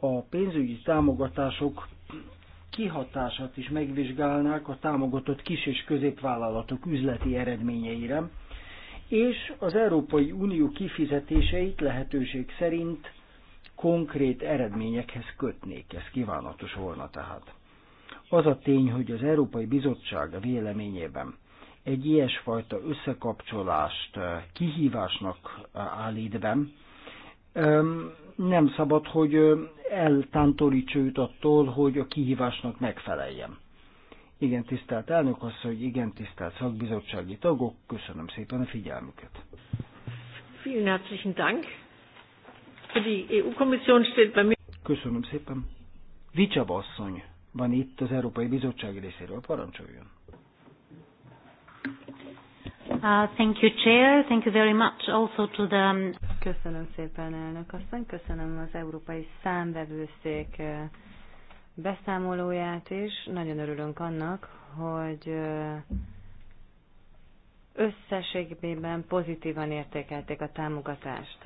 a pénzügyi támogatások kihatását is megvizsgálnák a támogatott kis- és középvállalatok üzleti eredményeire, és az Európai Unió kifizetéseit lehetőség szerint konkrét eredményekhez kötnék. Ez kívánatos volna tehát. Az a tény, hogy az Európai Bizottság véleményében egy ilyesfajta összekapcsolást kihívásnak állít be, nem szabad, hogy eltántorítsa őt attól, hogy a kihívásnak megfeleljen. Igen, tisztelt elnök asszony, igen, tisztelt szakbizottsági tagok, köszönöm szépen a figyelmüket. Vielen herzlichen Dank. Für die EU-Kommission steht bei mir. Köszönöm szépen. Vicsaba asszony van itt az Európai Bizottság részéről, parancsoljon. Uh, thank you, Chair. Thank you very much also to the... Um, Köszönöm szépen, elnök asszony. Köszönöm az Európai Számbevőszék uh, beszámolóját is. Nagyon örülünk annak, hogy uh, összességében pozitívan értékelték a támogatást.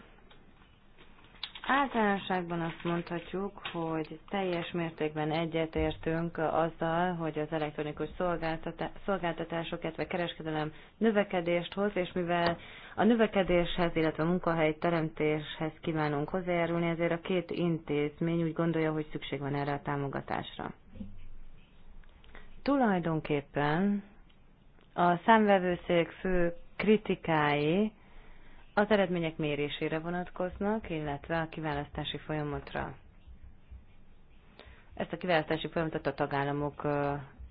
Általánosságban azt mondhatjuk, hogy teljes mértékben egyetértünk azzal, hogy az elektronikus szolgáltatások, illetve kereskedelem növekedést hoz, és mivel a növekedéshez, illetve a munkahely teremtéshez kívánunk hozzájárulni, ezért a két intézmény úgy gondolja, hogy szükség van erre a támogatásra. Tulajdonképpen a számvevőszék fő kritikái, az eredmények mérésére vonatkoznak, illetve a kiválasztási folyamatra. Ezt a kiválasztási folyamatot a tagállamok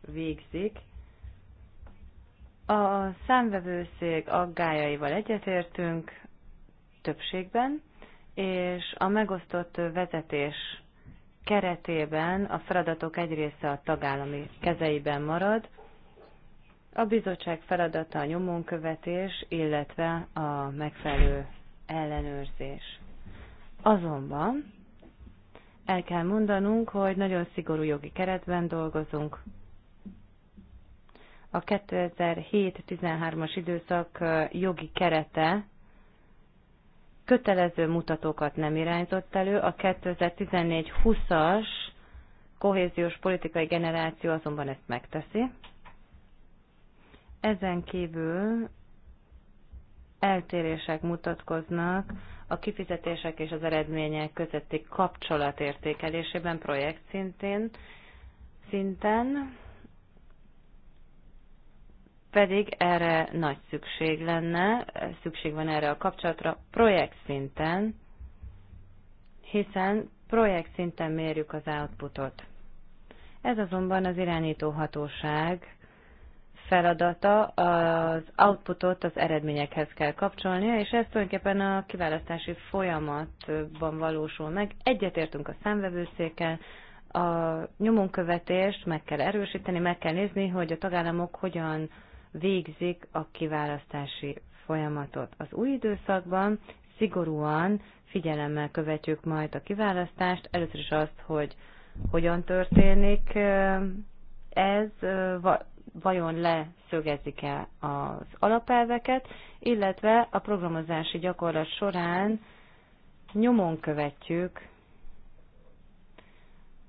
végzik. A számvevőszék aggájaival egyetértünk többségben, és a megosztott vezetés keretében a feladatok egy része a tagállami kezeiben marad, a bizottság feladata a nyomonkövetés, illetve a megfelelő ellenőrzés. Azonban el kell mondanunk, hogy nagyon szigorú jogi keretben dolgozunk. A 2007-13-as időszak jogi kerete kötelező mutatókat nem irányzott elő, a 2014-20-as kohéziós politikai generáció azonban ezt megteszi. Ezen kívül eltérések mutatkoznak a kifizetések és az eredmények közötti kapcsolat értékelésében projekt szintén, szinten, pedig erre nagy szükség lenne, szükség van erre a kapcsolatra projekt szinten, hiszen projekt szinten mérjük az outputot. Ez azonban az irányító hatóság feladata, az outputot az eredményekhez kell kapcsolnia, és ez tulajdonképpen a kiválasztási folyamatban valósul meg. Egyetértünk a szemvevőszéken, a nyomonkövetést meg kell erősíteni, meg kell nézni, hogy a tagállamok hogyan végzik a kiválasztási folyamatot. Az új időszakban szigorúan figyelemmel követjük majd a kiválasztást, először is azt, hogy hogyan történik ez, vajon leszögezik-e az alapelveket, illetve a programozási gyakorlat során nyomon követjük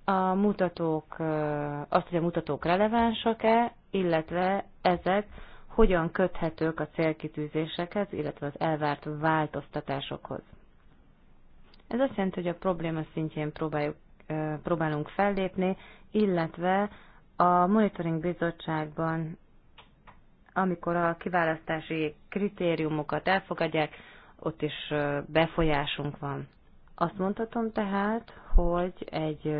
a mutatók, azt, hogy a mutatók relevánsak-e, illetve ezek hogyan köthetők a célkitűzésekhez, illetve az elvárt változtatásokhoz. Ez azt jelenti, hogy a probléma szintjén próbáljuk, próbálunk fellépni, illetve a monitoring bizottságban, amikor a kiválasztási kritériumokat elfogadják, ott is befolyásunk van. Azt mondhatom tehát, hogy egy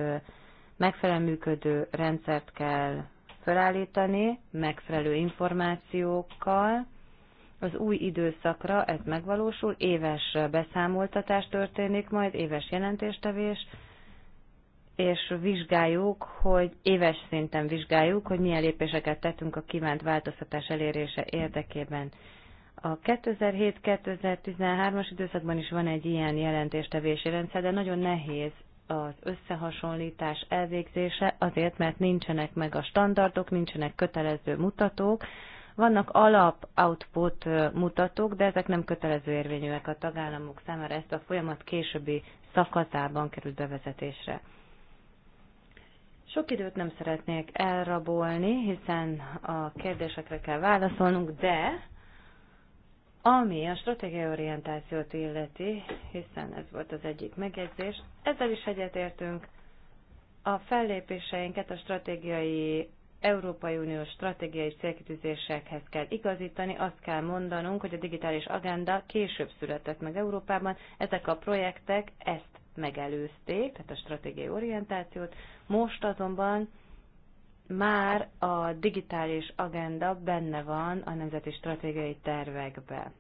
megfelelő működő rendszert kell felállítani, megfelelő információkkal. Az új időszakra ez megvalósul, éves beszámoltatás történik majd, éves jelentéstevés, és vizsgáljuk, hogy éves szinten vizsgáljuk, hogy milyen lépéseket tettünk a kívánt változtatás elérése érdekében. A 2007-2013-as időszakban is van egy ilyen jelentéstevési rendszer, de nagyon nehéz az összehasonlítás elvégzése, azért, mert nincsenek meg a standardok, nincsenek kötelező mutatók, vannak alap-output mutatók, de ezek nem kötelező érvényűek a tagállamok számára, ezt a folyamat későbbi szakaszában került bevezetésre. Sok időt nem szeretnék elrabolni, hiszen a kérdésekre kell válaszolnunk, de ami a stratégiai orientációt illeti, hiszen ez volt az egyik megjegyzés, ezzel is egyetértünk. A fellépéseinket a stratégiai Európai Unió stratégiai célkitűzésekhez kell igazítani, azt kell mondanunk, hogy a digitális agenda később született meg Európában, ezek a projektek ezt megelőzték, tehát a stratégiai orientációt. Most azonban már a digitális agenda benne van a nemzeti stratégiai tervekbe.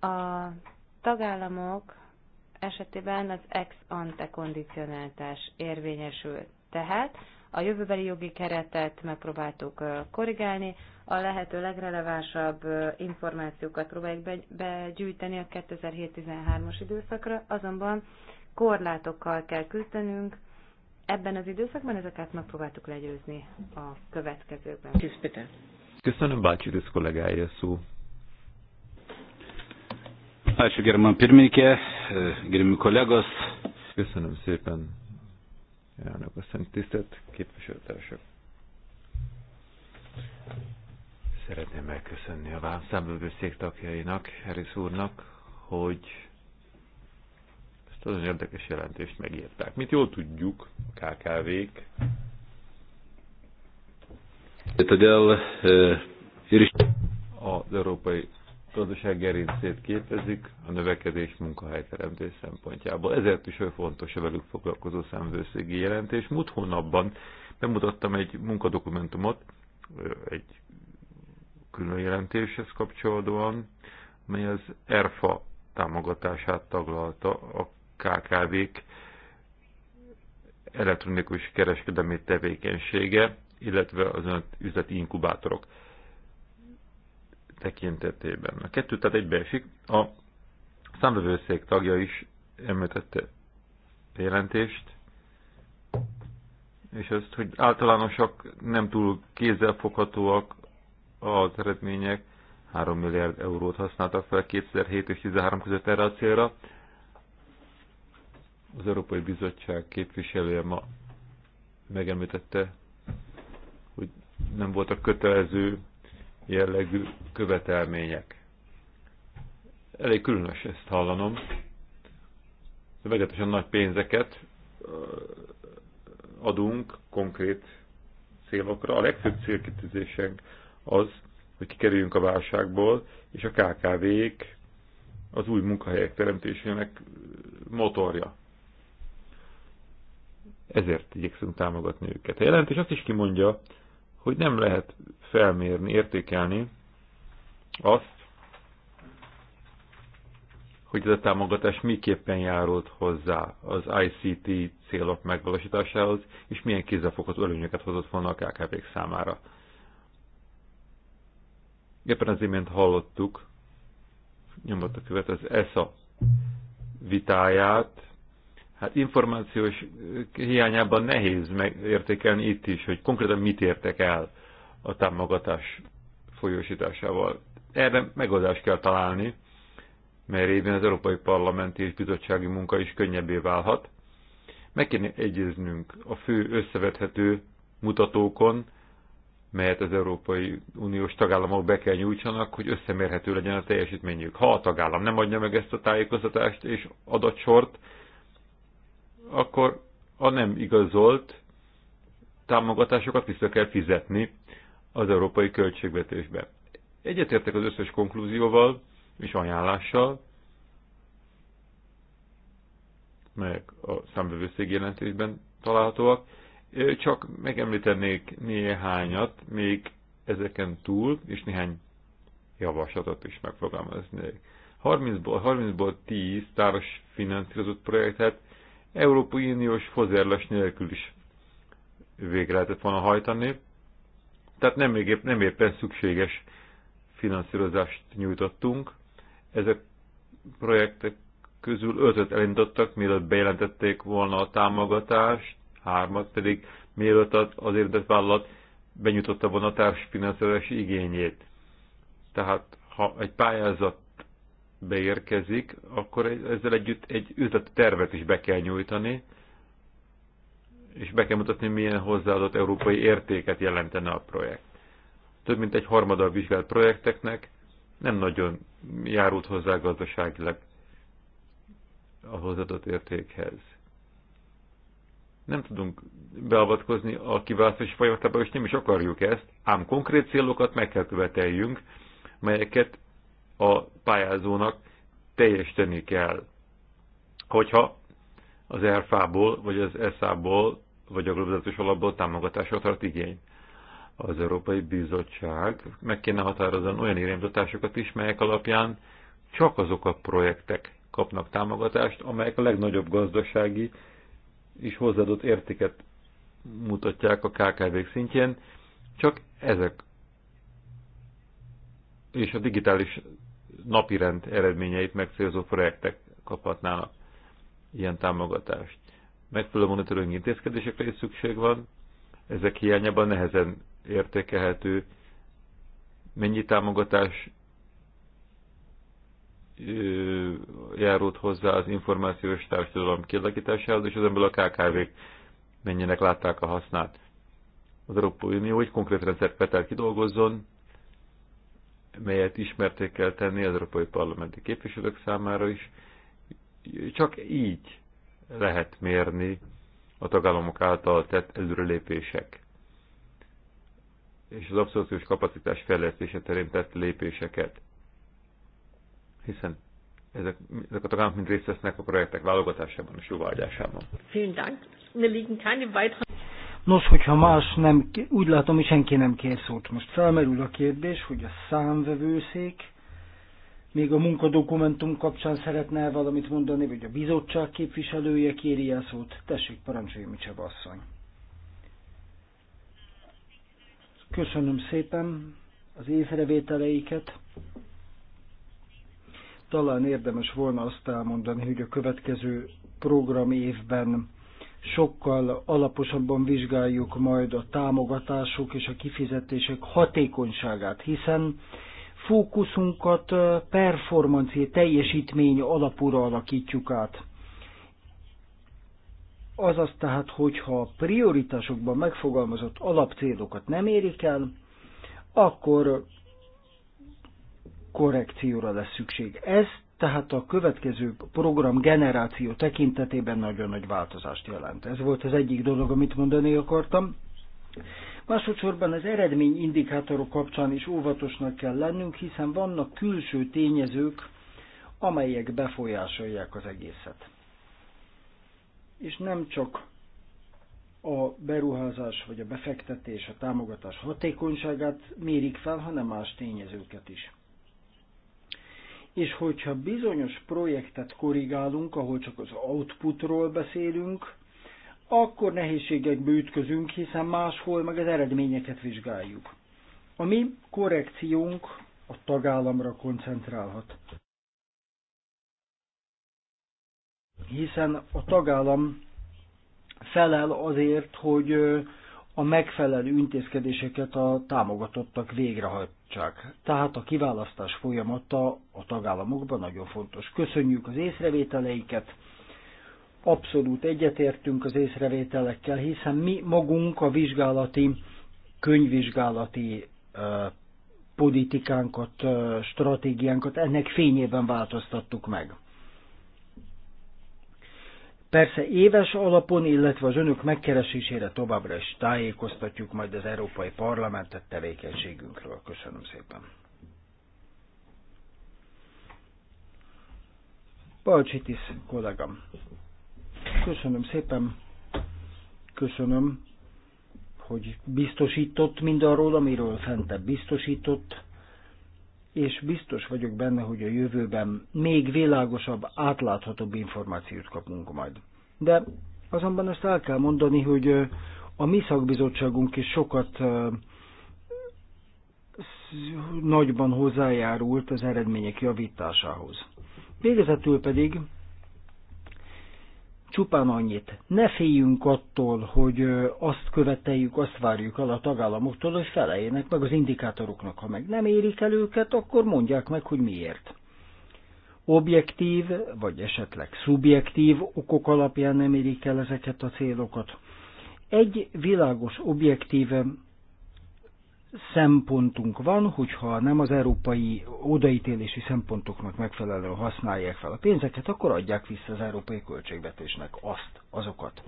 A tagállamok esetében az ex ante kondicionáltás érvényesül. Tehát a jövőbeli jogi keretet megpróbáltuk korrigálni, a lehető legrelevánsabb információkat próbáljuk begyűjteni a 2007-13-as időszakra, azonban korlátokkal kell küzdenünk, ebben az időszakban ezeket megpróbáltuk legyőzni a következőkben. Köszönöm. Köszönöm bácsi Dusz kollégája szó. Első german pirmininkė, gerimi Köszönöm szépen, Elnök asszony, tisztelt képviselőtársak! Szeretném megköszönni a számbevőszék tagjainak, Harris úrnak, hogy ezt az érdekes jelentést megírták. Mit jól tudjuk, a KKV-k. Eh, az Európai gazdaság gerincét képezik a növekedés munkahelyteremtés szempontjából. Ezért is olyan fontos a velük foglalkozó szemvőszégi jelentés. Múlt hónapban bemutattam egy munkadokumentumot, egy külön jelentéshez kapcsolódóan, mely az ERFA támogatását taglalta a KKV-k elektronikus kereskedelmi tevékenysége, illetve az üzleti inkubátorok tekintetében. A kettő tehát egybeesik. A számvevőszék tagja is említette jelentést, és azt, hogy általánosak, nem túl kézzelfoghatóak az eredmények, 3 milliárd eurót használtak fel 2007 és 2013 között erre a célra. Az Európai Bizottság képviselője ma megemlítette, hogy nem voltak kötelező jellegű követelmények. Elég különös ezt hallanom. Meglehetősen nagy pénzeket adunk konkrét célokra. A legfőbb célkitűzésünk az, hogy kikerüljünk a válságból, és a KKV-k az új munkahelyek teremtésének motorja. Ezért igyekszünk támogatni őket. A jelentés azt is kimondja, hogy nem lehet felmérni, értékelni azt, hogy ez a támogatás miképpen járult hozzá az ICT célok megvalósításához, és milyen kézzelfogható előnyöket hozott volna a kkv számára. Éppen az imént hallottuk, nyomott a követ az ESA vitáját, hát információs hiányában nehéz megértékelni itt is, hogy konkrétan mit értek el a támogatás folyósításával. Erre megoldást kell találni, mert évén az Európai Parlamenti és Bizottsági munka is könnyebbé válhat. Meg kéne egyeznünk a fő összevethető mutatókon, melyet az Európai Uniós tagállamok be kell nyújtsanak, hogy összemérhető legyen a teljesítményük. Ha a tagállam nem adja meg ezt a tájékoztatást és adatsort, akkor a nem igazolt támogatásokat vissza kell fizetni az európai költségvetésbe. Egyetértek az összes konklúzióval és ajánlással, melyek a számbevőszék jelentésben találhatóak. Csak megemlítenék néhányat még ezeken túl, és néhány javaslatot is megfogalmaznék. 30-ból 30 10 táros finanszírozott projektet Európai Uniós fozerles nélkül is végre lehetett volna hajtani. Tehát nem, épp, nem éppen szükséges finanszírozást nyújtottunk. Ezek projektek közül ötöt elindítottak, mielőtt bejelentették volna a támogatást, hármat pedig mielőtt az érdekvállalat benyújtotta volna a társfinanszírozási igényét. Tehát ha egy pályázat beérkezik, akkor ezzel együtt egy üzleti tervet is be kell nyújtani, és be kell mutatni, milyen hozzáadott európai értéket jelentene a projekt. Több mint egy harmada a vizsgált projekteknek nem nagyon járult hozzá gazdaságilag a hozzáadott értékhez. Nem tudunk beavatkozni a kiválasztási folyamatába, és nem is akarjuk ezt, ám konkrét célokat meg kell követeljünk, melyeket a pályázónak teljesíteni kell. Hogyha az ERFA-ból, vagy az ESZA-ból, vagy a globalizációs alapból támogatásra tart igény. Az Európai Bizottság meg kéne határozni olyan irányzatásokat is, melyek alapján csak azok a projektek kapnak támogatást, amelyek a legnagyobb gazdasági és hozzáadott értéket mutatják a kkv szintjén, csak ezek és a digitális napirend eredményeit megcélzó projektek kaphatnának ilyen támogatást. Megfelelő monitoring intézkedésekre is szükség van, ezek hiányában nehezen értékelhető, mennyi támogatás járult hozzá az információs társadalom kialakításához, és ezenből a KKV-k mennyinek látták a hasznát. Az Európai Unió egy konkrét rendszert kell kidolgozzon, melyet ismerték kell tenni az Európai Parlamenti képviselők számára is. Csak így lehet mérni a tagállamok által tett előrelépések és az abszorciós kapacitás fejlesztése terén tett lépéseket. Hiszen ezek, ezek a tagállamok mind részt vesznek a projektek válogatásában és jóváhagyásában. Nos, hogyha más nem, úgy látom, hogy senki nem kér szót. Most felmerül a kérdés, hogy a számvevőszék még a munkadokumentum kapcsán szeretne -e valamit mondani, vagy a bizottság képviselője kéri el szót. Tessék, parancsolja, mi asszony. Köszönöm szépen az észrevételeiket. Talán érdemes volna azt elmondani, hogy a következő program évben sokkal alaposabban vizsgáljuk majd a támogatások és a kifizetések hatékonyságát, hiszen fókuszunkat performanci teljesítmény alapúra alakítjuk át. Azaz tehát, hogyha a prioritásokban megfogalmazott alapcélokat nem érik el, akkor korrekcióra lesz szükség. Ez tehát a következő program generáció tekintetében nagyon nagy változást jelent. Ez volt az egyik dolog, amit mondani akartam. Másodszorban az eredmény indikátorok kapcsán is óvatosnak kell lennünk, hiszen vannak külső tényezők, amelyek befolyásolják az egészet. És nem csak a beruházás vagy a befektetés, a támogatás hatékonyságát mérik fel, hanem más tényezőket is és hogyha bizonyos projektet korrigálunk, ahol csak az outputról beszélünk, akkor nehézségekbe ütközünk, hiszen máshol meg az eredményeket vizsgáljuk. A mi korrekciónk a tagállamra koncentrálhat. Hiszen a tagállam felel azért, hogy a megfelelő intézkedéseket a támogatottak végrehajt csak. Tehát a kiválasztás folyamata a tagállamokban nagyon fontos. Köszönjük az észrevételeiket, abszolút egyetértünk az észrevételekkel, hiszen mi magunk a vizsgálati, könyvvizsgálati politikánkat, stratégiánkat ennek fényében változtattuk meg. Persze éves alapon, illetve az önök megkeresésére továbbra is tájékoztatjuk majd az Európai Parlamentet tevékenységünkről. Köszönöm szépen. Balcsitis kollégám. Köszönöm szépen. Köszönöm, hogy biztosított mindarról, amiről fentebb biztosított és biztos vagyok benne, hogy a jövőben még világosabb, átláthatóbb információt kapunk majd. De azonban ezt el kell mondani, hogy a mi szakbizottságunk is sokat nagyban hozzájárult az eredmények javításához. Végezetül pedig Csupán annyit, ne féljünk attól, hogy azt követeljük, azt várjuk el a tagállamoktól, hogy feleljenek meg az indikátoroknak. Ha meg nem érik el őket, akkor mondják meg, hogy miért. Objektív, vagy esetleg szubjektív okok alapján nem érik el ezeket a célokat. Egy világos, objektív szempontunk van, hogyha nem az európai odaítélési szempontoknak megfelelően használják fel a pénzeket, akkor adják vissza az európai költségvetésnek azt, azokat.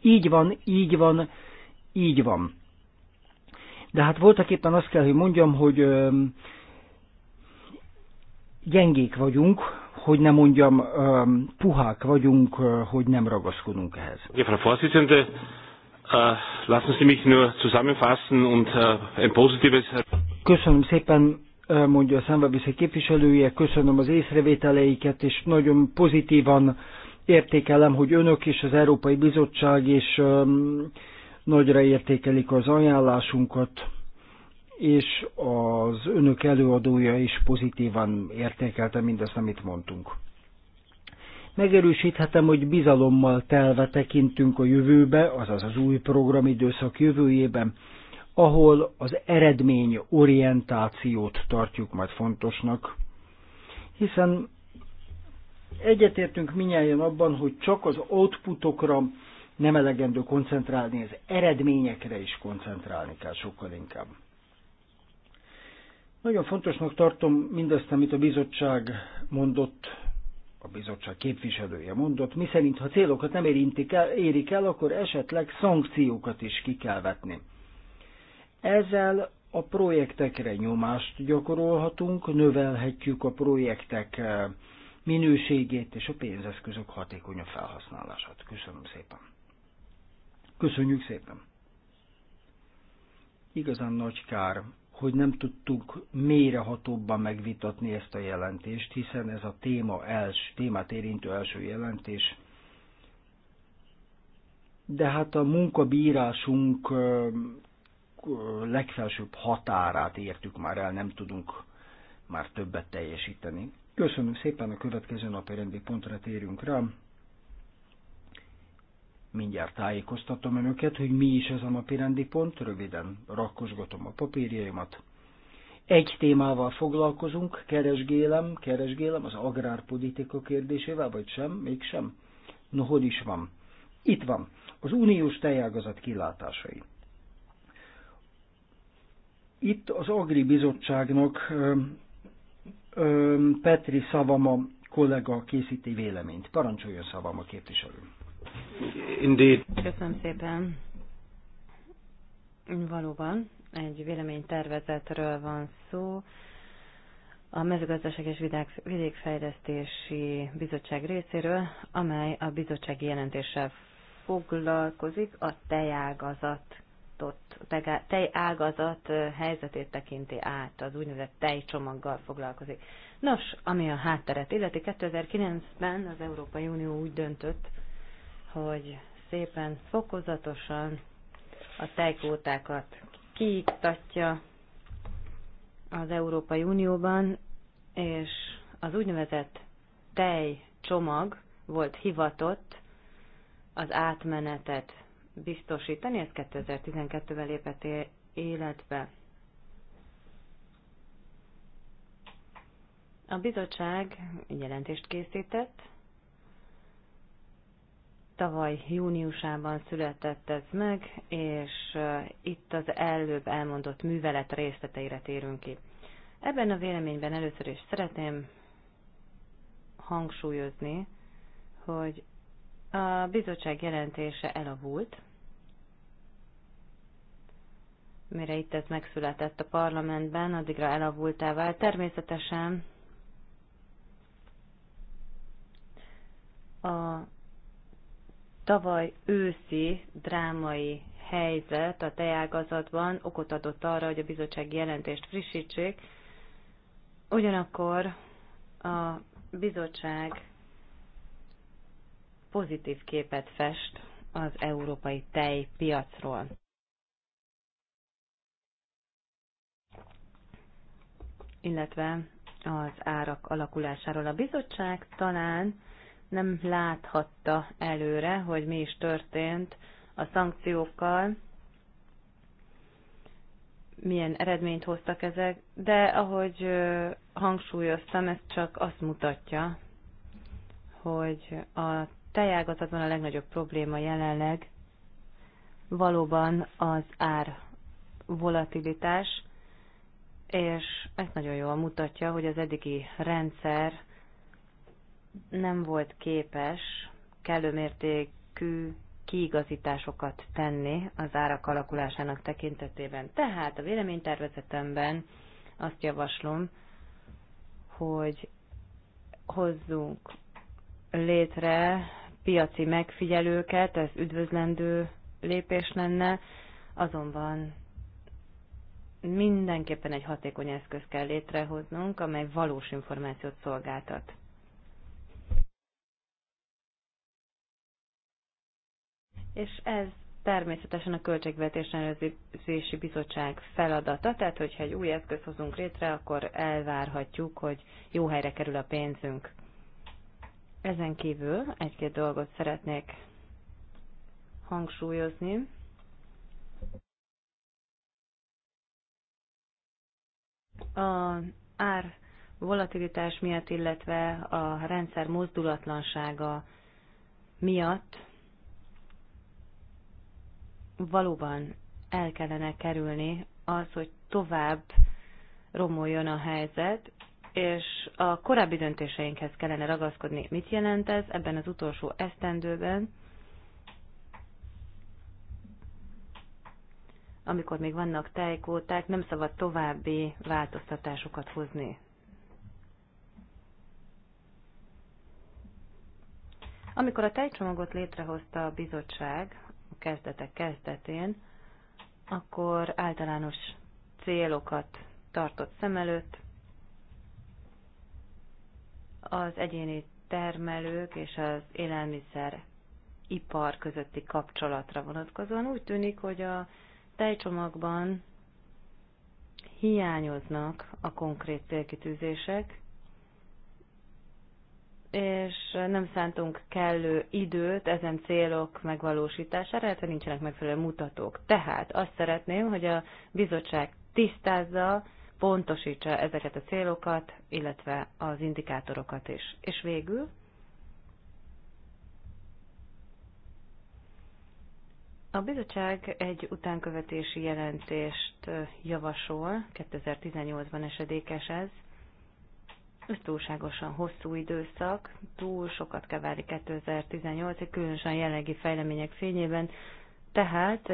Így van, így van, így van. De hát voltak éppen azt kell, hogy mondjam, hogy ö, gyengék vagyunk, hogy nem mondjam, ö, puhák vagyunk, ö, hogy nem ragaszkodunk ehhez. Äh, lassen Sie mich nur zusammenfassen und äh, ein positives... Köszönöm szépen, äh, mondja a számbavisza képviselője, köszönöm az észrevételeiket, és nagyon pozitívan értékelem, hogy önök és az Európai Bizottság is nagyra értékelik az ajánlásunkat, és az önök előadója is pozitívan értékelte mindazt, amit mondtunk. Megerősíthetem, hogy bizalommal telve tekintünk a jövőbe, azaz az új programidőszak jövőjében, ahol az eredmény orientációt tartjuk majd fontosnak, hiszen egyetértünk minnyáján abban, hogy csak az outputokra nem elegendő koncentrálni, az eredményekre is koncentrálni kell sokkal inkább. Nagyon fontosnak tartom mindazt, amit a bizottság mondott a bizottság képviselője mondott, miszerint ha célokat nem érintik el, érik el, akkor esetleg szankciókat is ki kell vetni. Ezzel a projektekre nyomást gyakorolhatunk, növelhetjük a projektek eh, minőségét és a pénzeszközök hatékonyabb felhasználását. Köszönöm szépen. Köszönjük szépen. Igazán nagy kár, hogy nem tudtuk mélyrehatóbban megvitatni ezt a jelentést, hiszen ez a téma els, témát érintő első jelentés. De hát a munkabírásunk legfelsőbb határát értük már el, nem tudunk már többet teljesíteni. Köszönöm szépen, a következő napi rendi pontra térünk rá. Mindjárt tájékoztatom önöket, hogy mi is ez a napirendi pont, röviden rakkosgatom a papírjaimat. Egy témával foglalkozunk, keresgélem, keresgélem az agrárpolitika kérdésével, vagy sem, mégsem. No, hol is van? Itt van, az uniós tejágazat kilátásai. Itt az Agri Bizottságnak ö, ö, Petri Szavama kollega készíti véleményt. Parancsoljon Szavama képviselő. Indeed. Köszönöm szépen. Valóban, egy véleménytervezetről van szó. A mezőgazdaság és vidékfejlesztési bizottság részéről, amely a bizottsági jelentéssel foglalkozik, a tejágazatot, tejágazat helyzetét tekinti át, az úgynevezett tejcsomaggal foglalkozik. Nos, ami a hátteret illeti, 2009-ben az Európai Unió úgy döntött, hogy szépen fokozatosan a tejkótákat kiiktatja az Európai Unióban, és az úgynevezett tejcsomag volt hivatott az átmenetet biztosítani, ez 2012-ben lépett életbe. A bizottság jelentést készített, Tavaly júniusában született ez meg, és uh, itt az előbb elmondott művelet részleteire térünk ki. Ebben a véleményben először is szeretném hangsúlyozni, hogy a bizottság jelentése elavult, mire itt ez megszületett a parlamentben, addigra elavultá vált. Természetesen a tavaly őszi drámai helyzet a tejágazatban okot adott arra, hogy a bizottság jelentést frissítsék. Ugyanakkor a bizottság pozitív képet fest az európai tejpiacról. illetve az árak alakulásáról. A bizottság talán nem láthatta előre, hogy mi is történt a szankciókkal, milyen eredményt hoztak ezek, de ahogy hangsúlyoztam, ez csak azt mutatja, hogy a tejágazatban a legnagyobb probléma jelenleg valóban az ár volatilitás, és ez nagyon jól mutatja, hogy az eddigi rendszer nem volt képes kellő mértékű kiigazításokat tenni az árak alakulásának tekintetében. Tehát a véleménytervezetemben azt javaslom, hogy hozzunk létre piaci megfigyelőket, ez üdvözlendő lépés lenne, azonban mindenképpen egy hatékony eszköz kell létrehoznunk, amely valós információt szolgáltat. és ez természetesen a Költségvetés Ellenőrzési Bizottság feladata, tehát hogyha egy új eszköz hozunk létre, akkor elvárhatjuk, hogy jó helyre kerül a pénzünk. Ezen kívül egy-két dolgot szeretnék hangsúlyozni. A ár volatilitás miatt, illetve a rendszer mozdulatlansága miatt valóban el kellene kerülni az, hogy tovább romoljon a helyzet, és a korábbi döntéseinkhez kellene ragaszkodni. Mit jelent ez ebben az utolsó esztendőben, amikor még vannak tejkóták, nem szabad további változtatásokat hozni. Amikor a tejcsomagot létrehozta a bizottság, kezdetek kezdetén, akkor általános célokat tartott szem előtt. Az egyéni termelők és az élelmiszer ipar közötti kapcsolatra vonatkozóan úgy tűnik, hogy a tejcsomagban hiányoznak a konkrét célkitűzések, és nem szántunk kellő időt ezen célok megvalósítására, illetve nincsenek megfelelő mutatók. Tehát azt szeretném, hogy a bizottság tisztázza, pontosítsa ezeket a célokat, illetve az indikátorokat is. És végül a bizottság egy utánkövetési jelentést javasol, 2018-ban esedékes ez, ez túlságosan hosszú időszak, túl sokat kell várni 2018-ig, különösen jelenlegi fejlemények fényében, tehát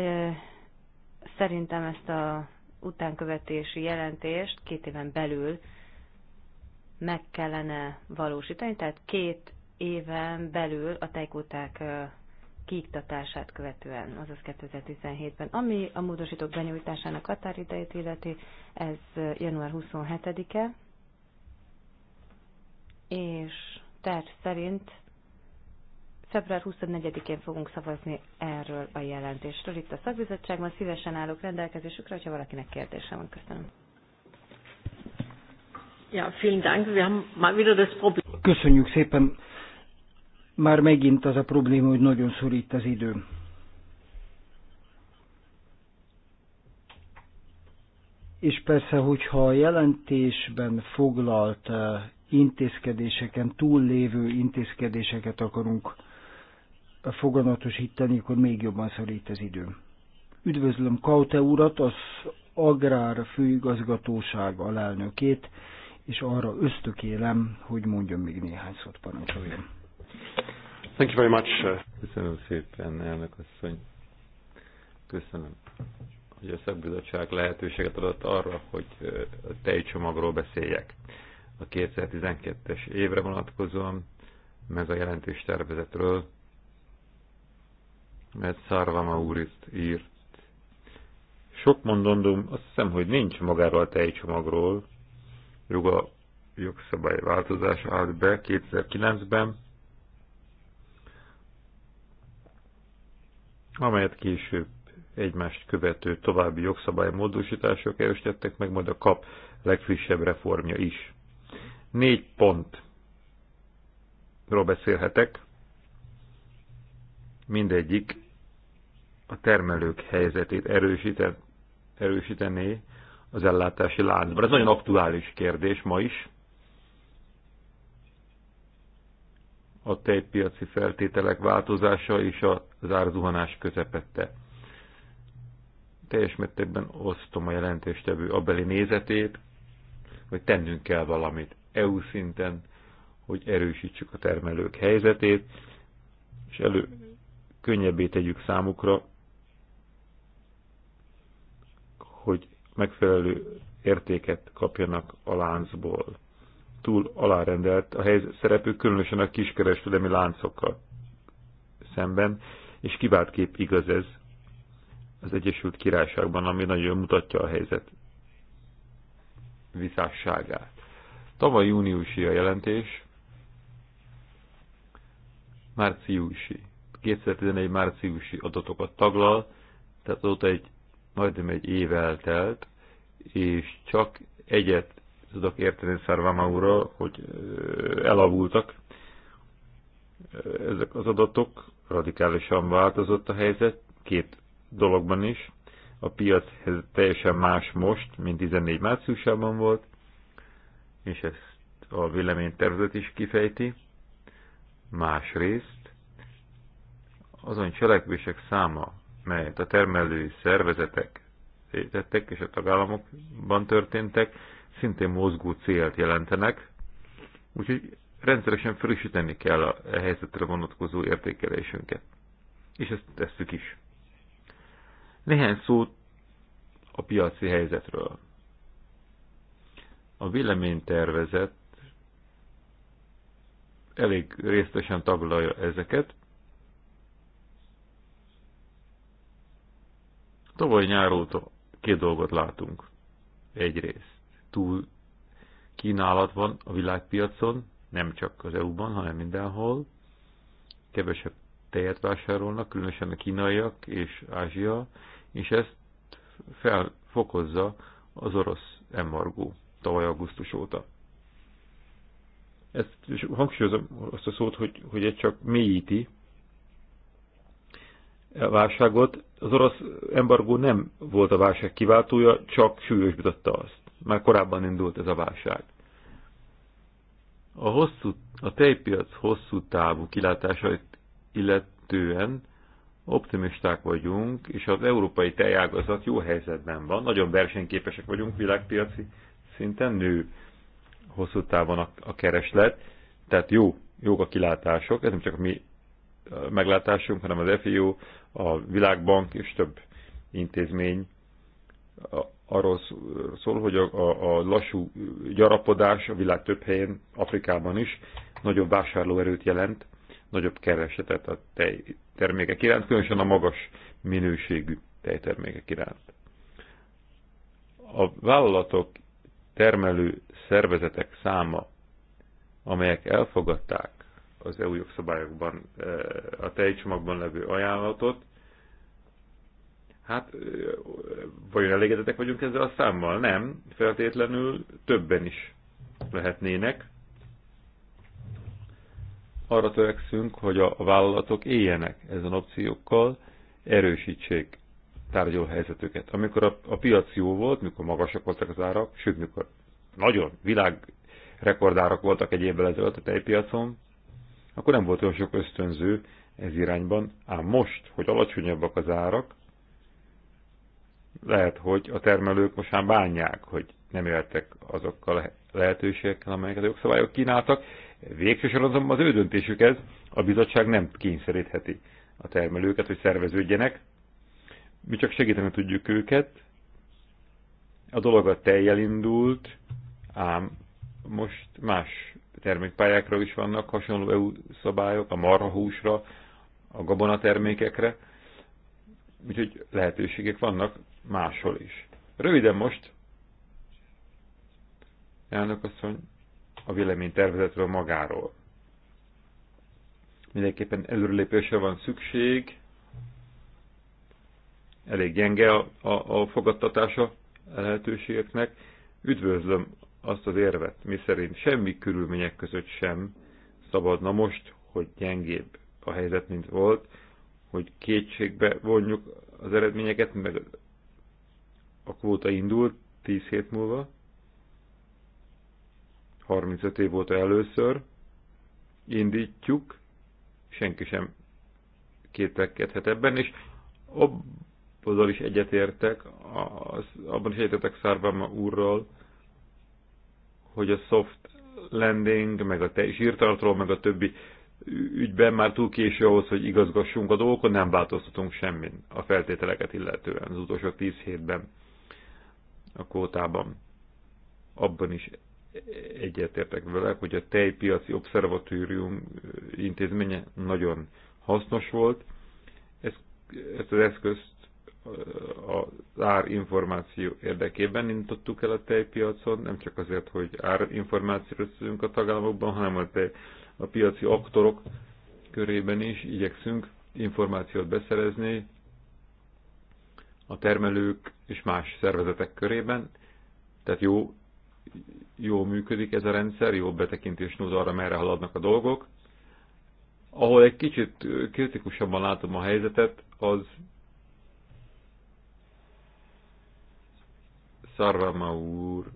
szerintem ezt a utánkövetési jelentést két éven belül meg kellene valósítani, tehát két éven belül a tejkóták kiiktatását követően, azaz 2017-ben. Ami a módosítók benyújtásának határidejét illeti, ez január 27-e, és terv szerint február 24-én fogunk szavazni erről a jelentésről. Itt a szakbizottságban szívesen állok rendelkezésükre, hogyha valakinek kérdése van. Köszönöm. Ja, vielen Dank. Wir haben mal wieder das Problem. Köszönjük szépen. Már megint az a probléma, hogy nagyon szorít az idő. És persze, hogyha a jelentésben foglalt eh, intézkedéseken túllévő intézkedéseket akarunk foganatosítani, akkor még jobban szorít az idő. Üdvözlöm Kaute urat, az Agrár Főigazgatóság alelnökét, és arra ösztökélem, hogy mondjon még néhány szót, parancsoljon. Thank you very much. Köszönöm szépen, elnök asszony. Köszönöm, hogy a szakbizottság lehetőséget adott arra, hogy a tejcsomagról beszéljek a 2012-es évre vonatkozóan, meg a jelentés tervezetről, mert Szarvama úr itt írt. Sok mondandóm, azt hiszem, hogy nincs magáról a tejcsomagról, joga jogszabály változás állt be 2009-ben, amelyet később egymást követő további jogszabály módosítások erősítettek meg, majd a kap legfrissebb reformja is. Négy pont, Ról beszélhetek. Mindegyik a termelők helyzetét erősíten, erősítené az ellátási láncban. Ez nagyon aktuális kérdés ma is. A tejpiaci feltételek változása és az árzuhanás közepette teljes mértékben osztom a jelentéstevő abeli nézetét, hogy tennünk kell valamit. EU szinten, hogy erősítsük a termelők helyzetét, és elő könnyebbé tegyük számukra, hogy megfelelő értéket kapjanak a láncból. Túl alárendelt a helyzet szerepük, különösen a kiskereskedelmi láncokkal szemben, és kivált kép igaz ez az Egyesült Királyságban, ami nagyon mutatja a helyzet viszásságát. Tavaly júniusi a jelentés, márciusi, 2011 márciusi adatokat taglal, tehát azóta egy, majdnem egy év eltelt, és csak egyet tudok érteni Szárváma úrra, hogy elavultak ezek az adatok, radikálisan változott a helyzet, két dologban is. A piac teljesen más most, mint 14 márciusában volt, és ezt a véleménytervezet is kifejti. Másrészt azon cselekvések száma, melyet a termelői szervezetek tettek és a tagállamokban történtek, szintén mozgó célt jelentenek, úgyhogy rendszeresen frissíteni kell a e helyzetre vonatkozó értékelésünket. És ezt tesszük is. Néhány szót a piaci helyzetről. A véleménytervezet elég részletesen taglalja ezeket. Tavaly nyár két dolgot látunk. Egyrészt túl kínálat van a világpiacon, nem csak az EU-ban, hanem mindenhol. Kevesebb tejet vásárolnak, különösen a kínaiak és Ázsia, és ezt felfokozza az orosz embargó tavaly augusztus óta. Ezt hangsúlyozom azt a szót, hogy, hogy ez csak mélyíti a válságot. Az orosz embargó nem volt a válság kiváltója, csak súlyosbította azt. Már korábban indult ez a válság. A, hosszú, a tejpiac hosszú távú kilátásait illetően optimisták vagyunk, és az európai tejágazat jó helyzetben van, nagyon versenyképesek vagyunk világpiaci szinten nő hosszú távon a, a kereslet, tehát jó, jók a kilátások, ez nem csak a mi meglátásunk, hanem az FIO, a Világbank és több intézmény arról szól, hogy a, a, a lassú gyarapodás a világ több helyén, Afrikában is nagyobb vásárlóerőt jelent, nagyobb keresetet a termékek iránt, különösen a magas minőségű tejtermékek iránt. A vállalatok termelő szervezetek száma, amelyek elfogadták az EU jogszabályokban eh, a tejcsomagban levő ajánlatot, hát eh, vajon elégedettek vagyunk ezzel a számmal? Nem, feltétlenül többen is lehetnének. Arra törekszünk, hogy a vállalatok éljenek ezen opciókkal, erősítsék tárgyaló helyzetüket. Amikor a, a piac jó volt, mikor magasak voltak az árak, sőt, mikor nagyon világrekordárak voltak egy évvel ezelőtt a tejpiacon, akkor nem volt olyan sok ösztönző ez irányban, ám most, hogy alacsonyabbak az árak, lehet, hogy a termelők most már bánják, hogy nem éltek azokkal a lehetőségekkel, amelyeket a jogszabályok kínáltak. Végsősorban azonban az ő döntésük ez, a bizottság nem kényszerítheti a termelőket, hogy szerveződjenek, mi csak segíteni tudjuk őket. A dolog a tejjel indult, ám most más termékpályákra is vannak hasonló EU szabályok, a marhahúsra, a gabonatermékekre, úgyhogy lehetőségek vannak máshol is. Röviden most, elnök asszony, a tervezetről magáról. Mindenképpen előrelépésre van szükség, elég gyenge a, a, a fogadtatása a lehetőségeknek. Üdvözlöm azt az érvet, miszerint semmi körülmények között sem szabadna most, hogy gyengébb a helyzet, mint volt, hogy kétségbe vonjuk az eredményeket, meg a kvóta indult 10 hét múlva, 35 év óta először, indítjuk, senki sem kételkedhet ebben, és ab, azzal is egyetértek, az, abban is egyetértek Szárváma úrral, hogy a soft landing, meg a te sírtartról, meg a többi ügyben már túl késő ahhoz, hogy igazgassunk a dolgokon, nem változtatunk semmin a feltételeket illetően az utolsó tíz hétben a kótában. Abban is egyetértek vele, hogy a tejpiaci obszervatórium intézménye nagyon hasznos volt. Ezt, ezt az eszközt az árinformáció érdekében indítottuk el a tejpiacon, nem csak azért, hogy árinformációra szülünk a tagállamokban, hanem a, tej, a piaci aktorok körében is igyekszünk információt beszerezni a termelők és más szervezetek körében. Tehát jó, jó működik ez a rendszer, jó betekintés, nyújt arra, merre haladnak a dolgok. Ahol egy kicsit kritikusabban látom a helyzetet, az Szarvama úr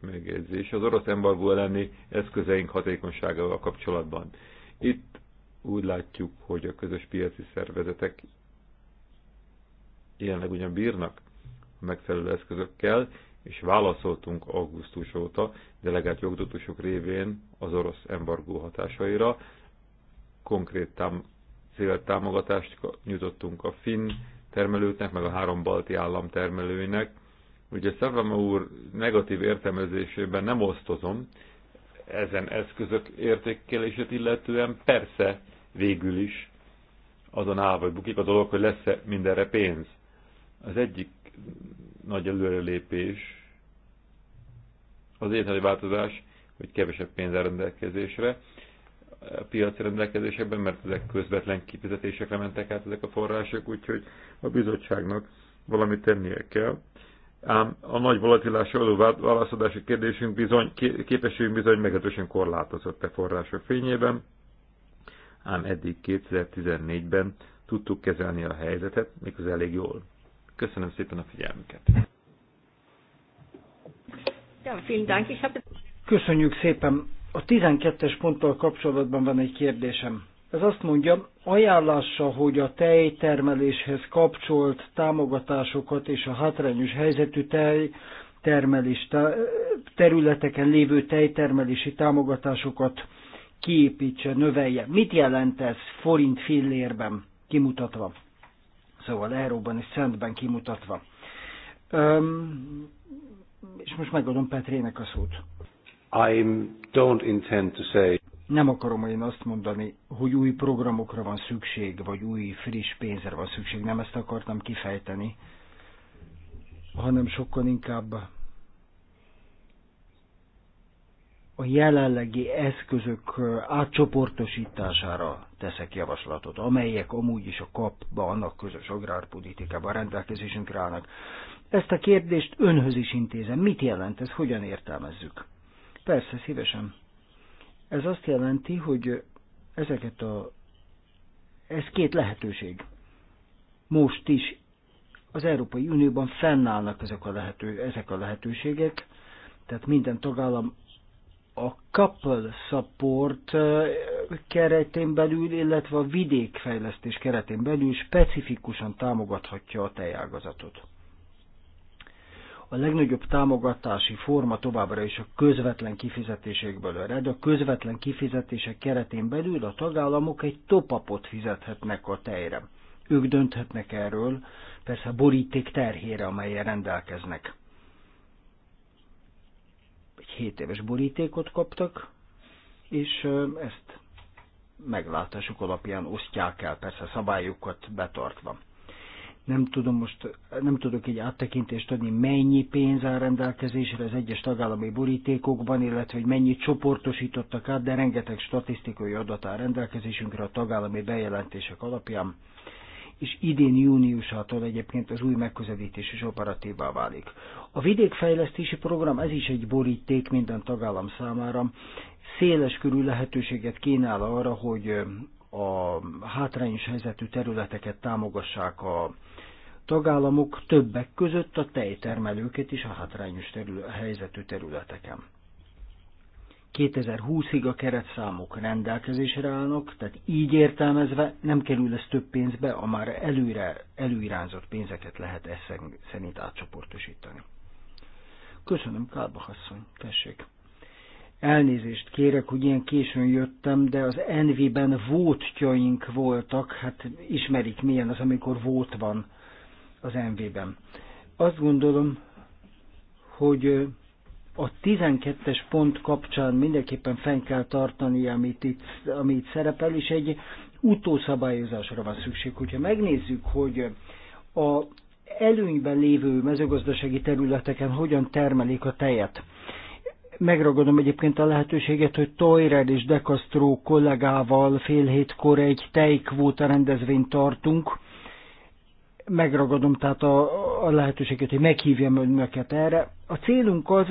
megjegyzés az orosz embargó elleni eszközeink hatékonyságával kapcsolatban. Itt úgy látjuk, hogy a közös piaci szervezetek jelenleg ugyan bírnak a megfelelő eszközökkel, és válaszoltunk augusztus óta delegált jogdotusok révén az orosz embargó hatásaira. Konkrét tám céltámogatást nyújtottunk a finn termelőknek, meg a három balti állam termelőinek, Ugye Szavama úr negatív értelmezésében nem osztozom, ezen eszközök értékelését illetően persze végül is azon áll vagy bukik a dolog, hogy lesz-e mindenre pénz. Az egyik nagy előrelépés, az egyik nagy változás, hogy kevesebb pénz a rendelkezésre, a piaci rendelkezésekben, mert ezek közvetlen kifizetésekre mentek át ezek a források, úgyhogy a bizottságnak valamit tennie kell ám a nagy volatilás adó válaszadási kérdésünk bizony, képességünk bizony meglehetősen korlátozott a e források fényében, ám eddig 2014-ben tudtuk kezelni a helyzetet, miközben elég jól. Köszönöm szépen a figyelmüket! Köszönjük szépen! A 12-es ponttal kapcsolatban van egy kérdésem. Ez azt mondja, ajánlása, hogy a tejtermeléshez kapcsolt támogatásokat és a hátrányos helyzetű tej termelés, területeken lévő tejtermelési támogatásokat kiépítse, növelje. Mit jelent ez forint fillérben kimutatva? Szóval euróban és szentben kimutatva. Um, és most megadom Petrének a szót. I don't intend to say. Nem akarom én azt mondani, hogy új programokra van szükség, vagy új friss pénzre van szükség, nem ezt akartam kifejteni, hanem sokkal inkább a jelenlegi eszközök átcsoportosítására teszek javaslatot, amelyek amúgy is a kapba, annak közös agrárpolitikában rendelkezésünkre állnak. Ezt a kérdést önhöz is intézem. Mit jelent ez? Hogyan értelmezzük? Persze, szívesen. Ez azt jelenti, hogy ezeket a... Ez két lehetőség. Most is az Európai Unióban fennállnak ezek a, lehető, ezek a lehetőségek, tehát minden tagállam a couple support keretén belül, illetve a vidékfejlesztés keretén belül specifikusan támogathatja a tejágazatot. A legnagyobb támogatási forma továbbra is a közvetlen kifizetésekből ered. A közvetlen kifizetések keretén belül a tagállamok egy topapot fizethetnek a tejre. Ők dönthetnek erről, persze a boríték terhére, amelyen rendelkeznek. Egy 7 éves borítékot kaptak, és ezt meglátásuk alapján osztják el, persze szabályokat betartva nem tudom most, nem tudok egy áttekintést adni, mennyi pénz áll rendelkezésre az egyes tagállami borítékokban, illetve hogy mennyit csoportosítottak át, de rengeteg statisztikai adat áll rendelkezésünkre a tagállami bejelentések alapján. És idén júniusától egyébként az új megközelítés is operatívá válik. A vidékfejlesztési program, ez is egy boríték minden tagállam számára, széles körű lehetőséget kínál arra, hogy a hátrányos helyzetű területeket támogassák a tagállamok többek között a tejtermelőket is a hátrányos terület, helyzetű területeken. 2020-ig a keretszámok rendelkezésre állnak, tehát így értelmezve nem kerül ez több pénzbe, a már előre előirányzott pénzeket lehet ezt szerint átcsoportosítani. Köszönöm, Kálba asszony, tessék. Elnézést kérek, hogy ilyen későn jöttem, de az Envi-ben vótjaink voltak, hát ismerik milyen az, amikor vót van az MV-ben. Azt gondolom, hogy a 12-es pont kapcsán mindenképpen fenn kell tartani, amit itt, ami itt szerepel, és egy utószabályozásra van szükség. Hogyha megnézzük, hogy a előnyben lévő mezőgazdasági területeken hogyan termelik a tejet. Megragadom egyébként a lehetőséget, hogy Toirer és Dekasztró kollégával fél hétkor egy tejkvóta rendezvényt tartunk, megragadom tehát a, a lehetőséget, hogy meghívjam önöket erre. A célunk az,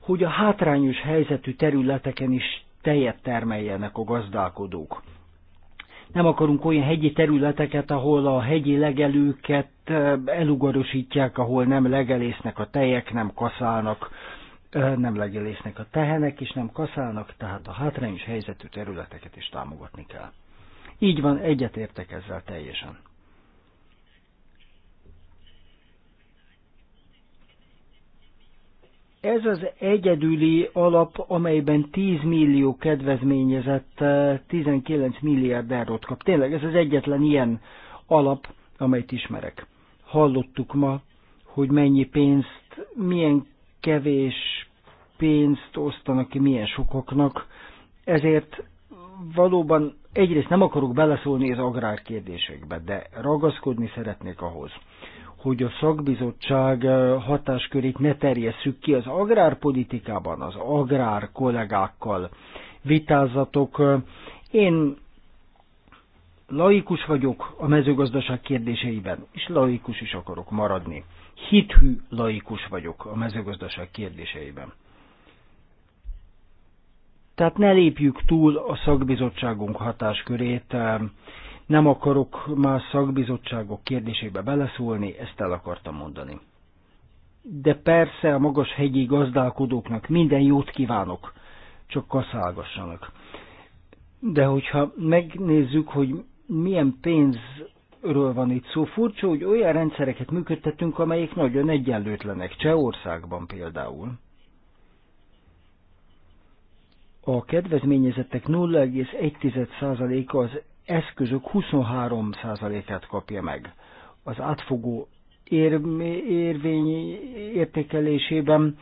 hogy a hátrányos helyzetű területeken is tejet termeljenek a gazdálkodók. Nem akarunk olyan hegyi területeket, ahol a hegyi legelőket elugarosítják, ahol nem legelésznek a tejek, nem kaszálnak, nem legelésznek a tehenek, és nem kaszálnak, tehát a hátrányos helyzetű területeket is támogatni kell. Így van, egyetértek ezzel teljesen. Ez az egyedüli alap, amelyben 10 millió kedvezményezett 19 eh, milliárd eurót kap. Tényleg ez az egyetlen ilyen alap, amelyet ismerek. Hallottuk ma, hogy mennyi pénzt, milyen kevés pénzt osztanak ki milyen sokoknak. ezért valóban egyrészt nem akarok beleszólni az agrárkérdésekbe, de ragaszkodni szeretnék ahhoz, hogy a szakbizottság hatáskörét ne terjesszük ki az agrárpolitikában, az agrár kollégákkal vitázatok. Én laikus vagyok a mezőgazdaság kérdéseiben, és laikus is akarok maradni. Hithű laikus vagyok a mezőgazdaság kérdéseiben. Tehát ne lépjük túl a szakbizottságunk hatáskörét, nem akarok már szakbizottságok kérdésébe beleszólni, ezt el akartam mondani. De persze a magas hegyi gazdálkodóknak minden jót kívánok, csak kaszálgassanak. De hogyha megnézzük, hogy milyen pénzről van itt szó, furcsa, hogy olyan rendszereket működtetünk, amelyek nagyon egyenlőtlenek. Csehországban például a kedvezményezettek 0,1%-a az eszközök 23%-át kapja meg. Az átfogó ér, érvény értékelésében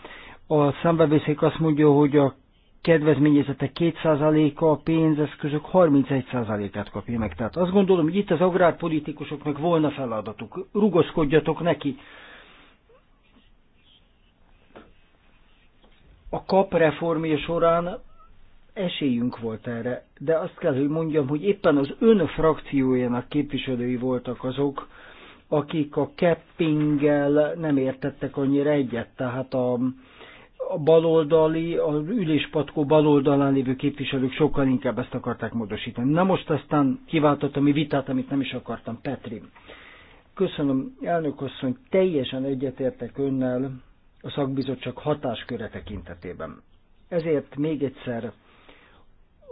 a számbevészék azt mondja, hogy a kedvezményezetek 2%-a, a pénzeszközök 31%-át kapja meg. Tehát azt gondolom, hogy itt az agrárpolitikusoknak volna feladatuk. Rugaszkodjatok neki. A kapreformja során esélyünk volt erre, de azt kell, hogy mondjam, hogy éppen az ön frakciójának képviselői voltak azok, akik a keppinggel nem értettek annyira egyet, tehát a, a baloldali, az üléspatkó baloldalán lévő képviselők sokkal inkább ezt akarták módosítani. Na most aztán kiváltottam a vitát, amit nem is akartam, Petri. Köszönöm, elnök asszony, teljesen egyetértek önnel a szakbizottság hatásköre tekintetében. Ezért még egyszer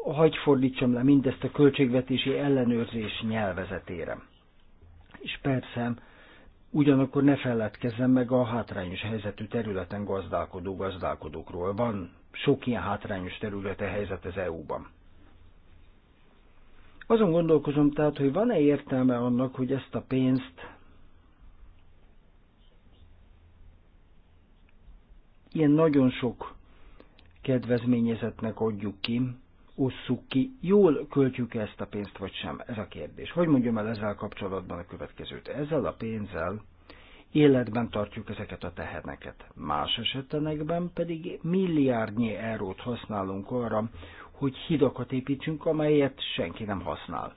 hagy fordítsam le mindezt a költségvetési ellenőrzés nyelvezetére. És persze, ugyanakkor ne feledkezzem meg a hátrányos helyzetű területen gazdálkodó gazdálkodókról. Van sok ilyen hátrányos területe helyzet az EU-ban. Azon gondolkozom tehát, hogy van-e értelme annak, hogy ezt a pénzt ilyen nagyon sok kedvezményezetnek adjuk ki, osszuk ki, jól költjük -e ezt a pénzt, vagy sem? Ez a kérdés. Hogy mondjam el ezzel kapcsolatban a következőt? Ezzel a pénzzel életben tartjuk ezeket a teherneket. Más esetenekben pedig milliárdnyi eurót használunk arra, hogy hidakat építsünk, amelyet senki nem használ.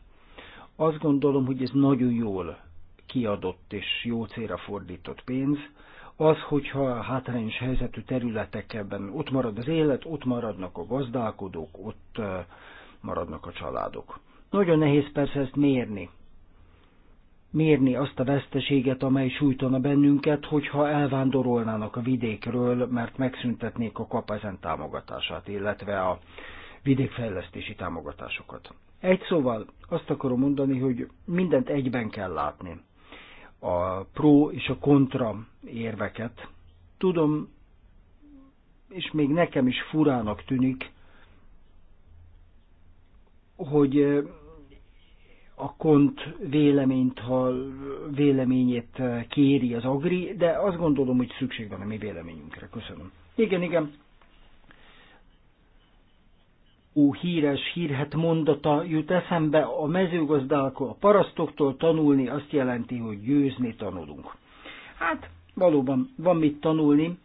Azt gondolom, hogy ez nagyon jól kiadott és jó célra fordított pénz, az, hogyha hátrányos helyzetű területekben ott marad az élet, ott maradnak a gazdálkodók, ott maradnak a családok. Nagyon nehéz persze ezt mérni. Mérni azt a veszteséget, amely sújtana bennünket, hogyha elvándorolnának a vidékről, mert megszüntetnék a kapazen támogatását, illetve a vidékfejlesztési támogatásokat. Egy szóval azt akarom mondani, hogy mindent egyben kell látni a pro és a kontra érveket. Tudom, és még nekem is furának tűnik, hogy eh, a kont véleményt, ha véleményét eh, kéri az agri, de azt gondolom, hogy szükség van a mi véleményünkre. Köszönöm. Igen, igen, ó híres, hírhet mondata jut eszembe, a mezőgazdálkó a parasztoktól tanulni azt jelenti, hogy győzni tanulunk. Hát valóban van mit tanulni.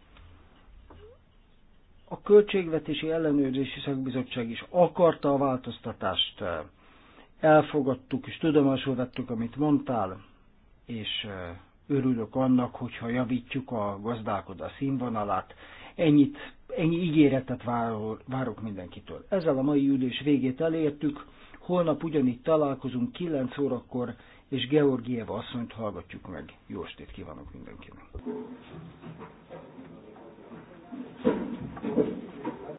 A Költségvetési Ellenőrzési Szakbizottság is akarta a változtatást, eh, elfogadtuk és tudomásul vettük, amit mondtál, és eh, örülök annak, hogyha javítjuk a gazdálkodás színvonalát, Ennyit, ennyi ígéretet várok mindenkitől. Ezzel a mai ülés végét elértük, holnap ugyanígy találkozunk 9 órakor, és Georgieva asszonyt hallgatjuk meg. Jó estét kívánok mindenkinek!